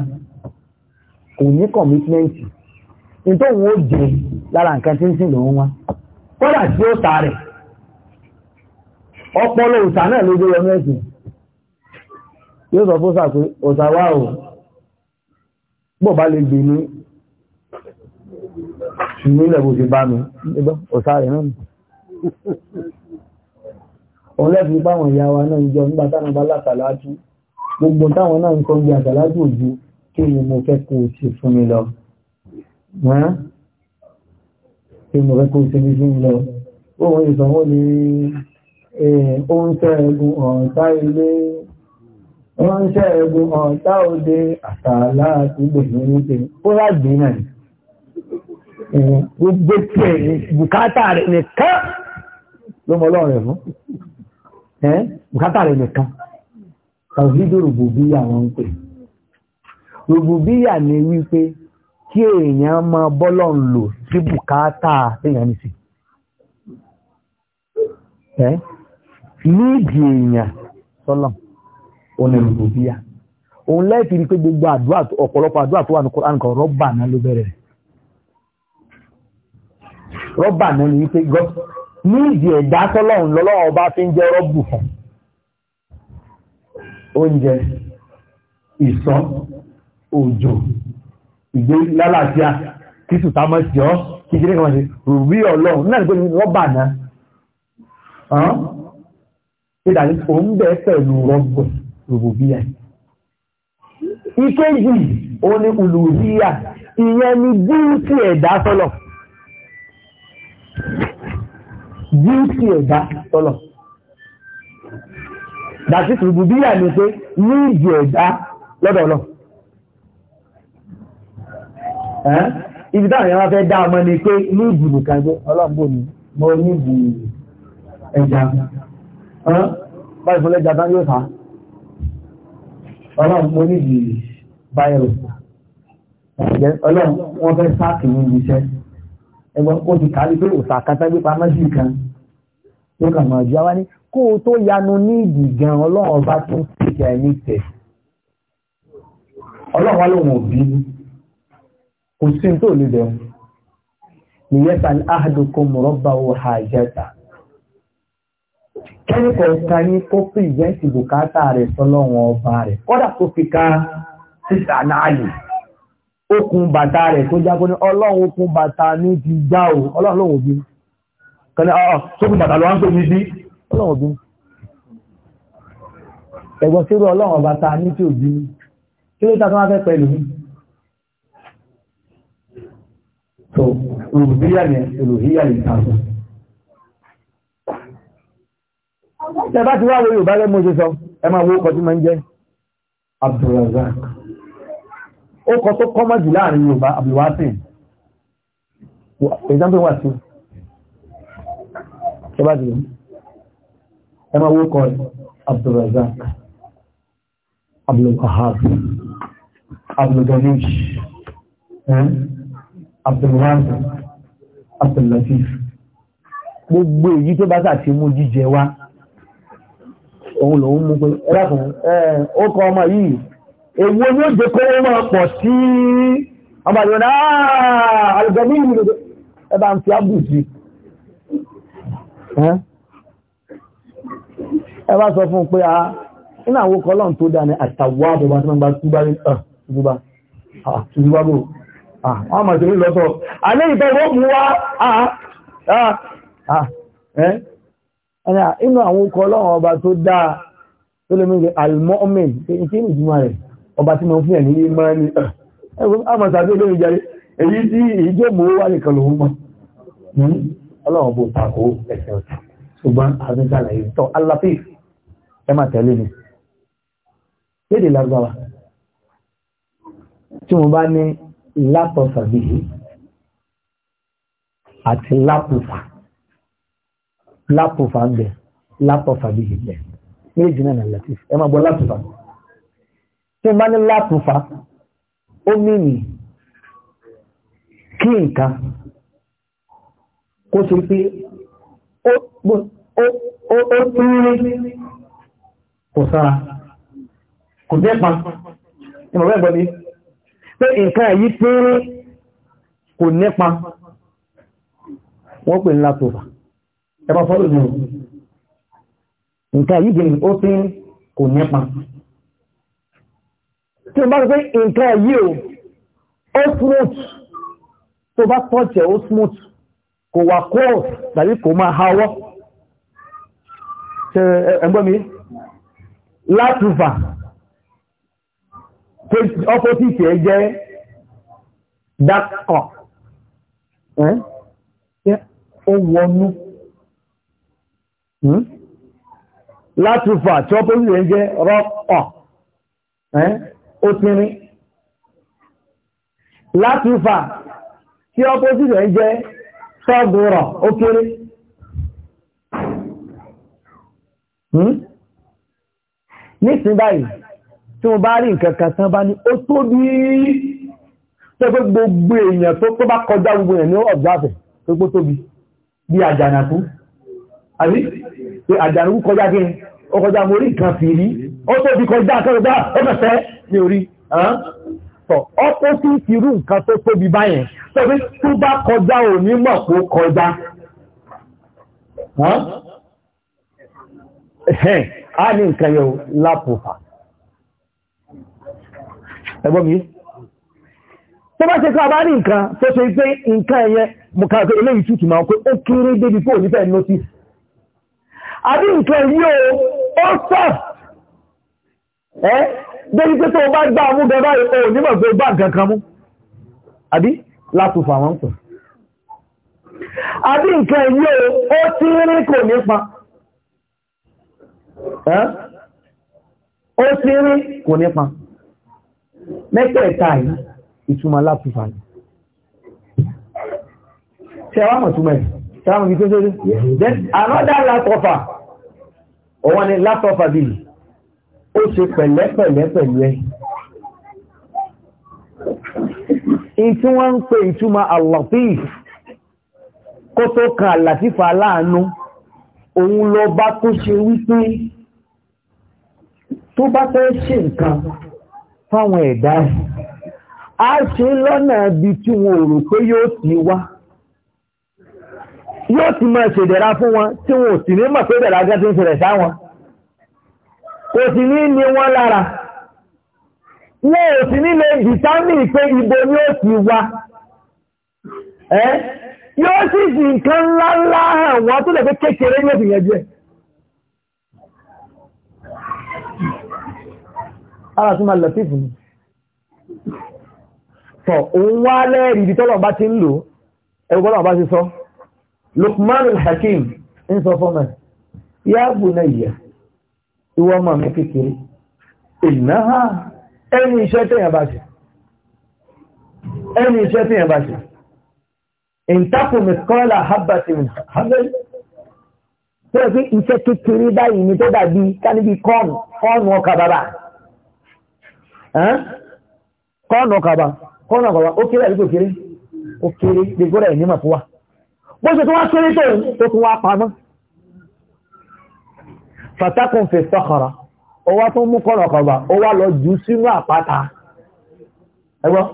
Speaker 4: kò ní commitment nítorí òun ó jẹ lára nǹkan tí ń sìn lòun wá kọ́dà tí ó sàárẹ̀ ọpọlọ òòṣà náà ló gbé ọmọ ẹ̀sìn yóò sọ fún sà pé òòṣà wà o bó bá lè gbé ní ìmúlẹ̀ bó ṣe bá mi ọ̀sá rẹ̀ náà òun lẹ́fún báwọn ìyá wa náà ń jọ nígbà táwọn bá látàlájú gbogbo táwọn náà ń kọ́ bí àtàlájú òjú kí ni mo fẹ́ kó o ṣe fún mi lọ kí ni mo fẹ́ kó o ṣe mi fún mi lọ òun ìsanwó ni oúnjẹ ẹ̀gùn ọ̀ọ̀tá ilé oúnjẹ ẹ̀gùn ọ̀ọ̀tá òde àtàlá àti gbèmí ní ó lágbèé náà gbogbo tí ẹ̀ bùkátà rẹ̀ nìkan ló mọ ọlọ́run rẹ̀ fún ẹ́ bùkátà rẹ̀ nìkan tàbídò rògbòbíyà wọn ń pè rògbòbíyà ni wípé kí èèyàn máa bọ́lọ́run lò sí bùkátà èèyàn nìsí ẹ́ nídìí èèyàn sọ́lọ̀ òní rògbòbíyà òun lẹ́ẹ̀tì rí pé gbogbo ọ̀pọ̀lọpọ̀ àdúrà tó wà ní Kùránì náà ló bẹ̀rẹ̀ rọ́bà náà ni wípé ní ìdí ẹ̀dá tọ́lọ́run lọ́lọ́run ọba fi ń jẹ́ rọ́bù fún oúnjẹ ìsọ́ òjò ìgbé lálàáfíà kí sùtá mọ́ sí ọ́ kí jírí kan ṣe rùbí ọlọ́run náà nígbẹ́ rọ́bà náà ọ́n ìdàlí òun ìkéjì òun ni uluhiyya ìyẹn ni bí ti ẹ̀dá tọ́lọ̀ bíútì ẹ̀dá tọ́lọ̀ dàtí tùbù bíyà ni pé ní ìdí ẹ̀dá lọ́dọ̀ọ̀lọ́ ibi táwọn èèyàn wá fẹ́ dá ọmọ ni pé ní ìbù nìkan jẹ́ ọlọ́mbò ni mo ní ìbù ẹja báyìí fún lẹ́jà tán yóò fà ọlọ́run mo ní ìbù báyìí ọlọ́run wọ́n fẹ́ sáàkì ní ibi iṣẹ́ ẹgbọ́n kó ti kàrí pé òsà kátá gbé pamọ́ sí kan tó kà máa jọ wá ní kó o tó yanu ní ìdì ọlọ́run ọba tó ẹni tẹ̀ ọlọ́run òbí kò sí ní tó lè bẹ̀rù nìyẹ́sà ní ha ní kó rẹ̀ ọba rẹ̀ kọ́dà tó fi okùn bàtà rẹ̀ kó jágbó ní ọlọ́run okùn bàtà ní ti já o ọlọ́run òbí kan ní ọ̀ sókùn bàtà lọ́wọ́ ń pè ní bí ọlọ́run òbí ẹ̀gbọ́n sírò ọlọ́run bàtà ní tí òbí ní kí ló tàbí wọ́n fẹ́ pẹ̀lú mi so olùbíyà ni olùhíyà ni tàbí tẹ bá ti wá wo Yorùbá lẹ́mọ́ ṣe sọ ẹ máa wo kọjú máa ń jẹ́ Abdulrazak ó kọ tó kọ́mọ̀ jù láàrin Yorùbá Abdulwasin example wà sí ṣọba jù ẹ máa wó kọ Abdulrazak Abdulwahab Abdulganish Abdulwahab Abdullatif gbogbo èyí tó bá sàti mú jíjẹ wá òun lòun mú pé ẹ́rẹ́kùn ó kọ ọmọ yìí èwo yóò jẹ́ kó wọ́n pọ̀ sí ọmọ ìlú náà alùgbẹ̀mí ìlú ẹbà ń fi ábùsí ẹbá sọ fún pé a ah, iná àwọn kọlọ́n tó dá ní àtàwà àbọ̀bá tí wọ́n gba túbá rí túbá túbá bò wọ́n máa tẹ̀lé lọ́tọ̀ alẹ́ ìfẹ́ inú àwọn kọlọ́n ọba tó dá tó lè mú almomin tí ìjúmọ̀ rẹ̀ ọba tí mo fún ẹ̀ ní máa ní ẹgbẹ́ àmàṣàdé olórin jẹ́ èyí tí ìjọ mọ́ wà nìkan lòun mọ́ hmm? ọlọ́run bó tako ẹ̀sẹ̀ ọ̀tún ṣùgbọ́n àbíkàlà yìí tọ́ aláfíì ẹ máa tẹ̀lé mi lédè lágbára tí mo bá ní látọ̀sàbí àti lápùfà lápùfà ń bẹ látọ̀sàbí bẹ méjì náà nà látífù ẹ máa gbọ́ látùfà bẹ tí bá ní látùfà ó mìnì kí nǹkan kó ṣe pé ó tún rí kò sára kò jẹ́ pa ìmọ̀ bẹ́ẹ̀ gbọ́dí pé nǹkan èyí tún rí kò nípa wọ́n pè ní látùfà ẹbá fọ́lù nù nǹkan èyí jẹ́ ó tún kò nípa tí o bá rí pé nǹkan yìí o ó smooth tó bá tọ́jẹ̀ ó smooth kò wà coarse tàbí kò máa hawọ́ ṣe ẹgbọ́n mi látùfà tó opposite ẹ jẹ́ dákọ̀ ó wọnú hmm? látùfà tí opposite ẹ jẹ́ rọ́pọ̀ ó ti rí láti fà tí opposite ẹ̀ jẹ́ sọ́gbùrọ̀ ó kéré hmm? nísìn báyìí tí mo bá rí nǹkan kan tán bá ní ó tóbi tó pé gbogbo èèyàn tó bá kọjá gbogbo èèyàn ní ọ̀gbáfẹ̀ tó pé tóbi bí àjànàkú àbí pé àjànàkú kọjá kí ó kọjá mo rí nǹkan fìrí ó tóbi kọjá kọjá ó fẹ̀fẹ́ ní orí tọ̀ ọ́pọ́sìtì irú nǹkan tó tóbi báyẹn tọ́bí tó bá kọjá ò ní mọ̀ kó kọjá a ní nǹkan yóò lápòfà ẹgbọ́n mi tó bá ṣe kí a bá ní nǹkan tó ṣe pé nǹkan ẹ̀yẹ mọ̀kàkẹ́ eléyìí tútù máa pé ó kéré débi kó nífẹ̀ẹ́ notice àbí nǹkan yóò ó sọ́f ẹ́ débi pé tó bá gbá mú gẹ báyìí o nímọ̀ pé bá nǹkan kan mú àbí látùfà wọn pẹ̀ àbí nǹkan ilé ó tí rí kò nípa ó tí rí kò nípa mẹ́tẹ̀ẹ̀ta yìí ìtumọ̀ látùfà ní ṣẹwàá mọ̀ túnmọ̀ ẹ̀ ṣẹwàá mọ̀ bí tó ṣe rí then another látọ̀fà òun ni látọ̀fà bíi ó ṣe pẹ̀lẹ́pẹ̀lẹ́ pẹ̀lú ẹ̀ in tí wọ́n ń pè ìtumọ̀ al-Latif kó tó kan àlàtífà láàánú òun lọ bá tó ṣe wípé tó bá fẹ́ ṣe nǹkan fáwọn ẹ̀dá a ṣe lọ́nà bí tí wọn ò rò pé yóò ti wá yóò ti máa ṣèdẹ̀ra fún wọn tí wọn ò sì ní mọ̀ pé bẹ̀rẹ̀ agá ti ń ṣẹlẹ̀ sáwọn kò sì ní ní wọn lára wọn ò sì nílé dìtámì pé ibo ni ó ti wá ẹ́ yóò sì fi nǹkan ńláńlá hàn wọ́n tó lè fi kékeré ní òfin ẹ̀jẹ̀ ara tún máa lọ̀tí fún sọ òun wá lẹ́rìí ibi tọ́lọ̀ bá ti ń lò ẹgbọ́lọ̀ bá ti sọ Luqmanul Hakim ń sọ fọ́mọ̀ yá náà yẹ̀ ìwọ́n mọ̀ mí kékeré ìnáhà ẹni iṣẹ́ tẹ́yàn bá ṣe ẹni iṣẹ́ tẹ́yàn bá ṣe ìntakùn mìkọ́lá habbatin habbatin tó yẹ pé iṣẹ́ kékeré báyìí ni tó dàbí káníbi kọ́ọ̀nù kọ́ọ̀nù ọkà bàbà kọ́ọ̀nù ọkà bàbà kọ́ọ̀nù ọkà bàbà ó kéré àdúgbò kéré ó kéré gbogbo rẹ̀ ní màfúwà bó ṣe tó wá kéré tó tó wá pamọ́ fatakun fi sọ́kọ̀rọ̀ ó wá tún mú kọ̀rọ̀kọ̀bà ó wá lọ jù sínú àpáta ẹgbọ́n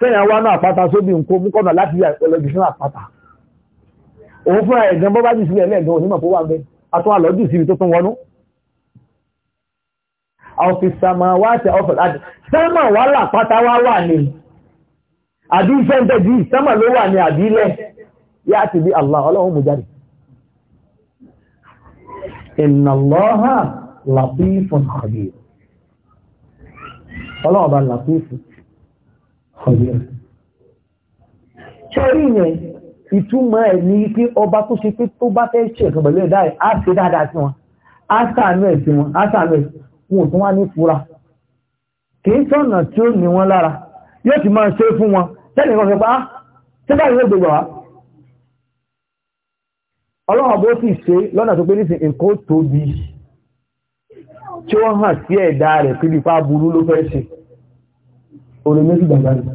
Speaker 4: kẹ́yàn wá náà àpáta sóbì nǹkó mú kọ̀nà láti yà lọ jù sínú àpáta òun fúnra ẹ̀gán bọ́ bá jù sílẹ̀ lẹ́ẹ̀gán onímọ̀ tó wà bẹ́ẹ̀ atún àlọ́jù síbi tó tún wọnú ọ̀fìsàmà wá àti ọ̀fìsàmà sẹ́mà wà Allah ọlọ́run mú inna Allaha latifun khabir ọlọ́ọ̀bá latifun khabir ṣẹ́rí yẹn ìtumọ̀ ẹ̀ ní pé ọba tó ṣe pé tó bá fẹ́ ṣe ẹ̀kan pẹ̀lú ẹ̀dá ẹ̀ á ṣe dáadáa sí wọn á sàánú ẹ̀ sí wọn á sàánú ẹ̀ wọn ò wá ní fura kì í sọ̀nà tí ó ní wọn lára yóò ti máa ṣe fún wọn tẹ́lẹ̀ kan fẹ́ pa á tẹ́lẹ̀ kan gbogbo wa ọlọ́run bó sì ṣe lọ́nà tó pé ní nǹkan tóbi tí wọ́n hàn sí ẹ̀dá rẹ̀ pé nípa burú ló fẹ́ ṣe olómẹ́sì gbàgbà rẹ̀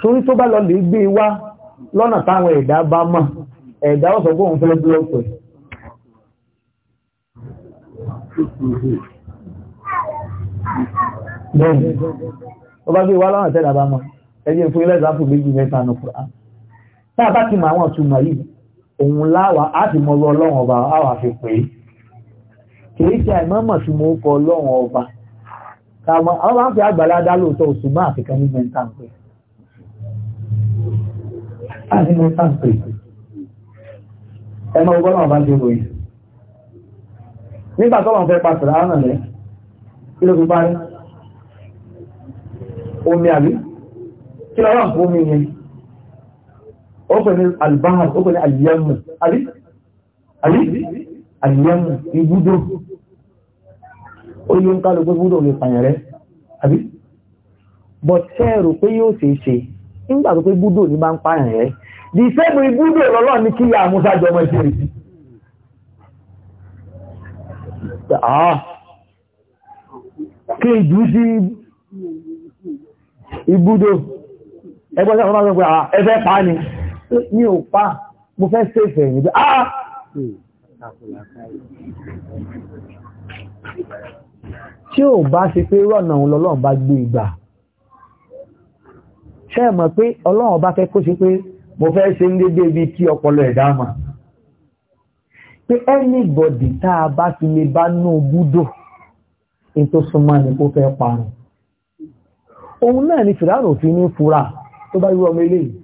Speaker 4: torí tó bá lọ lè gbé e wá lọ́nà táwọn ẹ̀dá bá mọ̀ ẹ̀dá ọ̀sọ̀ pé òun fẹ́ búlọ́pù ẹ̀ bẹ́ẹ̀ni tó bá gbé e wá lọ́nà tẹ́lá bá mọ̀ ẹgbẹ́ fún ilẹ̀ ìzáfù méjì mẹ́ta nù fún òun láwà á ti mọ̀rọ̀ ọlọ́run ọba àwà fi pè é kìí ṣe àìmọ́mọ̀ sí mo kọ ọlọ́run ọba àwọn máa ń fi àgbàládá lóòótọ́ ṣùgbọ́n àfikàn ní mẹ́ntàǹpẹ̀ àti mẹ́ntàǹpẹ̀ ẹmọ ọgọ́rùn ọba jẹ́ ròyìn nígbà tọ́lọ̀ fẹ́ pàṣẹ àárọ̀ rẹ̀ kí ló fi bá rí omi àbí kí lọ́rọ̀ fún omi yẹn ó pè ní albahar ó pè ní aliyamu àbí àbí aliyamu ibùdó ó yẹ ń kálukú ibùdó lè pààyàn rẹ àbí bọ̀ tẹ́ẹ̀rù pé yóò ṣeé ṣe nígbà tó pé ibùdó ní bá ń pààyàn rẹ di sẹ́mu ibùdó lọ́lọ́ ní kí yà Musa jọmọ ẹ̀ṣẹ́ rẹ̀ sí. Ah, kí ìjú sí ibùdó ẹgbẹ́ sẹ́mu máa ń sọ pé ah, ẹfẹ́ pa ni mi ò pa mo fẹ́ sèfẹ̀ níbi ah tí ò bá ṣe pé rọ̀nà òun lọ́lọ́run bá gbé ìgbà ṣe mọ̀ pé ọlọ́run bá fẹ́ kó ṣe pé mo fẹ́ ṣe ń dédé bí kí ọpọlọ ẹ̀dá mà pé anybody tá a bá ti lè bá nú búdò in tó súnmọ́ ni kó fẹ́ parun òun náà ni fìlànà òfin ní fura tó bá yú ọmọ eléyìí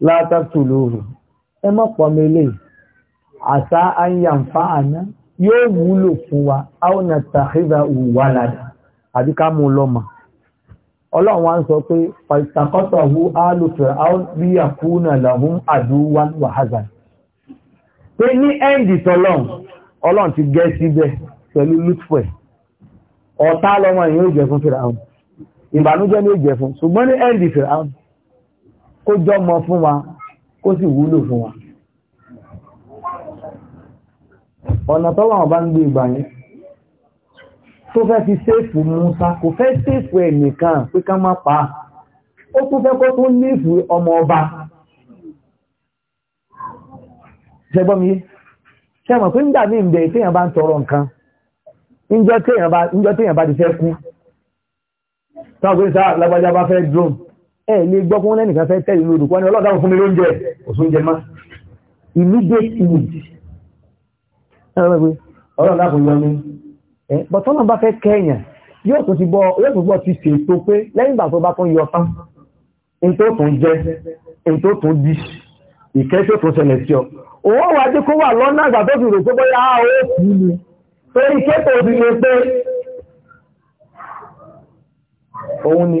Speaker 4: látàtù lóòrùn ẹ má pọ̀mọ ilé àṣà àyànfà àná yóò wúlò fún wa áwọnà tàhídà òwúwà ládà àbí ká mú lọ́mọ ọlọ́run wá ń sọ pé pàtàkọ́tọ̀ hu alùfẹ́ bí àkúnà làhún àdúwà wàhálà pé ní ẹ́ǹdì tọ́lọ́run ọlọ́run ti gẹ́ síbẹ̀ pẹ̀lú lútfẹ̀ ọ̀tá lọ́mọ ìyẹn ò jẹ́ fún fìràhùn ìbànújẹ́ ni ó jẹ́ fún ṣùgbọ́n ní ẹ́ǹdì fìràhùn kó jọmọ fún wa kó sì wúlò fún wa ọ̀nà tọ́lọ̀wọ̀n bá ń gbé ìgbà yẹn tó fẹ́ fi séèfù Musa kò fẹ́ séèfù ẹ̀ nìkan pé ká má pa ó tún fẹ́ kó tó nífù ọmọ ọba ṣẹgbọ́n mi ṣẹmọ̀ pé nígbà ní ìbẹ̀ téèyàn bá ń tọrọ nǹkan níjọ́ téèyàn bá ti fẹ́ kú táwọn pé sáà lágbájá bá fẹ́ drone ẹ lè gbọ́ fún lẹ́nìkan fẹ́ tẹ́lẹ̀ lódò wọ́n ni ọlọ́dà fún mi lóúnjẹ òsúnjẹ má immediate need ọlọ́dà fún yọ ní ẹ bọ́tọ́nà bá fẹ́ kẹ́yìn yóò tún ti bọ́ yóò tún bọ́ ti ṣètò pé lẹ́yìn ìgbà tó bá tún yọ tán n tó tún jẹ n tó tún di ìkẹ́ tó tún ṣẹlẹ̀ sí ọ òun wà dé kó wà lọ́nà àgbà tó fi rò pé bóyá ó kú ni pé ìkẹ́ tó fi lè pé òun ni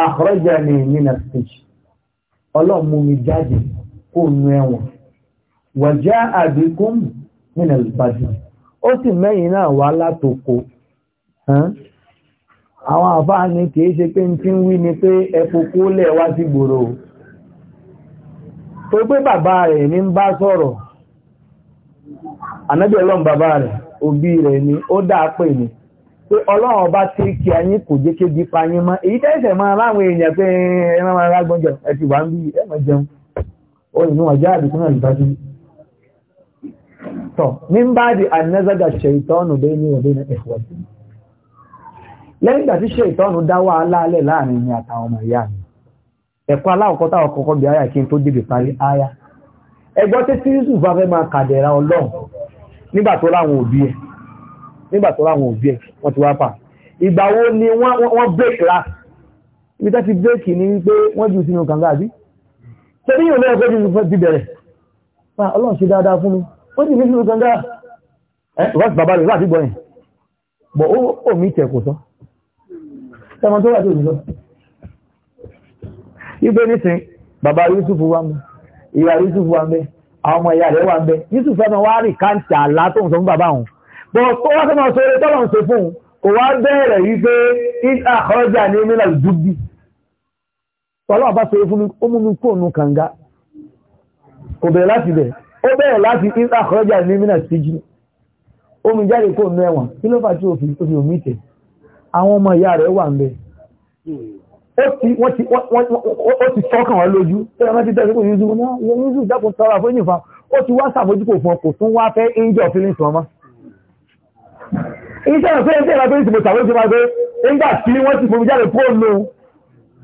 Speaker 4: àkọ́rọ́jà ni nínà stage ọlọ́run mú mi jáde kó nu ẹ̀wọ̀n wàjá àbíkún nínà ìbàdí ó sì mẹ́yìn náà wá látòkò àwọn àfáà ni kìí ṣe pé tí ń wí ni pé ẹkùkú lẹ̀ wá sí gbòòrò tó pé bàbá rẹ̀ ní ń bá sọ̀rọ̀ ànábì ọlọ́run bàbá rẹ̀ òbí rẹ̀ ni ó dáa pè ní pé ọlọ́run ọba tí kí ayín kò jẹ́ kí di payín mọ́ èyí tẹ́sẹ̀ máa láwọn èèyàn pé ẹ̀rọ máa rágbọ́n jẹun ẹ̀tì wà ń bí ẹ̀mọ̀ jẹun ó nínú ọjọ́ àdìkú náà ìbájú tọ̀ ní bá di anẹ́zàgà ṣe ìtọ́nù bẹ́ẹ̀ ní ọdún ẹ̀fọ́ lẹ́yìn ìgbà tí ṣe ìtọ́nù dá wàhálà alẹ́ láàrin ní àtàwọn ọmọ ìyá mi ẹ̀kọ́ aláwọ̀kọ́ táwọn kọ́kọ́ bí aya kí n tó dìbì parí aya ẹgbọ́ tí tírísù bá fẹ́ máa kàdẹ̀ra ọlọ́run nígbà tó láwọn òbí ẹ̀ nígbà tó ráwọn òbí ẹ̀ wọ́n ti wá pa ìgbà wo ni wọ́n break last ibi tó ti break ni wípé wọ́n jù sínú kànga àbí ṣe bí yóò lẹ́yìn pé jù ti bẹ̀rẹ̀ pa ọlọ́run ṣe dáadáa fún mi wọ́n jù mí sínú kànga ẹ̀ rọ́ọ̀sì bàbá rẹ̀ láti gbọ́yìn bọ̀ ó mi tẹ̀ kò sọ ẹmọ tó wà tó jùlọ ibẹ̀ nísìn bàbá Yusuf wà mẹ́ ìyá Yusuf wà mẹ́ àwọn ọmọ ìyá rẹ̀ wà mẹ́ Yusuf fẹ́ràn wá rí káńtì àlá tó ń sọ fún bàbá òun bọ̀ tó wá sọ́mọ̀ sọ eré tọ́lọ̀ ń ṣe fún kò wá bẹ̀rẹ̀ yí pé àkọ́jà ní mílà dúbí tọ́lọ̀ bá sọ fún mi ó mú mi kó ònú kànga kò bẹ̀rẹ̀ láti bẹ̀ ó bẹ̀rẹ̀ láti àkọ́jà ní mílà síjì ó mi jáde kó ònú ẹ̀wọ̀n kí ló fà tí ó fi omi tẹ̀ àwọn ọmọ ìyá rẹ̀ wà ń bẹ̀ ó ti tọ́kàn wọ́n lójú tẹ́lẹ̀ mẹ́tí tẹ́lẹ̀ kò yíjú náà yẹn yíjú dákùn tọ́ra fún ìyìnfà ó ti wá sàmójúkò fún ọkọ̀ tún wá fẹ́ angel feelings wọn máa iṣẹ́ ìfẹ́ ìṣẹ́ ìlàtọ́ ìsìnkú tàbí ìṣẹ́ máa gbé nígbà tí wọ́n ti fòmí jáde fóònù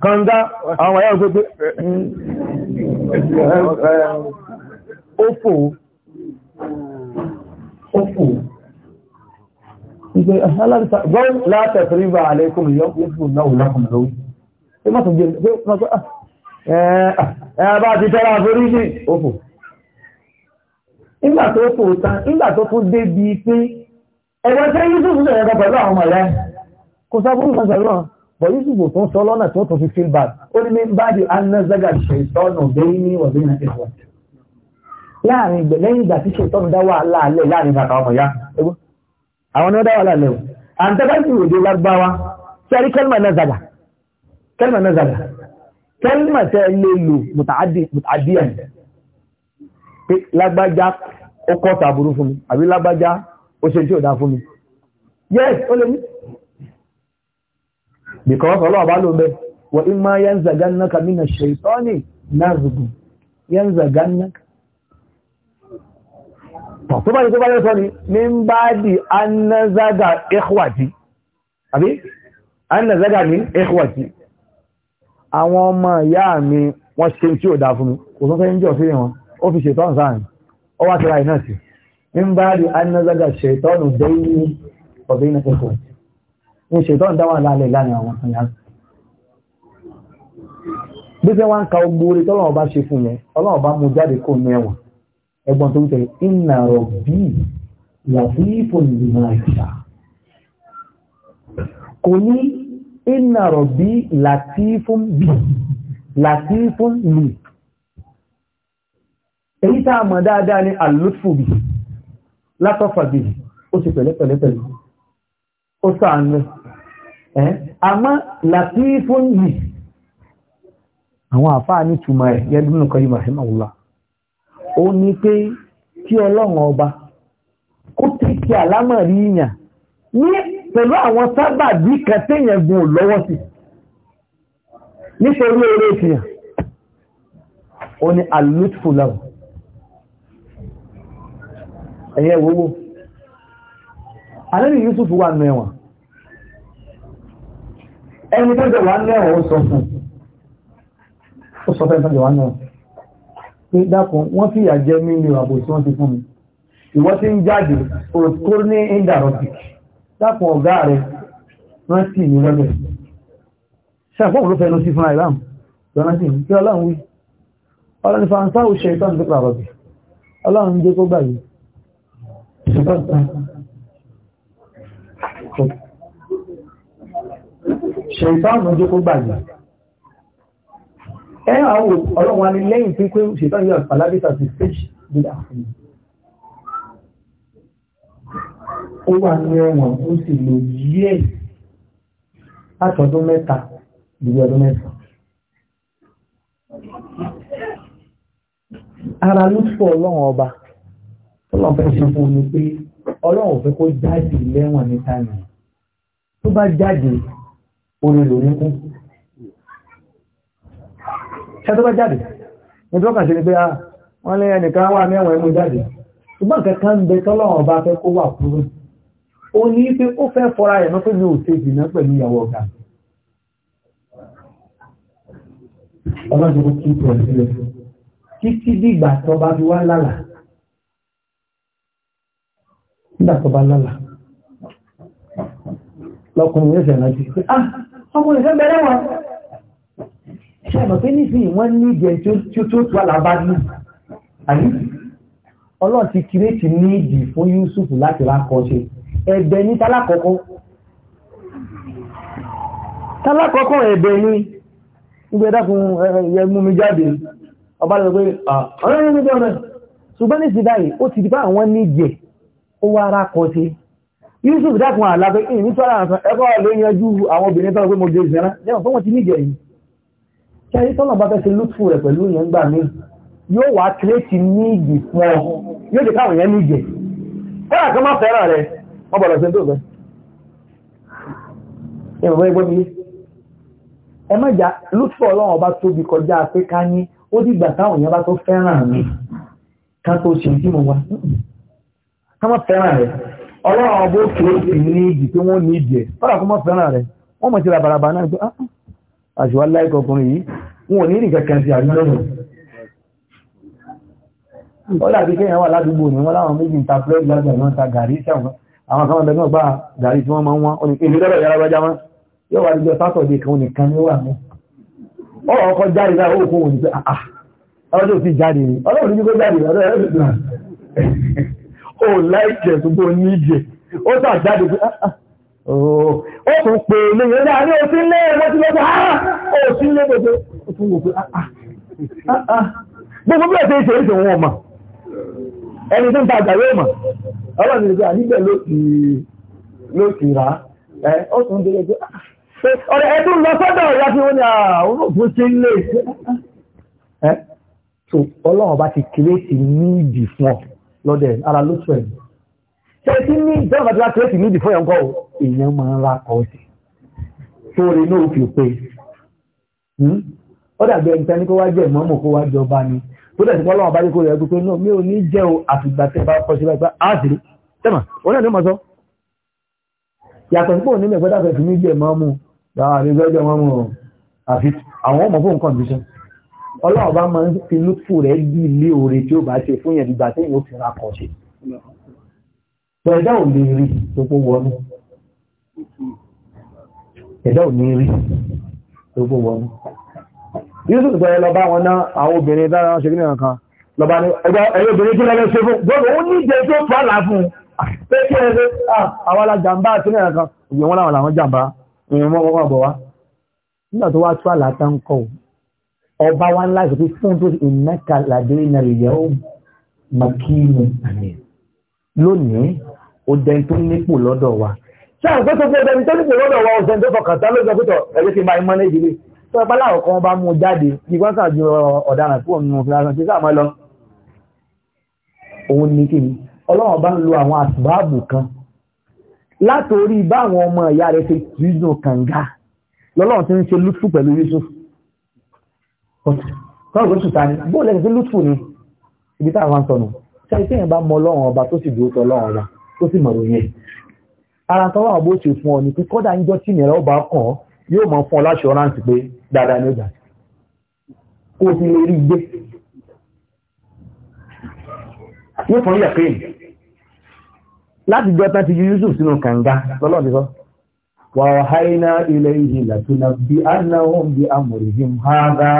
Speaker 4: kànga àwọn ọ̀yá òṣèlú pé ó fò ó fò ìgbé aláàrísà gbọ́n látẹ̀fẹ́ ríbà àlẹ́kùn ìyọ́kùnkùn náà lákùn lórí ẹ má tó jẹ́ ẹ̀ẹ́bá ti tẹ́ra àforíjì ó fò nígbà tó fò tán nígbà tó fún débi pé ẹ̀rọ tẹ́ yusuf sọ̀rọ̀ ẹ̀kọ́ pẹ̀lú àwọn ọmọ rẹ̀ kò sọ fún ìfẹsẹ̀ náà bọ̀ yusuf tó ń sọ lọ́nà tó tó fi feel bad ó ní bá di anazaga ṣètọ́nù bẹ́ẹ̀ ní ọ̀bẹ́ ní ìwọ̀ láàrin lẹ́yìn ìgbà tí ṣètọ́nù dá wàhálà alẹ́ láàrin bàtà ọmọ ya ẹgbẹ́ àwọn ni ó dá wàhálà alẹ́ o àǹtẹ́gbẹ́sì òde lágbáwa sẹ́rí kẹ́lmà nazaga kẹ́lmà nazaga kẹ́lmà tẹ́ lè lò mùtàdíyàn lágbájá ó kọ́ sàbúrú fún mi àbí lágbájá ó ṣe tí ò dá fún mi yes ó lè ní because ọlọ́ọ̀bá ló bẹ wọ imá yanzagannaka mina ṣaitani nazgu yanzagannaka tó bá ní tó bá yẹ́ sọ ni ní ń bá di annazaga ikhwati àbí annazaga ní ikhwati àwọn ọmọ ìyá mi wọ́n ṣe tí ò dá fún mi kò sọ ń jọ sí wọn ó fi ṣètọ́ sáà ó wá tẹ́ra ìnáà sí ń bá rí anázaga ṣètọ́nù bẹ́ẹ̀ni ọ̀bẹ́ iná pẹ̀kọ̀ ní ṣètọ́nù dáwà lálẹ́ láàrin àwọn kan yá bí fẹ́ wọ́n ń ka ogbó orí tọ́lọ́wọ́ bá ṣe fún yẹn ọlọ́wọ́ bá mú jáde kó ní ẹ̀wọ̀n ẹgbọ́n tó ń tẹ̀ iná rọ̀ bí làfíìfò nìyẹn àìsà kò
Speaker 1: ní iná
Speaker 4: rọ̀ bí làtífò bí làtífò nì èyí tá a mọ̀ dáadáa ní àlùfò bíi látọ́fàgbè ó sì pẹ̀lẹ́pẹ̀lẹ́ pẹ̀lú ó sàánú ẹ́ àmọ́ làtí fún yìí àwọn àfáà ní túmọ̀ ẹ̀ yẹ́dúnú kan yìí màṣẹ́ màwùlá ó ní pé kí ọlọ́run ọba kó tẹ́kì àlámọ̀ rí yàn ní pẹ̀lú àwọn sábàbí kan téèyàn lọ́wọ́ sí nítorí eré ìfihàn ó ní àlùtùfù láwọn ẹ̀yẹ wówó alẹ́bí Yusuf wà mẹ́wọ̀n ẹni tó jẹ wà mẹ́wọ̀n ó sọ fún ó sọ fẹ́ jẹ wà mẹ́wọ̀n pé dákun wọ́n fi ìyà jẹ mí ní àbò tí wọ́n ti fún mi ìwọ́n ti ń jáde tó ní indarotic dákun ọ̀gá rẹ̀ rántí mi lọ́dẹ̀ ṣàfọ́n ló fẹ́ lọ sí fúnra ìlàmù lọ́rántí mi kí ọlọ́run wí ọlọ́run fa ń sáwọ́ ṣe ìtọ́nù tó pàrọ̀ bì ọlọ́run jẹ́ kó gbà yìí ṣètọ́nù jẹ́ kó gbàgbà ẹ àwọn ọlọ́wọ́ ni lẹ́yìn tí pé ṣètọ́nù yóò pàlábítà sí stage bí láàfin ó wà ní ẹ̀wọ̀n ó sì lò yíẹ̀ látọ̀dún mẹ́ta ìgbẹ̀ ọdún mẹ́ta ara ló fọ́ ọlọ́wọ́ ọba tọ́lọ́ fẹ́ ṣe fún mi pé ọlọ́run ò fẹ́ kó jáde lẹ́wọ̀n ní táìmù tó bá jáde orin ló ní kún ṣe tó bá jáde ní tó kàn ṣe ni pé ah, wọ́n lé ẹnìkan wà mẹ́wọ̀n ẹ̀mú jáde ṣùgbọ́n kankan ń bẹ tọ́lọ́run ọba fẹ́ kó wà kúrò ó ní pé ó fẹ́ fọ́ra rẹ̀ mọ́ pé mi ò ṣe jìnnà pẹ̀lú ìyàwó ọ̀gá ọlọ́run tó kí ìtọ̀ sílẹ̀ títí dìgbà tó bá fi wá lálàá nígbà tó bá lọ́la lọ́kùnrin yóò ṣẹ̀nà jù pé ah
Speaker 1: ọmọ ìfẹ́ bẹ̀rẹ̀ wọn
Speaker 4: ṣe mọ̀ pé nísìnyí wọ́n ní ìjẹ tí ó tó tó alábá ní àyí ọlọ́run ti kírètì ní ìdì fún Yusuf láti rákọ́ṣe ẹ̀bẹ̀ ní tálákọ́kọ́ tálákọ́kọ́ ẹ̀bẹ̀ ní ìgbẹ́dàkùn ẹ̀yẹ mú mi jáde ọba lọ pé ah, ọ̀rẹ́ mi bẹ̀rẹ̀ ṣùgbọ́n ní ti báyìí ó ti di bá àwọn ní ìjẹ ó wá ara kọ sí yusuf dákun àlàbẹ́ ìyìn ní tọ́lá àṣán ẹgbọ́ ló yanjú àwọn obìnrin tọ́lá pé mo jẹ ìṣẹ́rá lẹ́wọ̀n tó wọ́n ti níjẹ̀ yìí ṣẹ́yí tọ́lá bá fẹ́ ṣe lútfù rẹ̀ pẹ̀lú ìyẹn gbà mí yóò wá kírètì níìgì fún ọ yóò dé káwọn yẹn níjẹ̀ kọ́lá kan má fẹ́ràn rẹ̀ wọ́n bọ̀dọ̀ ṣe tó fẹ́ ẹ̀rọ ẹgbẹ́ mi ẹ má jà lútfù ọlọ́run ọba tóbi kọjá pé ká ní ó dìgbà táwọn yẹn bá tó fẹ́ràn mi ká tó kọ́mọ́ fẹ́ràn rẹ̀ ọlọ́run ọgbó kìí ní ìdí tí wọ́n ní ìdí ẹ̀ fọ́nà kọ́mọ́ fẹ́ràn rẹ̀ wọ́n mọ̀ sí ra baraba náà gbé ah, ah, àṣùwà láìkọ̀ ọkùnrin yìí wọn ò ní ìrìn kankan sí àdúgbò rẹ̀ ó dàbí kéèyàn wà ládùúgbò ni wọ́n láwọn méjì ń ta fúlẹ́ẹ̀dì lágbà ìwọ̀n ta gàrí sẹ́wọ̀n àwọn kan bẹ̀rẹ̀ náà gbà gàrí tí wọ́n máa ń wọ́n òní èmi lọ́dọ̀ yàrá gbájá mọ́ yóò wá dídọ̀ sátọ̀dé kan nìkan ní wà mọ́ ọ̀rọ̀ ọkọ̀ jáde láì ó kó wọn ní pé àà ah, ọlọ́dún ti jáde ọlọ́dún ní kó jáde ọlọ́dún ó láìjẹ̀ ṣùgbọ́n ní ìjẹ̀ ó sà jáde pé ah, ah, oh. ó tún pè é lẹ́yìn ẹ̀dá ní òsín lé wọ́n ti lọ́gbọ́n áá òsín ah, lé gbogbo ó tún wò pé gbogbo bí ẹ̀sẹ̀ ìṣe ìṣe wọn mà ẹni tó ń ta àgbà yóò mà ọlọ́run ti sọ àníbẹ̀ ló ti rà á ó tún délé pé ọ̀rẹ́ ẹ̀dùn lọ sọ́dọ̀ ìyá tí wọ́n ní àwọn òfin ṣe ń lè ṣe ọlọ́run bá ti kéré sí ní ìdì fún ọ lọ́dẹ̀ ara ló sọ ẹ̀mí ṣe tí ní ìjọba tí wá kírẹ́tì nídìí fún ẹ̀ńkọ́ èèyàn máa ń ra ọ̀sẹ̀ tó rí náà fi pé hmm? ó dàbí ẹni tẹ́ni kó wá jẹ́ ìmọ̀ọ́mọ̀ kó wá jọba ni tó dẹ̀ sí pọ́ lọ́wọ́ abájẹ́ kó rẹ̀ gbé náà mi ò ní jẹ́ o àfìgbà tẹ́ bá kọ́ sí bá gbá áàzìrí tẹ́mà ó náà ní mọ̀ sọ yàtọ̀ sí pé òní mẹ́gbẹ́dàfẹ́ fi ní jẹ́ ìmọ̀ọ́mù àwọn ọmọ fún condition ọlọ́run bá máa ń fi lútfù rẹ̀ bí ilé oore tí ó bá ṣe fún yẹn ìgbà tí ìwọ́n fi ra kọ̀ ṣe tó ẹ̀dá ò lè rí tó kó wọnú ẹ̀dá ò ní rí tó kó wọnú yíṣù tó yẹ lọ bá wọn náà àwọn obìnrin dára wọn ṣe kí nìkan kan lọba ní ẹgbẹ́ obìnrin tí lọ́lọ́ ṣe fún gbogbo ó ní ìjẹ́ tó fàlà fún pé kí ẹ ṣe àwọn alájàmbá àti nìkan kan ìgbìmọ̀ làwọn làwọn jàmbá ìrìnmọ́ wọn bọ̀ wá nígbà tó wá tó àlàtà ń kọ̀ ọba wa ńlá ìsọ̀kú fún tó sì mẹ́ta làdé iná ìyàwó makínu lónìí ó dẹni tó nípò lọ́dọ̀ wa ṣé àwọn tó fẹ́ dẹni tó nípò lọ́dọ̀ wa ọ̀sẹ̀ tó fọkàn tá lójú ọkùtọ̀ ẹ̀jẹ̀ tí máa ń mọ́lẹ̀ ìdílé tó ẹ̀pá láwọn kan bá mú jáde kí wọ́n sàn ju ọ̀daràn kúrò nínú fúlàṣán tí sáà máa lọ. òun ni kí ni ọlọ́run bá ń lo àwọn àsùbáàbù kan látòrí báwọn ọmọ ìyá rẹ̀ ṣe tìjú kànga lọ́lọ́run ti ń ṣe lútù pẹ̀lú Yusuf tọ́rọ̀ pé tùta ni bó lẹ́yìn sí lútfù ni ibi tá àwọn sọnù ṣe àìsí èèyàn bá mọ ọlọ́run ọba tó sì dúró tọ ọlọ́run ọba tó sì mọ̀rọ̀ yẹn ara tọ́wọ́ àwọn bó ṣe fún ọ ni pé kọ́dà ń jọ tí ìnira ọba kàn ọ́ yóò mọ fún ọ láṣọ rántí pé dáadáa ni ó jà kó o sì lè rí gbé yóò fún yẹ̀ kéèmù láti jọ tán ti Yusuf sínú kànga lọ́lọ́ ti sọ wàhálà ilẹ̀ ìhìlà tó bí ànáwó bí amòrìhìm hádà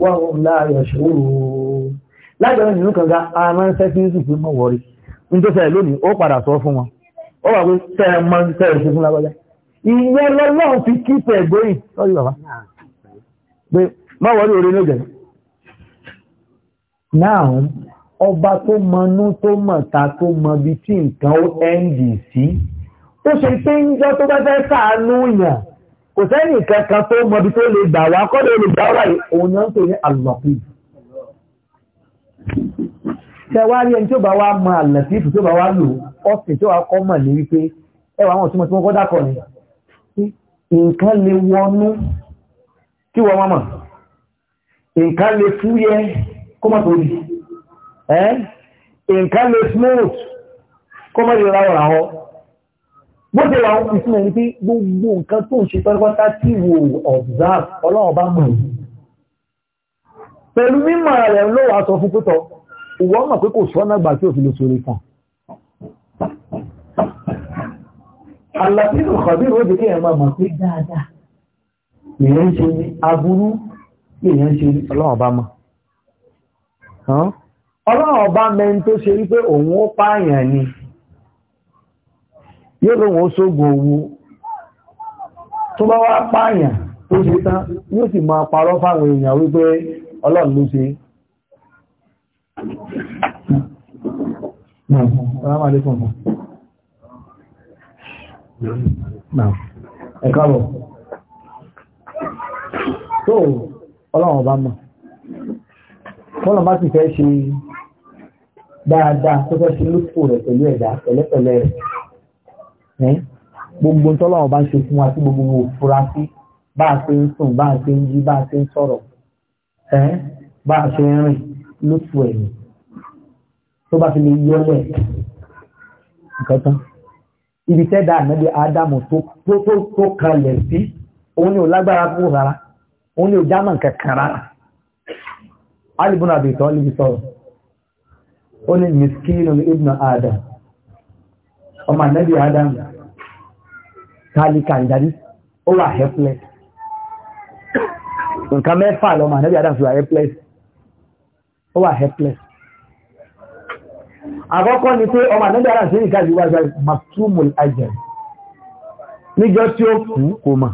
Speaker 4: wọ́n ń láàyọ̀ ṣòro lágbẹ̀rẹ̀ nínú kan ga a máa ń fẹ́ sí yusuf mọ́ wọ̀rí ní tó fẹ́ lónìí ó padà sọ fún wọn ó wà pé tẹ́ ẹ máa ń tẹ́ ẹ ṣe fún lágbájá ìyẹn lọ́lọ́run fi kí tẹ̀ gbóyìn lọ́rí bàbá pé mọ́ wọ̀rí orí ló jẹ̀lẹ̀ náà ọba tó mọnú tó mọ̀ta tó mọ bí tí nǹkan ó ẹ́ǹdì sí ó ṣe pé ń jọ tó bá fẹ́ sàánú yàn kò sẹ́yìn kankan tó mọbi tó lè gbà wá kọ́dọ̀ lè gbà wá òun náà ń pè ní àlọ́pìf tẹwárí ẹni tí ó bá wá mọ àlọ́pìf tó bá wá lò ọ̀sẹ̀ tó wá kọ́ mọ̀ ní wípé ẹ wà wọn tí wọ́n kọ́ dákọ̀ ni nǹkan lè wọnú kí wọ́n mọ̀ nǹkan lè fúyẹ́ kó mọ̀ tó di nǹkan lè smooth kó mọ̀ lè ra ọ̀rà bó ṣe wà ìfún ẹni pé gbogbo nǹkan tó ń ṣe pátápátá tí wò observe ọlọ́run bá mọ̀ yìí pẹ̀lú mímọ̀ rẹ̀ ló wàá sọ fún pẹ́tọ̀ ìwọ mọ̀ pé kò sọ́nà gbà tí òfin lè sọ orí kan alábínú kọ̀bírò òde kí ẹ̀ máa mọ̀ pé dáadáa èèyàn ń ṣe ní aburú èèyàn ń ṣe ní ọlọ́run bá mọ̀ ọlọ́run bá mẹ́ni tó ṣe wípé òun ó pààyàn ni yóò lóhun ó sógun owó tó bá wá pààyàn tó ṣe tán yóò sì máa parọ́ fáwọn èèyàn wípé ọlọ́run ló ṣe ẹ̀kọ́bọ̀ tó ọlọ́run ọba mọ̀ kọ́lọ̀ má ti fẹ́ ṣe dáadáa tó fẹ́ ṣe lóṣù rẹ̀ pẹ̀lú ẹ̀dá pẹ̀lẹ́pẹ̀lẹ́ rẹ̀ gbogbo tọ́lọ́wọ́ bá ń ṣe fún wa sí gbogbo òfurasí bá a ṣe ń sùn bá a ṣe ń jí bá a ṣe ń sọ̀rọ̀ bá a ṣe ń rìn lóṣù tó bá fi lè yọlẹ̀ nǹkan tán ibi tẹ́dà ànábi ádámù tó kalẹ̀ sí òun ni ò lágbára rárá òun ni ò jámọ̀ kankan rárá níbi sọ̀rọ̀ ó ní ọmọ ànábì Adam tálíkà ìdarí ó wà helpless nǹkan mẹ́fà lọ́mọ ànábì Adam fi wà helpless ó wà helpless àkọ́kọ́ ni pé ọmọ ànábì Adam sí ìka ìwà ìwà matumul ajal níjọ́ tí ó kú kò mọ̀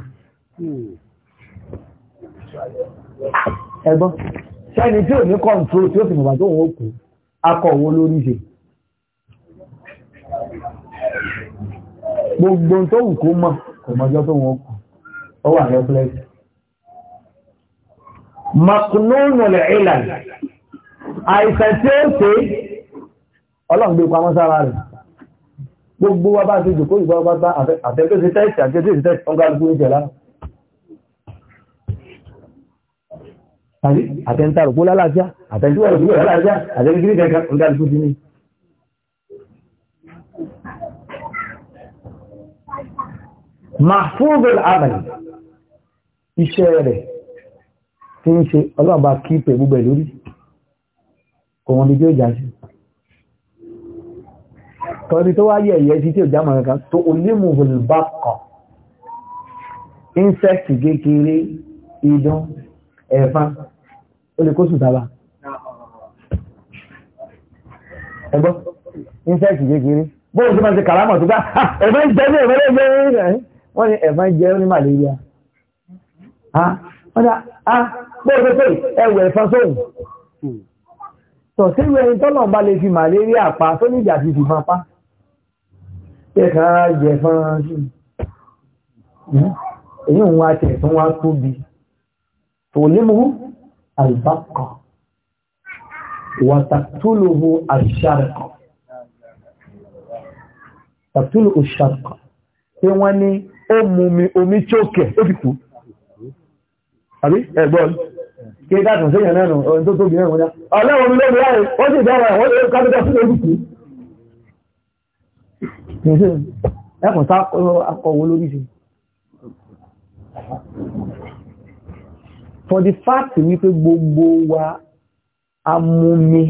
Speaker 4: ẹgbọ́n sẹ́ni tí ò ní kọ́ńtró tí ó fi mọ̀ bàtó òun kú akọ̀ lórí gbogbo tó wù kó mọ̀ kò mọ́jọ́ tó wọ́n kù ó wà rẹ́fúlẹ́sì maknúnulẹ̀ ìlà àìsàn tí ó ṣe ọlọ́run gbé pamọ́ sára rẹ̀ gbogbo wa bá ṣe jòkó ìgbà ọba bá àfẹ́kẹ́ sí tẹ́ẹ̀sì àjẹ́jẹ́ sí tẹ́ẹ̀sì ọgá gbogbo ìjẹ̀ lára àtẹ́ntàrùkú lálàájá àtẹ́ntàrùkú lálàájá àtẹ́ntàrùkú mahfuzul amal iṣẹ́ rẹ̀ tí ń ṣe ọlọ́ọ̀bá kí pẹ̀lú bẹ̀ lórí òun ni tí ó já sí tọ́rí tó wáyé ẹ̀yẹ sí tí ò jámọ̀ kankan tó olémùhùn bá kọ̀ insect kékeré idán ẹ̀fán ó lè kó sùtàbà ẹgbọ́ insect kékeré bóòsí máa ṣe kàrámọ̀ tó bá ah, ẹ̀fán wọ́n ní ẹ̀fọn jẹ́ ní malaria wọ́n ní a ah, pẹ́ẹ́pẹ́ẹ́ ẹwẹ̀ ẹ̀fọn sóhùn hmm. tọ̀ sí ìwé ẹni tọ́nà bá lè fi malaria pa tó ní ìjà fífi fún apá ẹ̀ka jẹ̀fọn sí hmm? èyí òun wa tẹ̀ tó wá tóbi tó lémú àlùbákọ̀ wàtàtúlùú àṣàrẹ̀kọ̀ tàtúlù òṣàrẹ̀kọ̀ tí wọ́n ní ó mú mi omi chókè ó fi kú àbí ẹ̀gbọ́n kí káàkùn sí ìyàn náà ọ̀rìn tó tóbi náà wọ́n ọlọ́wọ́ mi lóbi láì wọ́n sì dára wọ́n lè kápítà sí lórí kú lórí sí for the fact wípé gbogbo wa amúmi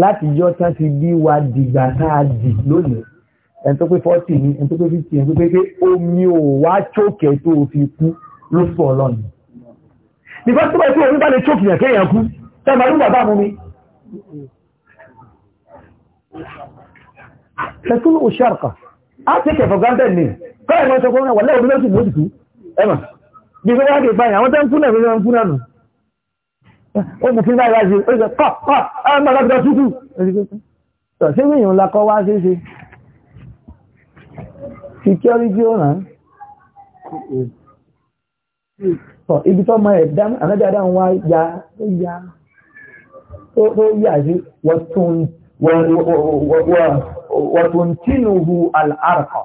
Speaker 4: látijọ́ tán ti bí wa dìgbà tá a dì lónìí ẹni tó pé forty ni ẹni tó pé fifty ẹni tó pé pé omi ò wá chókè tó o fi kú ló sọ ọlọ́run nígbà tó bá yẹ kó omi bá lè chókè yàn kéèyàn kú sábà ló bàbá mu mi. ṣètúlù òṣàrkà á ti kẹfọ gáńtẹ ní kọ́lá ìmọ̀ ìṣọ̀kan wà lẹ́wọ̀n lọ́sùn ló ti kú ẹ̀mà bí wọ́n wá kì í báyìí àwọn tó ń kú náà ló ń kú náà nù. ó mú fún báyìí láti ṣe kọ́ kọ́ ẹ̀ máa lọ́dọ̀ tútù. ṣé wíyàn lakọ wá ṣeéṣe security ọ̀ràn ibi tó mọ ẹ̀dá ànádáadá ń wá ya tó ya tó yà sí wọ̀tún tínúhu al'arkọ̀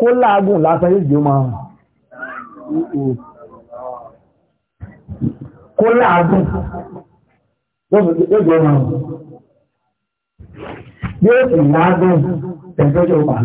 Speaker 4: kó láàgùn lásán yóò jẹ́ máa kó láàgùn yóò jẹ́ máa yóò sì láàgùn tẹ̀sọ́jọ́ pàá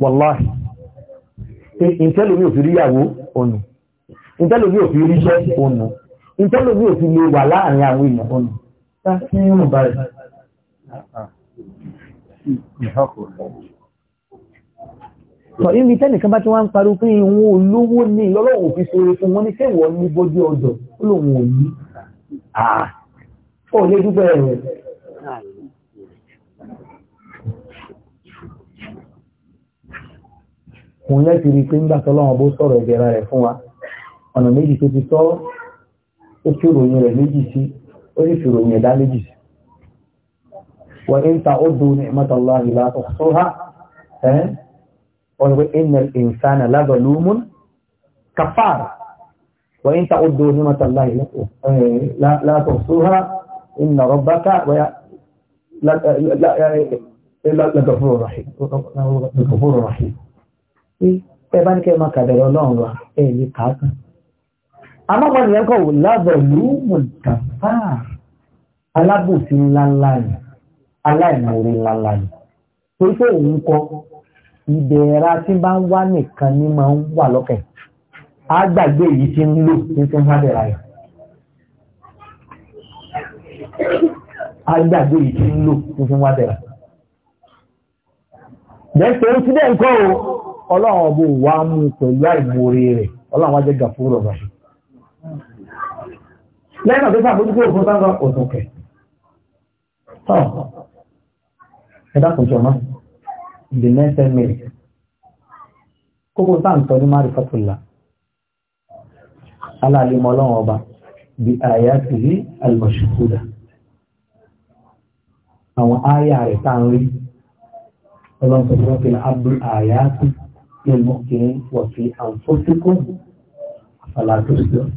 Speaker 4: wàláhì ìtẹ́lómi ò fi rí ìyàwó ọ̀nà ìtẹ́lómi ò fi rí iṣẹ́ ọ̀nà ìtẹ́lómi ò fi lè wà láàrin àwọn èèyàn ọ̀nà láti rìn báyìí sọ ibi tẹ́nìkan bá tí wọ́n ń parí pé ìwọ̀n olówó ní ìlọ́lọ́wọ́ òfin ṣeré fún wọn ní kéwọ́ ní bójú ọjọ́ olóhùn òní àà ó lé dúpẹ́ rẹ̀ òun lẹ́ti rí pé ń gbàtọ́ lọ́wọ́ bó sọ̀rọ̀ ìgẹ̀ra rẹ̀ fún wa ọ̀nà méjì tó ti sọ ó kí ròyìn rẹ̀ méjì sí ó sì ìròyìn ẹ̀dá méjì sí wà ń ta ó dùn ní ìmọ̀tàlá ìlà tó sọ ha ọ̀nà pé ìnà ìsànà lábẹ̀ lómún kàfàrà wà ń ta ó dùn ní ìmọ̀tàlá ìlà tó sọ ha ìnà rọ̀bákà لغفور رحيم pẹ́ bá ní kẹ́ máa kàbẹ̀rẹ̀ ọlọ́run ẹ̀ lè kàákan amáwọn ènìyàn kọ̀ wò lábọ̀ lúmù alábòsí ńláńlá ni aláìmoore ńláńlá ni torí pé òun kọ ìbẹ̀ẹ̀ra tí bá ń wá nìkan ní máa ń wà lọ́kẹ̀ á gbàgbé èyí ń lò tí tí ń ti ọlọ́run ọbọ̀ wà mú pẹ̀lú àìmòrè rẹ̀ ọlọ́run wájẹ́ gàfúrò ọ̀rọ̀ ṣe lẹ́yìn ọ̀dọ́ sàbójúkú òfin sáńgá òtòkè tọ́ ẹ̀dá kò jọ náà the next ten minutes kókó sáǹtọ́ ní márùn fàtúlà aláàlímọ̀ ọlọ́run ọba bí àyà ti rí àlùmọ̀ṣùkúdà àwọn áyà rẹ̀ tá ń rí ọlọ́run sọ̀rọ̀ pé abdul àyà للمؤمنين وفي أنفسكم فلا تسلم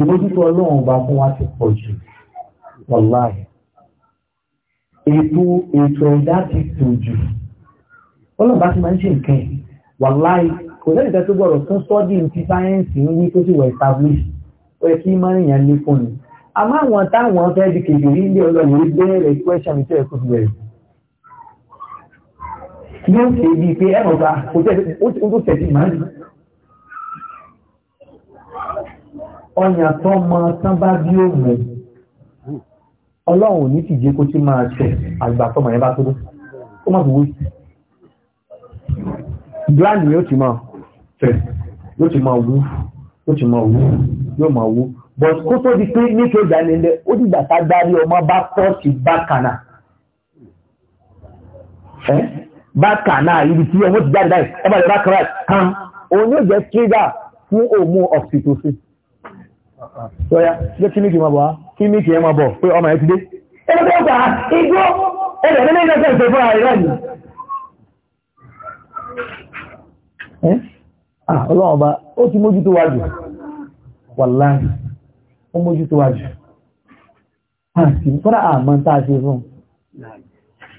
Speaker 4: ìmójútó ọlọ́run bá fún wa ti pọ̀ jù wàláhì ètò ètò ẹ̀dá ti tò jù ọlọ́run bá ti máa ń ṣe nǹkan ẹ̀ wàláhì kò lẹ́yìn tó gbọ́dọ̀ tún sọ́dí ti sáyẹ́ǹsì ń wí tó sì wà establish ó yẹ kí máa ń yàn lé fún ni àmọ́ àwọn táwọn fẹ́ẹ́ di kejì rí ilé ọlọ́run rí bẹ́ẹ̀rẹ̀ question tó yẹ kó fi bẹ̀rẹ̀ yóò ṣe bí pé ẹ̀rọ̀gbà ojú tẹ̀sí máa ń ọyàn tó mọ tán bá bí ó mú ọlọ́run ní tìjẹ́ kó tí máa tẹ̀ àgbà tọmọ yẹn bá tó ó má buwé gland yóò ti máa tẹ̀ yóò ti máa wú yóò ti máa wú yóò máa wú but kó tó di pé ní kí jà nílẹ̀ ó dìgbà tá a dárí ọmọ bá tọ́ sí bákanà bákà náà ibi tí ọmọ ti jáde láì ẹbà lè bákà right kan òun yóò jẹ́ trídà fún òmù oxytocin sọ́yá jẹ́ kíníkì máa bọ̀ á kíníkì ẹ máa bọ̀ pé ọmọ ẹ ti dé ẹgbẹ́ ọgbà igbó ẹgbẹ́ nílé ìrẹsẹ̀ ìṣẹ́ fún ààrẹ yìí ọlọ́run ọba ó ti mójútó wájú wàláhì ó mójútó wájú àti a ṣe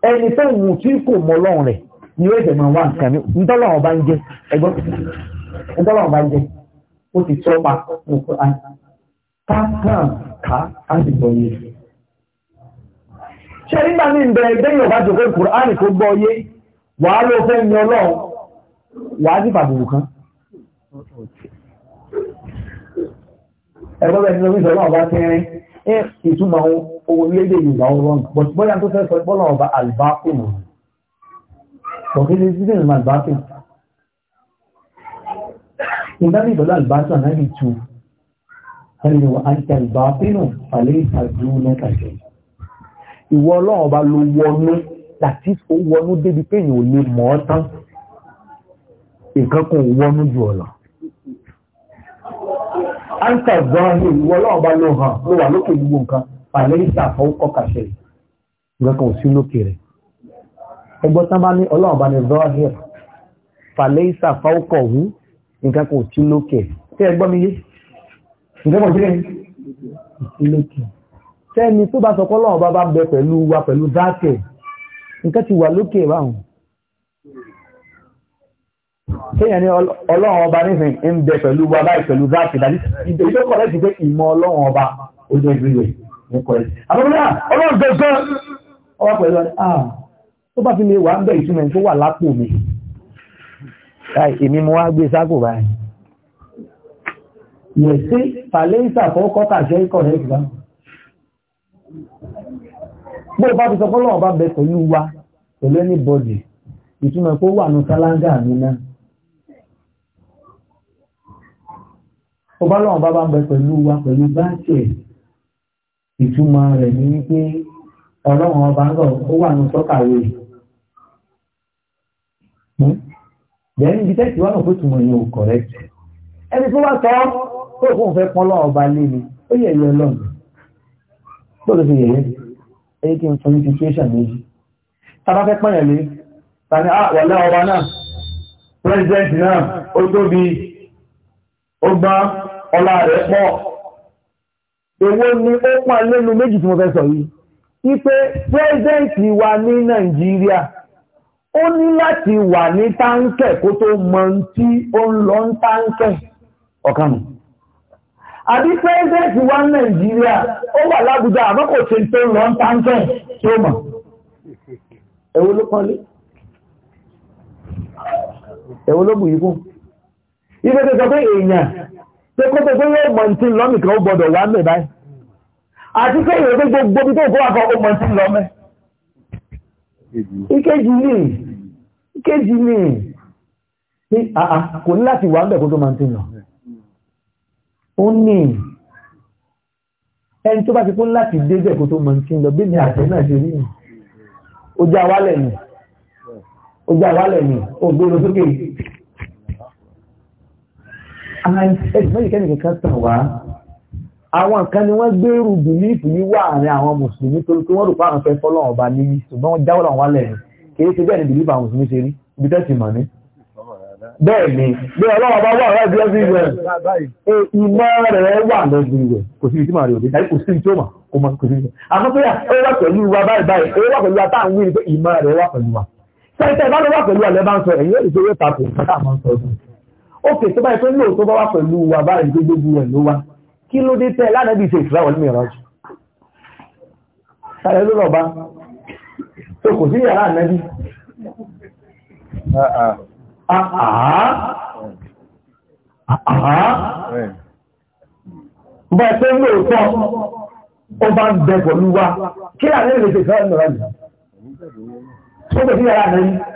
Speaker 4: ẹni tó wù tí kò mọ ọlọ́run rẹ̀ ni ó dẹ̀mọ̀ wá nǹkan mi ntọ́lọ́run bá ń jẹ ẹgbọ́n ntọ́lọ́run bá ń jẹ ó ti tọ́ pa nǹkan á ká á sì gbọ́ nígbà mí ń bẹ ẹgbẹ́ yóò bá jòkó Kùránì gbọ́ yé wàá ló fẹ́ ní ọlọ́run wàá sì fàbùkù kan. ẹgbọ́n bẹ́ẹ̀ ni lórí ìṣọ̀rọ̀ ọba ti rin ẹ ìtumọ̀ owó lédè yorùbá ó rọrùn bọ̀tí bọ́yá tó fẹ́ sọ bọ́lá ọba àlùbákò nù bọ̀kẹ́lẹ́ sí ìrìn àlùbákò ìdáni ìbọ̀lá àlùbákò náà lè tu ẹni wọ àti àlùbákò nù pàlẹ́ ìtàjú mẹ́ta jẹ ìwọ ọlọ́run ọba ló wọnú láti ó wọnú débi pé èèyàn ò lè mọ̀ ọ́ tán nǹkan kan ò wọnú ju ọ̀nà áńkà zọ́ọ̀hìn ìwọ ọlọ́run bá ló hàn ló wà lókè gbogbo nǹkan pàlẹ́ ìṣàfọ́ kọkàṣẹ́ ìgbẹ́kan ò sí lókè rẹ̀ ẹgbọ́n tán bá ní ọlọ́run bá ní zọ́ọ̀hìn pàlẹ́ ìṣàfọ́ kọ̀ọ̀hún nǹkan kò sí lókè tí ẹ gbọ́ mi yé nǹkan kò sí lókè sẹ́ni tó bá sọ pé ọlọ́run bá bá bẹ pẹ̀lú wa pẹ̀lú dáàtẹ̀ nǹkan ti wà lókè báwọn kéèyàn ní ọlọ́run ọba nífin ń bẹ pẹ̀lú wa báyìí pẹ̀lú záàkì dàbí ìdèyí tó kọ̀ lẹ́sìn pé ìmọ̀ ọlọ́run ọba ojú ìlú rẹ̀ ní kọ̀ ah tó bá fi lè wà ń bẹ ìtumọ̀ tó wà lápò mi. èmi mo wá gbé sápò báyìí. yẹ̀ sí pàlẹ́ńsà fọ́kọ́tà jẹ́ ikọ̀ rẹ̀ jù bó bá ti sọ fọ́lọ́wọ́ bá bẹ pẹ̀lú wa pẹ̀lú ẹni bọ́dì ìtumọ̀ pé wà ní sálángà mi náà ọba lọ́wọ́n bá bá ń bẹ pẹ̀lú wa pẹ̀lú báńkì ẹ̀ ìtumọ̀ rẹ̀ ní wípé ọlọ́wọ́n ọba ń lọ ó wà ní sọ́kàwé bẹ́ẹ̀ni hmm? ibi tẹ́sí wà lọ́pọ̀ ìtumọ̀ yẹn ò correct ẹni tó wá sọ tó fún òfẹ́ pọ́n lọ́wọ́ ọba lé ni ó yẹ ẹ̀yẹ lọ́nà tó ló fi yẹ̀yẹ́ ẹni kí n sọ ní situation méjì tábà fẹ́ pọ́n yẹn lé tani ah, àwọ̀lẹ́ ọba náà president náà ó tóbi ó gbọ́n ọlá rẹ̀ pọ̀ èwo ni ó pọ̀ lẹ́nu méjì tí mo fẹ́ sọ yìí wípé pírẹ́sidẹ́ǹtì wa ní nàìjíríà ó ní láti wà ní táǹkẹ̀ kó tó mọ tí ó ń lọ ń táǹkẹ̀ ọ̀kanù àbí pírẹ́sidẹ́ǹtì wa ní nàìjíríà ó wà lábùjá àmọ́ kò ṣe tó ń lọ ń táǹkẹ̀ tí ó mọ̀ èwo ló pọ́nlé èwo ló bù yìí fún ibi pé èèyàn pé kó tó pé yóò mọ̀ tí lọ́mìkan ó gbọ́dọ̀ wá mẹ́ báyìí àti pé ìwé pé gbogbo bí tó kó wà kọ́ ó mọ̀ tí lọ́mẹ́ ìkejì ní ìkejì ní ní àà kò ní láti wà mẹ́ kó tó mọ̀ tí lọ ó ní ẹni tó bá ti kún láti débẹ̀ kó tó mọ̀ tí lọ bí ní àtẹ náà ṣe rí ni ó já wálẹ̀ ni ó já wálẹ̀ ni ó gbé sókè ẹ̀sìnmọ́jìkẹ́nì kankan tàn wá àwọn kan ni wọ́n gbèrú bìlífù ní wà ní àwọn mùsùlùmí torí pé wọ́n rò pé àwọn fẹ́ fọ́lọ́ ọba ní ṣùgbọ́n wọ́n jáwọ́ làwọn wálẹ̀ kìí ṣe bẹ́ẹ̀ ni bìlífù àwọn mùsùlùmí ṣe rí ibi tẹ́sì mọ̀ ní. bẹ́ẹ̀ ni bí ọlọ́wọ́ bá wà láti ẹbí rẹ̀ ìmọ̀ rẹ̀ wà lẹ́bí rẹ̀ kò sí ibi tí màá rí òde kò sí ibi tí ó mà kò mà kò sí ibi. àmọ́ pé ó wà pẹ̀lú wa báyìí báyìí ó wà pẹ̀lú wa táà ń wí ni pé ìmọ̀ rẹ̀ wà pẹ̀lú wa. sẹ́yìn tẹ́ ẹ bá lọ wà pẹ̀lú wa lẹ́ bá ń sọ ẹ̀yìn ó lè ṣe yóò ta kò òkè tó báyìí pé lóòótọ́ bá wà pẹ̀lú wa báyìí tó gbogbo ẹ̀ ló wá kí ló dé tẹ́ lánàá bí ṣe ìṣúra wọlé mìíràn jù sáré ló lọ bá tó kò sí yàrá ànábì
Speaker 2: ah, ah. Ah, bá pé lóòótọ́ ó bá ń bẹ pẹ̀lú wa kí lánàá bí ṣe ìṣúra wọlé mìíràn jù tó kò sí yàrá
Speaker 4: ànábì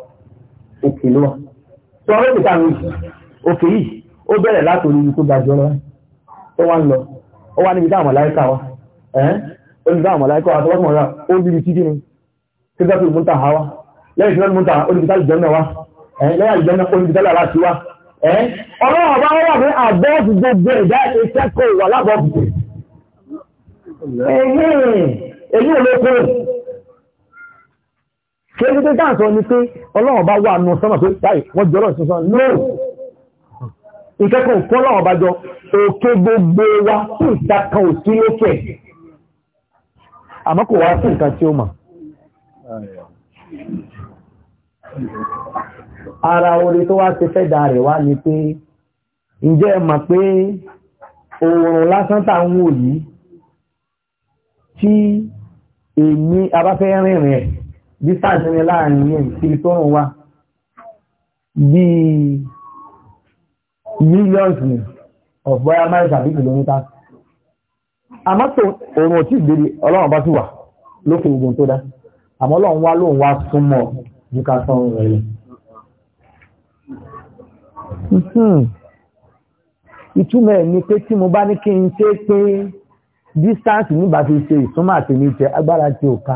Speaker 4: òkè ló wà tó ọ̀rọ̀ òkè táwọn yìí òkè yìí ó bẹ̀rẹ̀ láti orí ibi tó ga jọ lọ tó wá ń lọ ó wá níbi táwọn mọ̀láìkà wa ẹ̀ẹ́n ó níbi táwọn mọ̀láìkà wa tó wá sọ̀rọ̀ ó níbi tí kí ni tó dá tó múta ha wa lẹ́yìn tó múta ó níbi táwọn ìjọ́nà wa ẹ̀ẹ́n lẹ́yìn àjọ́nà ó níbi táwọn aláṣí wa ẹ̀ẹ́n ọ̀rọ̀ ọ̀bá kí ẹni tó dáǹsọ ni pé bá wà nù sọ́mọ̀ pé báyìí wọ́n jọ sọ́sọ́ no ìkẹ́kọ̀ọ́ jọ òkè gbogbo wa sí ìtakan òsí lókè àmọ́ kò tí ó ara orí tó wá ti fẹ́ da rẹ̀ wá ni pé ǹjẹ́ ẹ mọ̀ pé lásán ń wò distance ni láàrin yẹn kiri tó rùn wá bí millions of boya miles àbí kilometers àmọ́ tó òun ò tí ìgbèrè ọlọ́run bá ti wà lókè ogun tó dá àmọ́ ọlọ́run wá lóun wá súnmọ́ ju ká sọ ọ̀rọ̀ rẹ̀ hmm. ìtumọ̀ ẹ̀ ni pé tí mo bá ní kí n ṣe pé distance nígbà tí ṣe ìsúnmọ́ àti ní jẹ agbára tí ò ká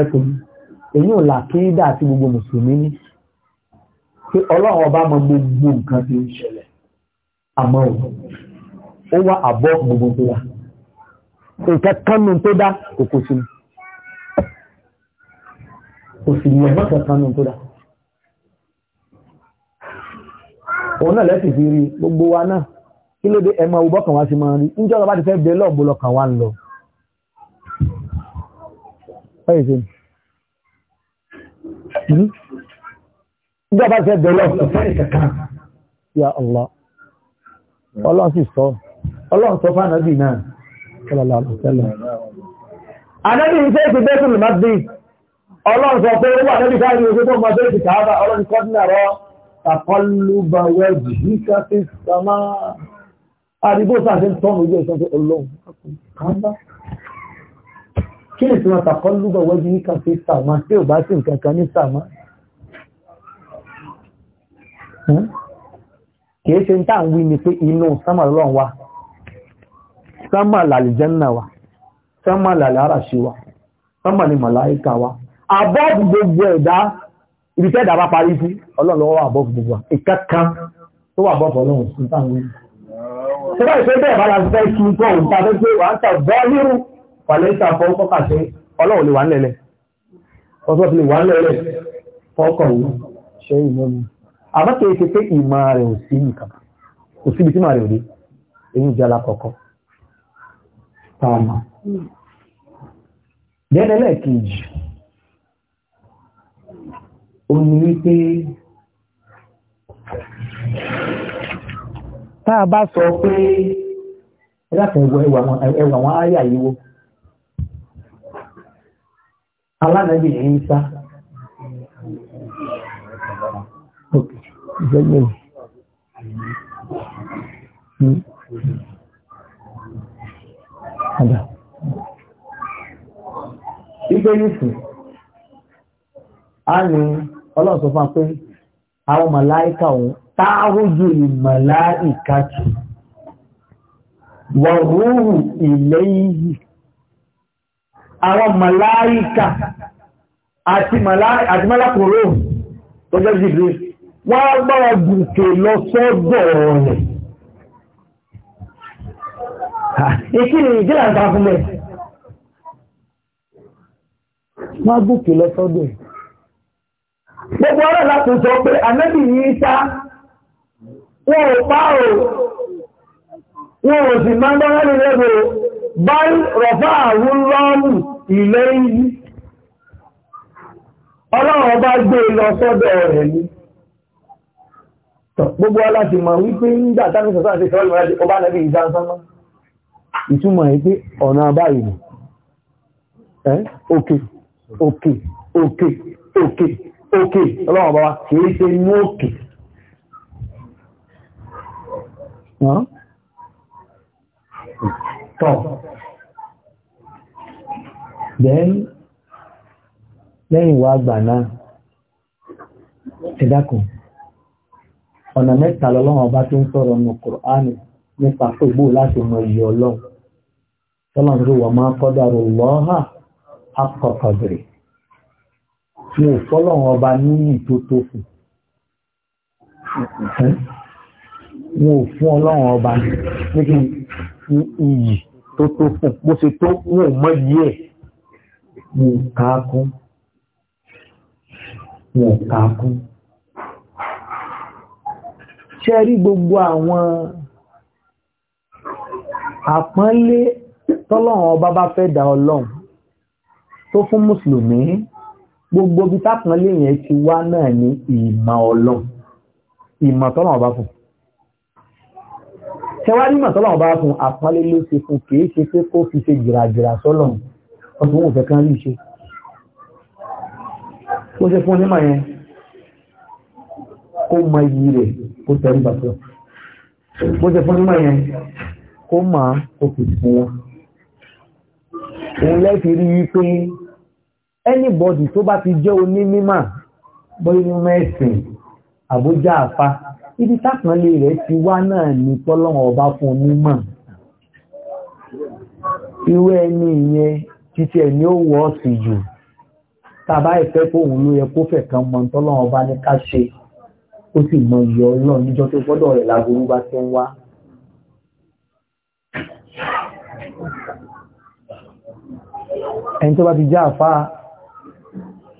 Speaker 4: ẹkùn èyí ò là kí dà sí gbogbo mùsùlùmí ní pé ọlọ́run ọba mọ gbogbo nǹkan tí ó ń ṣẹlẹ̀ àmọ́ ó wá àbọ̀ gbogbo tó wà nǹkan kánú tó dá kòkó sí mi kò sì yẹ nǹkan kánú tó dá òun náà lẹ́sìn fi rí gbogbo wa náà kí ló dé ẹ̀ máa wo bọ́kàn wá sí máa rí níjọ́ ọba ti fẹ́ bẹ́ẹ̀ lọ́ọ̀bù lọ́kàn wá ń lọ báyìí ṣe ní hmm? ìjọba ṣe bẹ̀rẹ̀ ya Allah Allah sì sọ Allah sọ fún ànábì náà sọlọ́lá àlùsẹ́lẹ̀ ànábì ń fẹ́ ti bẹ́sùn lùmá bí Allah sọ pé ó wà níbi káàkiri ojú tó mọ tó ti kàábà Allah kọ́ ní àrọ́ àkọlùbà wẹ́ẹ̀jì ní káfí sàmá àdìgbò sàṣẹ tọ́nù ojú ìṣàn tó ọlọ́run kàábà kí ni ìtumọ̀ taqalluba wajhika fi sàmà tí ò bá sí nǹkan kan ní sàmà kìí ṣe ń tàà ń wí ni pé inú sánmà lọ́n wa sánmà làlìjẹ́nà wa sánmà làláràṣí wa sánmà ni màláíkà wa abọ́ọ̀bù gbogbo ẹ̀dá ibi tẹ́ ẹ̀dá bá parí sí ọlọ́run lọ́wọ́ pàlẹ́ńtà fọ́ọ́kọ́ pàṣẹ lè wà nílẹ̀ ọjọ́ ti lè wà nílẹ̀ fọ́ọ́kọ̀ yìí ṣe ìmọ̀ mi àbákẹ́ ètò pé ìmọ̀ rẹ̀ ò sí nìkan kò síbi tí màá rẹ̀ ò dé èyí jẹ́ alákọ̀ọ́kọ́ kejì ó ní wípé tá sọ pé ẹwà wọn ayé alánàbì ìsá Ìgbé nìsù, a ní ọlọ́sọ fún pé àwọn màláíkà òun táwójú ìmàláíkà tù, wà rúrù ilẹ̀ yìí àwọn màláíkà àti màlákòrò tó jẹ́ jìbìrì wọ́n á gbára gùnkè lọ sọ́dọ̀ rẹ̀ ìkíni ìjìlá ń ta fún mẹ́ wọ́n á gùnkè lọ sọ́dọ̀ rẹ̀ gbogbo ọ̀rọ̀ láti sọ pé ànábì ní ìta wọn ò pa ò wọn ò sì máa ń bá wọn rọ̀fà àwọn ìlẹ́yìn ọlọ́run bá gbé e lọ sọ́dọ̀ rẹ̀ ni gbogbo aláti mọ̀ wípé nígbà tàbí sọ́sọ́ àti ìṣọ́lù rẹ̀ ọba nẹ́bí ìdánsánmọ́ ìtumọ̀ ẹ̀ pé ọ̀nà báyìí ni ẹ́ òkè òkè òkè òkè òkè ọlọ́run bá wa kìí ṣe ní òkè tọ́ then lẹ́yìn wá àgbà náà ẹ̀dákùn ọ̀nà mẹ́ta lọ́lọ́wọ́n bá tó ń sọ̀rọ̀ ọmọ kùránì nípa pẹ̀gbò láti mọ iyì ọlọ́run tọ́lọ̀ tó wà máa kọ́dàrò lọ́hà akọ̀kọ̀dìrì mo fọ́lọ́wọ́n ọba níyì tó tó fún mo fún ọlọ́run ọba ní iyì tó wọn ò ká kún wọn ò ká kún ṣe rí gbogbo àwọn àpọ́nlé tọ́lọ́run ọba bá fẹ́ dá ọlọ́run tó fún mùsùlùmí gbogbo bí tápọ́nlé yẹn ti wá náà ní ìmọ̀ ọlọ́run ìmọ̀ tọ́lọ́run ọba fún ṣẹwàá ní ìmọ̀ tọ́lọ́run fún àpọ́nlé ló ṣe fún kìí ṣe pé kó fi ṣe jìràjìrà sọ́lọ́run ọdún òun fẹ́ kan rí ṣe ó ṣe fún onímọ̀ yẹn kó mọ iyì rẹ̀ kó tẹ̀rí bàtọ̀ ó ṣe fún onímọ̀ yẹn kó mọ òkè fún wọn òun lẹ́ẹ̀fì rí i pé anybody tó bá ti jẹ́ onímọ̀ bóyá ní mẹ́sìn àbójá àfa ibi tápọ̀nlé rẹ̀ ti wá náà ní tọ́lọ́wọ́n ọba fún onímọ̀ irú ẹni ìyẹn títí ẹ̀ ní ó wọ́ sí jù tàbá ìfẹ́ kó òun ló yẹ kó fẹ̀ kan mọ tọ́lọ́wọ́n bá ní ká ṣe ó sì mọ ìyọ náà níjọ́ tó gbọ́dọ̀ rẹ̀ lágbóró bá ti ń wá. ẹni tó bá ti já àfáà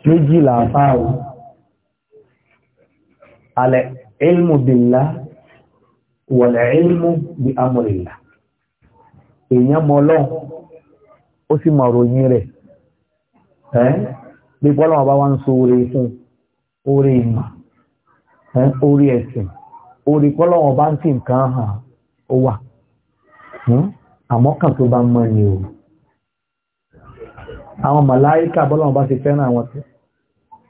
Speaker 4: méjìlá àfáà o alẹ́ ilmu billah wal ilmu bi amrillah èèyàn mọ ọlọ́run ó sì mọ̀ ròyìn rẹ̀ ẹ́ bí pọ́lọ́wọ́ ọba wá ń so oore fún oore ìmọ̀ Orí ẹ̀sìn oore pọ́lọ́wọ́ bá ń fi nǹkan hàn ó wà hmm? àmọ́ kàn tó bá mọ̀ ni o àwọn màláíkà bọ́lọ́wọ́ ọba ti fẹ́ràn àwọn tó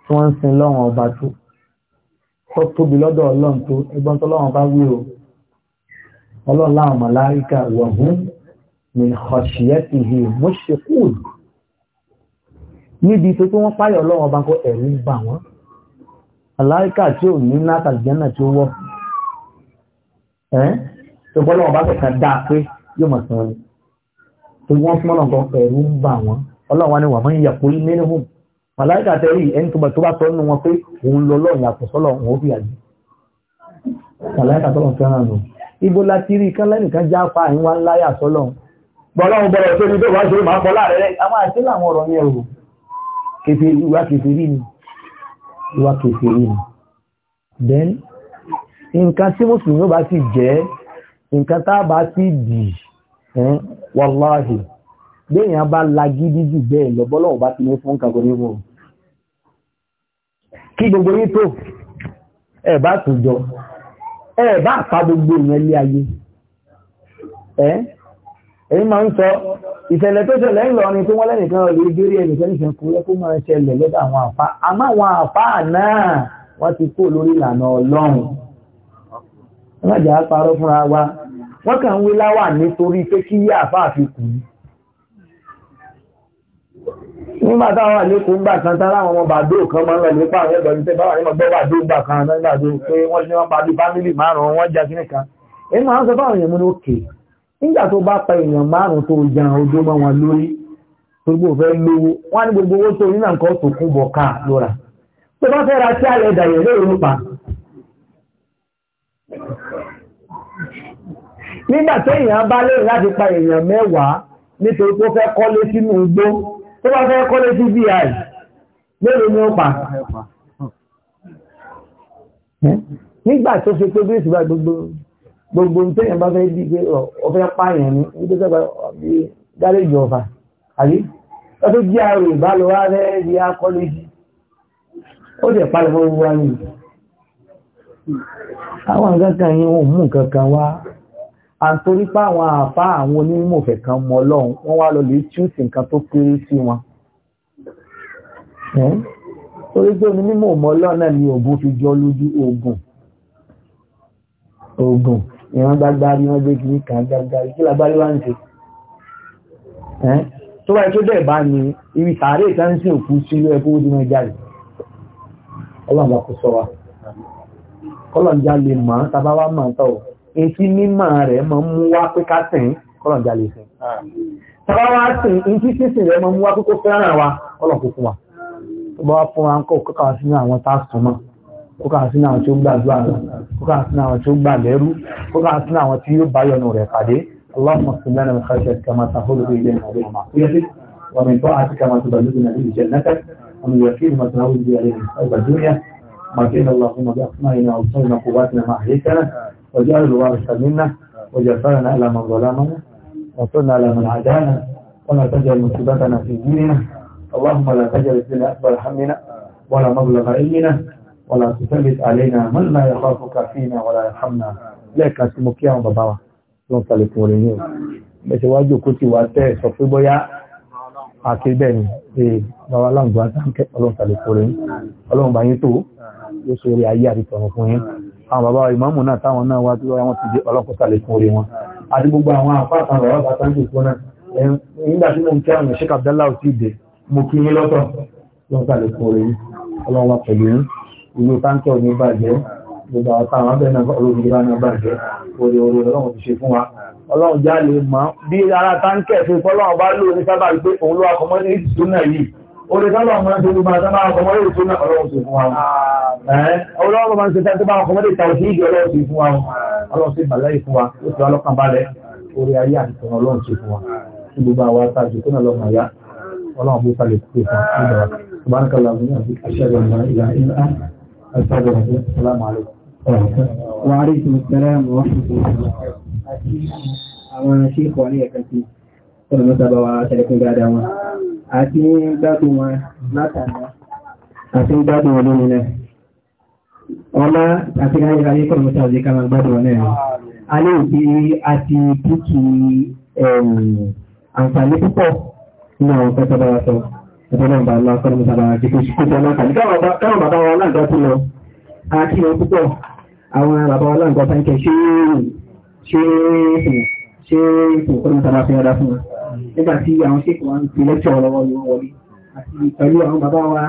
Speaker 4: tí wọ́n ń sin lọ́wọ́n ọba tó tó tóbi lọ́dọ̀ ọlọ́run tó ẹgbọ́n tó lọ́wọ́n ọba wí o ọlọ́run láwọn màláíkà wọ̀hún min khashiyatihi mushfiqun níbi tó tí wọ́n páyọ̀ ọlọ́run ọba kó ẹ̀rù ń bà wọ́n aláìkà tí ò ní náà tàbíjánà tí ó wọ́ ẹ́n tó gbọ́ lọ́wọ́ bá kẹ̀kẹ́ dáa pé yóò mọ̀ sí wọn ni tó wọ́n fún ọlọ́run kan ẹ̀rù ń bà wọ́n ọlọ́run wa ni wà máa ń yàpò nínú hùm aláìkà tẹ́ rí ẹni tó bá tó bá sọ nínú wọn pé òun lọ lọ́run yàtọ̀ sọ́lọ́ òun ó fi àjẹ́ aláìkà tọ́lọ̀ fẹ́ràn nù ibo la ti rí kán lẹ́nìkan já pa àyínwá ńláyà sọ́lọ́run bọ́lọ́run bọ́lọ̀ tó ní tó bá ṣe máa pọ̀ láàrẹ àwọn àti láwọn ọ̀rọ̀ ní ẹ̀rù ìwà kèfèrí ni ìwà kèfèrí ni then nǹkan tí mùsùlùmí bá ti jẹ́ nǹkan tá bá ti dì wàláhì gbéyàn bá lagídí jù bẹ́ẹ̀ lọ bọ́lọ́run bá ti ní fún kankan ní fún kí gbogbo yín tó ẹ̀ bá tún jọ ẹ̀ bá pa gbogbo ìyẹn lé ayé ẹ̀ èyí máa ń sọ ìṣẹ̀lẹ̀ tó ṣẹlẹ̀ ńlọrin tí wọ́n lẹ́nìkan rí gírí ẹnìkan nìkan kú yẹ kó máa ṣẹlẹ̀ lọ́dọ̀ àwọn àfa àmọ́ àwọn àfa náà wọ́n ti kó lórí ìlànà ọlọ́run wọ́n parọ́ fúnra wa wọ́n kàn ń wé láwà nítorí pé kí yá àfa àfi kù ní. nígbà táwọn àlékún gbà kan tán láwọn ọmọ bàdó kan máa ń lọ nípa àwọn ẹgbẹ̀rún nípa báwa nípa gbọ́ bàdó gbà kan nígbà tó pé wọ́n ṣe wọ́n bàdó fámìlì márùn-ún wọ́n já kíní kan èyí máa ń sọ fáwọn èèyàn mú ní òkè nígbà tó bá pa èèyàn márùn-ún tó jan odó mọ́ wọn lórí gbogbo fẹ́ lówó wọ́n ní gbogbo owó tó nínà nǹkan tó kún bọ̀ ká lóra tó bá fẹ́ ra tí a lè dàyẹ̀ lórí nípa. nígbà tó èèyàn bá lérò láti pa èèyàn mẹ́wàá nítorí tó fẹ́ kọ́lé sínú igbó tó bá fẹ́ kọ́lé sí vi lórí ní ó pa. nígbà tó ṣe pé bí ìsìnkú gbogbo gbogbo nítẹ̀yìn bá fẹ́ bí pé ọ̀fẹ́ pààyàn ní nígbẹ́ sọ́gbà bí gáréjì ọ̀fà àbí ọdún jí àrò ìbálò wá fẹ́ di akọ́lẹ́jì ó dẹ̀ palẹ̀ fún gbogbo ayé àwọn nǹkan kan yìí wọn mú nǹkan kan wá àǹtorí pé àwọn àfá àwọn onímọ̀fẹ́ kan mọ ọlọ́run wọ́n wá lọ lè túùsì nǹkan tó kéré sí wọn torí pé onímọ̀ ọmọ ọlọ́run náà ni ògùn fi jọ lójú ogun ogun ìran gbágbárí wọ́n gbé kìí kan gbágbárí kí lágbárí wá ń ṣe tó wáyé tó dẹ̀ bá ní ibi sàárè ìtànsí òkú sí ilé ẹkú ojú mẹ́jà rẹ̀ ọlọ́mà kò sọ wa kọlọ̀njà lè mọ̀ ọ́n tàbá wá mọ̀ ọ́tọ̀ etí mímọ̀ rẹ̀ mọ̀ ń mú wá pé ká sìn kọlọ̀njà lè sìn tàbá wá kókà sínú àwọn tí ó gbàdúrà lọ kókà sínú àwọn tí ó اللهم اغفر لنا من خشيتك كما تحول به بيننا وبين معصيتك ومن طاعتك ما تبلغنا به جنتك ومن يقين ما تهون به عليه حب الدنيا مكين اللهم بأسمائنا وصلنا قواتنا مع أحييتنا وجعل الوارث منا وجفانا على من ظلمنا وصلنا على من عادانا ولا تجعل مصيبتنا في ديننا اللهم لا تجعل الدنيا أكبر همنا ولا مبلغ علمنا ولا تسلط علينا من لا يخافك فينا ولا يرحمنا لك اسمك bàbá wa lọ́n tàlẹ̀kùn orin yìí bẹ̀ṣẹ̀ wájú kó ti wà tẹ́ sọ pé bóyá àkébẹ̀ ni pé bàbá láǹgbà àtàkẹ́ ọlọ́n tàlẹ̀kùn orin ọlọ́n bá yín tó yóò ṣe orí ayé àti tọ̀rọ̀ fún yín àwọn bàbá ìmáàmù náà táwọn náà wá tí wọ́n ti jẹ́ ọlọ́kùn tàlẹ̀kùn orin wọn àti gbogbo àwọn àpáàtàn bàbá bàtà ń jòkó náà nígbà tí mo ń kí àwọn Sheikh Abdallah ò tí ì dé mo kí yín lọ́tọ̀ lọ́n tàlẹ̀kùn orin ọlọ́run wa pẹ̀lú yín ìlú táńkẹ́ òní bàjẹ́ gbogbo àtàwọn abẹ́nà olóògbé náà bàjẹ́ orí orí ọlọ́run ti ṣe fún wa ọlọ́run já lè mọ́ bí ara táńkẹ́ fi fọ́lọ́run bá lò ní sábà pé òun ló akọmọ́ ní ìtúnà yìí orí sábà mọ́ tó gbogbo àtàwọn akọmọ́ ní ìtúnà ọlọ́run ti fún wa ọlọ́run máa ń ṣe tẹ́ tó bá akọmọ́ ní ìtàwọn sí ìdí ọlọ́run ti fún wa ọlọ́run ti bàlẹ́ fún wa ó ti wá lọ́kàn balẹ̀ orí ayé àti ìtàn ọlọ́run ti fún wa kí gbogbo àwọn àtàjù kó náà lọ́mọ ya ọlọ́run bó falẹ̀ kúrò fún wa Subhanakallahu wa bihamdika ashhadu an la ilaha illa anta Assalamu alaikum.
Speaker 3: Wa alaikum assalam wa
Speaker 1: rahmatullahi wa barakatuh. Àwọn ṣíkọ ní ẹ̀ka sí ọ̀nà mọ́sàbà wa tẹ̀lẹ̀kún dáadáa wọn. Àti ń gbádùn wọn látàrá. Àti ń gbádùn
Speaker 3: wọn lónìí náà. Ọlá àti ráyẹ̀ ráyẹ̀ kọ̀rọ̀ mọ́sàbà jẹ́ ká máa gbádùn wọn náà. A lè rí àti dúkìí àǹfààní púpọ̀ nínú àwọn kẹta bá wa sọ ìfọ́nàmbà aláàkọ́nàmọ́sára àjíkú ṣíkúta aláàkàní
Speaker 4: káwọn bàbá wa láǹgbà tó lọ àti ìwọ̀n púpọ̀
Speaker 3: àwọn bàbá wa láǹgbà tó ń kẹ ṣe ètò ọlọ́mọsára fi ọ̀dá fún wọn nígbà tí àwọn
Speaker 4: ṣèkù wọn ti lẹ́kṣọ̀ lọ́wọ́ ni wọ́n wọlé àti pẹ̀lú àwọn bàbá wa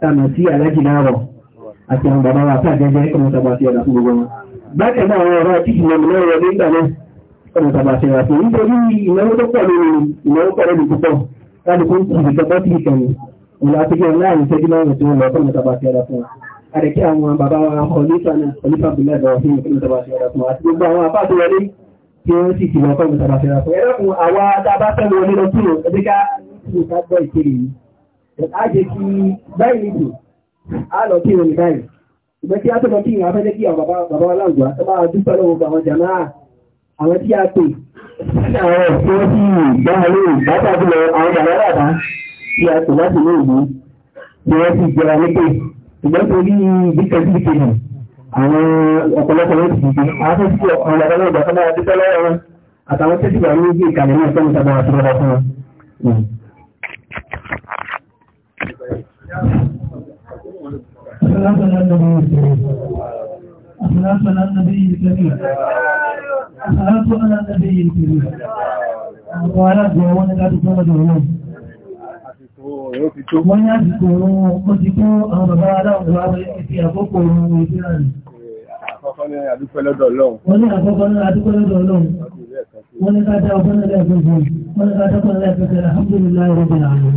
Speaker 4: tànà sí alájì láàrọ̀ àti àwọn bàbá wa fàjẹjẹ ọlọ́mọsára fi ọ̀dá fún gbogbo wọn bákan náà àwọn ọ̀rọ̀ àti ìmọ̀
Speaker 3: mìíràn wọlé nígbà náà ọlọ́mọsára fi ọ̀dá fún nítorí ìnáwó tó pọ̀ láti kó ń ti ìgbẹ́gbọ́ tí ìfẹ̀yìn ìlà tó jẹ́ láàrin ìṣẹ́jú márùn tó lọ fún ìtàbà sí ọ̀dà
Speaker 4: fún wa àdẹ̀kí àwọn bàbá wa kọlífà ní kọlífà bùlẹ̀ lọ fún ìtàbà sí ọ̀dà fún wa àti gbogbo àwọn apá tó wọlé tí ó sì ti lọ fún ìtàbà sí ọ̀dà fún wa ẹ̀rọ̀kùn àwa dábá fẹ́ wọlé lọ kúrò ẹbí ká kí ká gbọ́ ìkéde yìí a jẹ́ kí báyìí nìkú a lọ kí òní báyìí ìgbẹ́ tí a tó lọ kí ìrìn afẹ́jẹ́ kí àwọn bàbá wa láǹgbà tó bá dúpẹ́ lọ́wọ́ àwọn jàmáà àwọn tí a pè àwọn ẹ̀sìn wọ́n sì dáhà lórí látàbí lọ àwọn bàbá bàbá tí a kò láti ní ìlú tí wọ́n sì jẹra ní pé
Speaker 3: ìgbẹ́ tó rí ìdíkẹ́sí ti hàn àwọn ọ̀pọ̀lọpọ̀ ló ti dìde àwọn tó ti ọ̀pọ̀
Speaker 4: ọ̀lọ́pọ̀ lọ́gbà tó máa dúpẹ́ lọ́wọ́ wọn
Speaker 2: الصلاة على النبي الكريم الصلاة
Speaker 1: على النبي الكريم
Speaker 2: وعلى جوانا
Speaker 1: لا تكون جوانا wọ́n ní àsìkò oòrùn ó ti kó àwọn bàbá aláwọ̀ àwọn ìfì àkókò oòrùn ìfìrà ní
Speaker 2: àkọ́kọ́ ní àdúpẹ́ lọ́dọ̀ Ọlọ́run wọ́n ní àkọ́kọ́
Speaker 1: ní àdúpẹ́ lọ́dọ̀ Ọlọ́run wọ́n ní kájá ọgbọ́n lẹ́ẹ̀kẹ́kẹ́ wọ́n ní kájá ọgbọ́n lẹ́ẹ̀kẹ́kẹ́ alhamdulillah rabbil alamin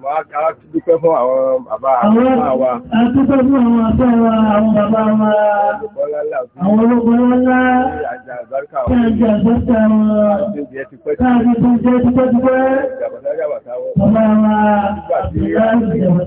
Speaker 2: Àdúpẹ́ fún
Speaker 4: àwọn bàbá
Speaker 1: wa. Àdúpẹ́ fún àwọn àfẹ́ wa, àwọn bàbá wa.
Speaker 2: Àwọn ológun lọ́lá. Àjà àbáríkà wọn. Àjà àbáríkà wọn. Àti ìjẹ́ ti pẹ́ ti pẹ́. Àjà àbáríkà
Speaker 1: wọn. Bàbá wa. Àjà àbáríkà wọn.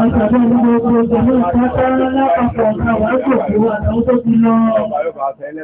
Speaker 2: Àjọ̀dọ̀ gbogbo òṣèlú ìpátá lápapọ̀ ọ̀tàwà ìpòkúwà tó tó ti lọ.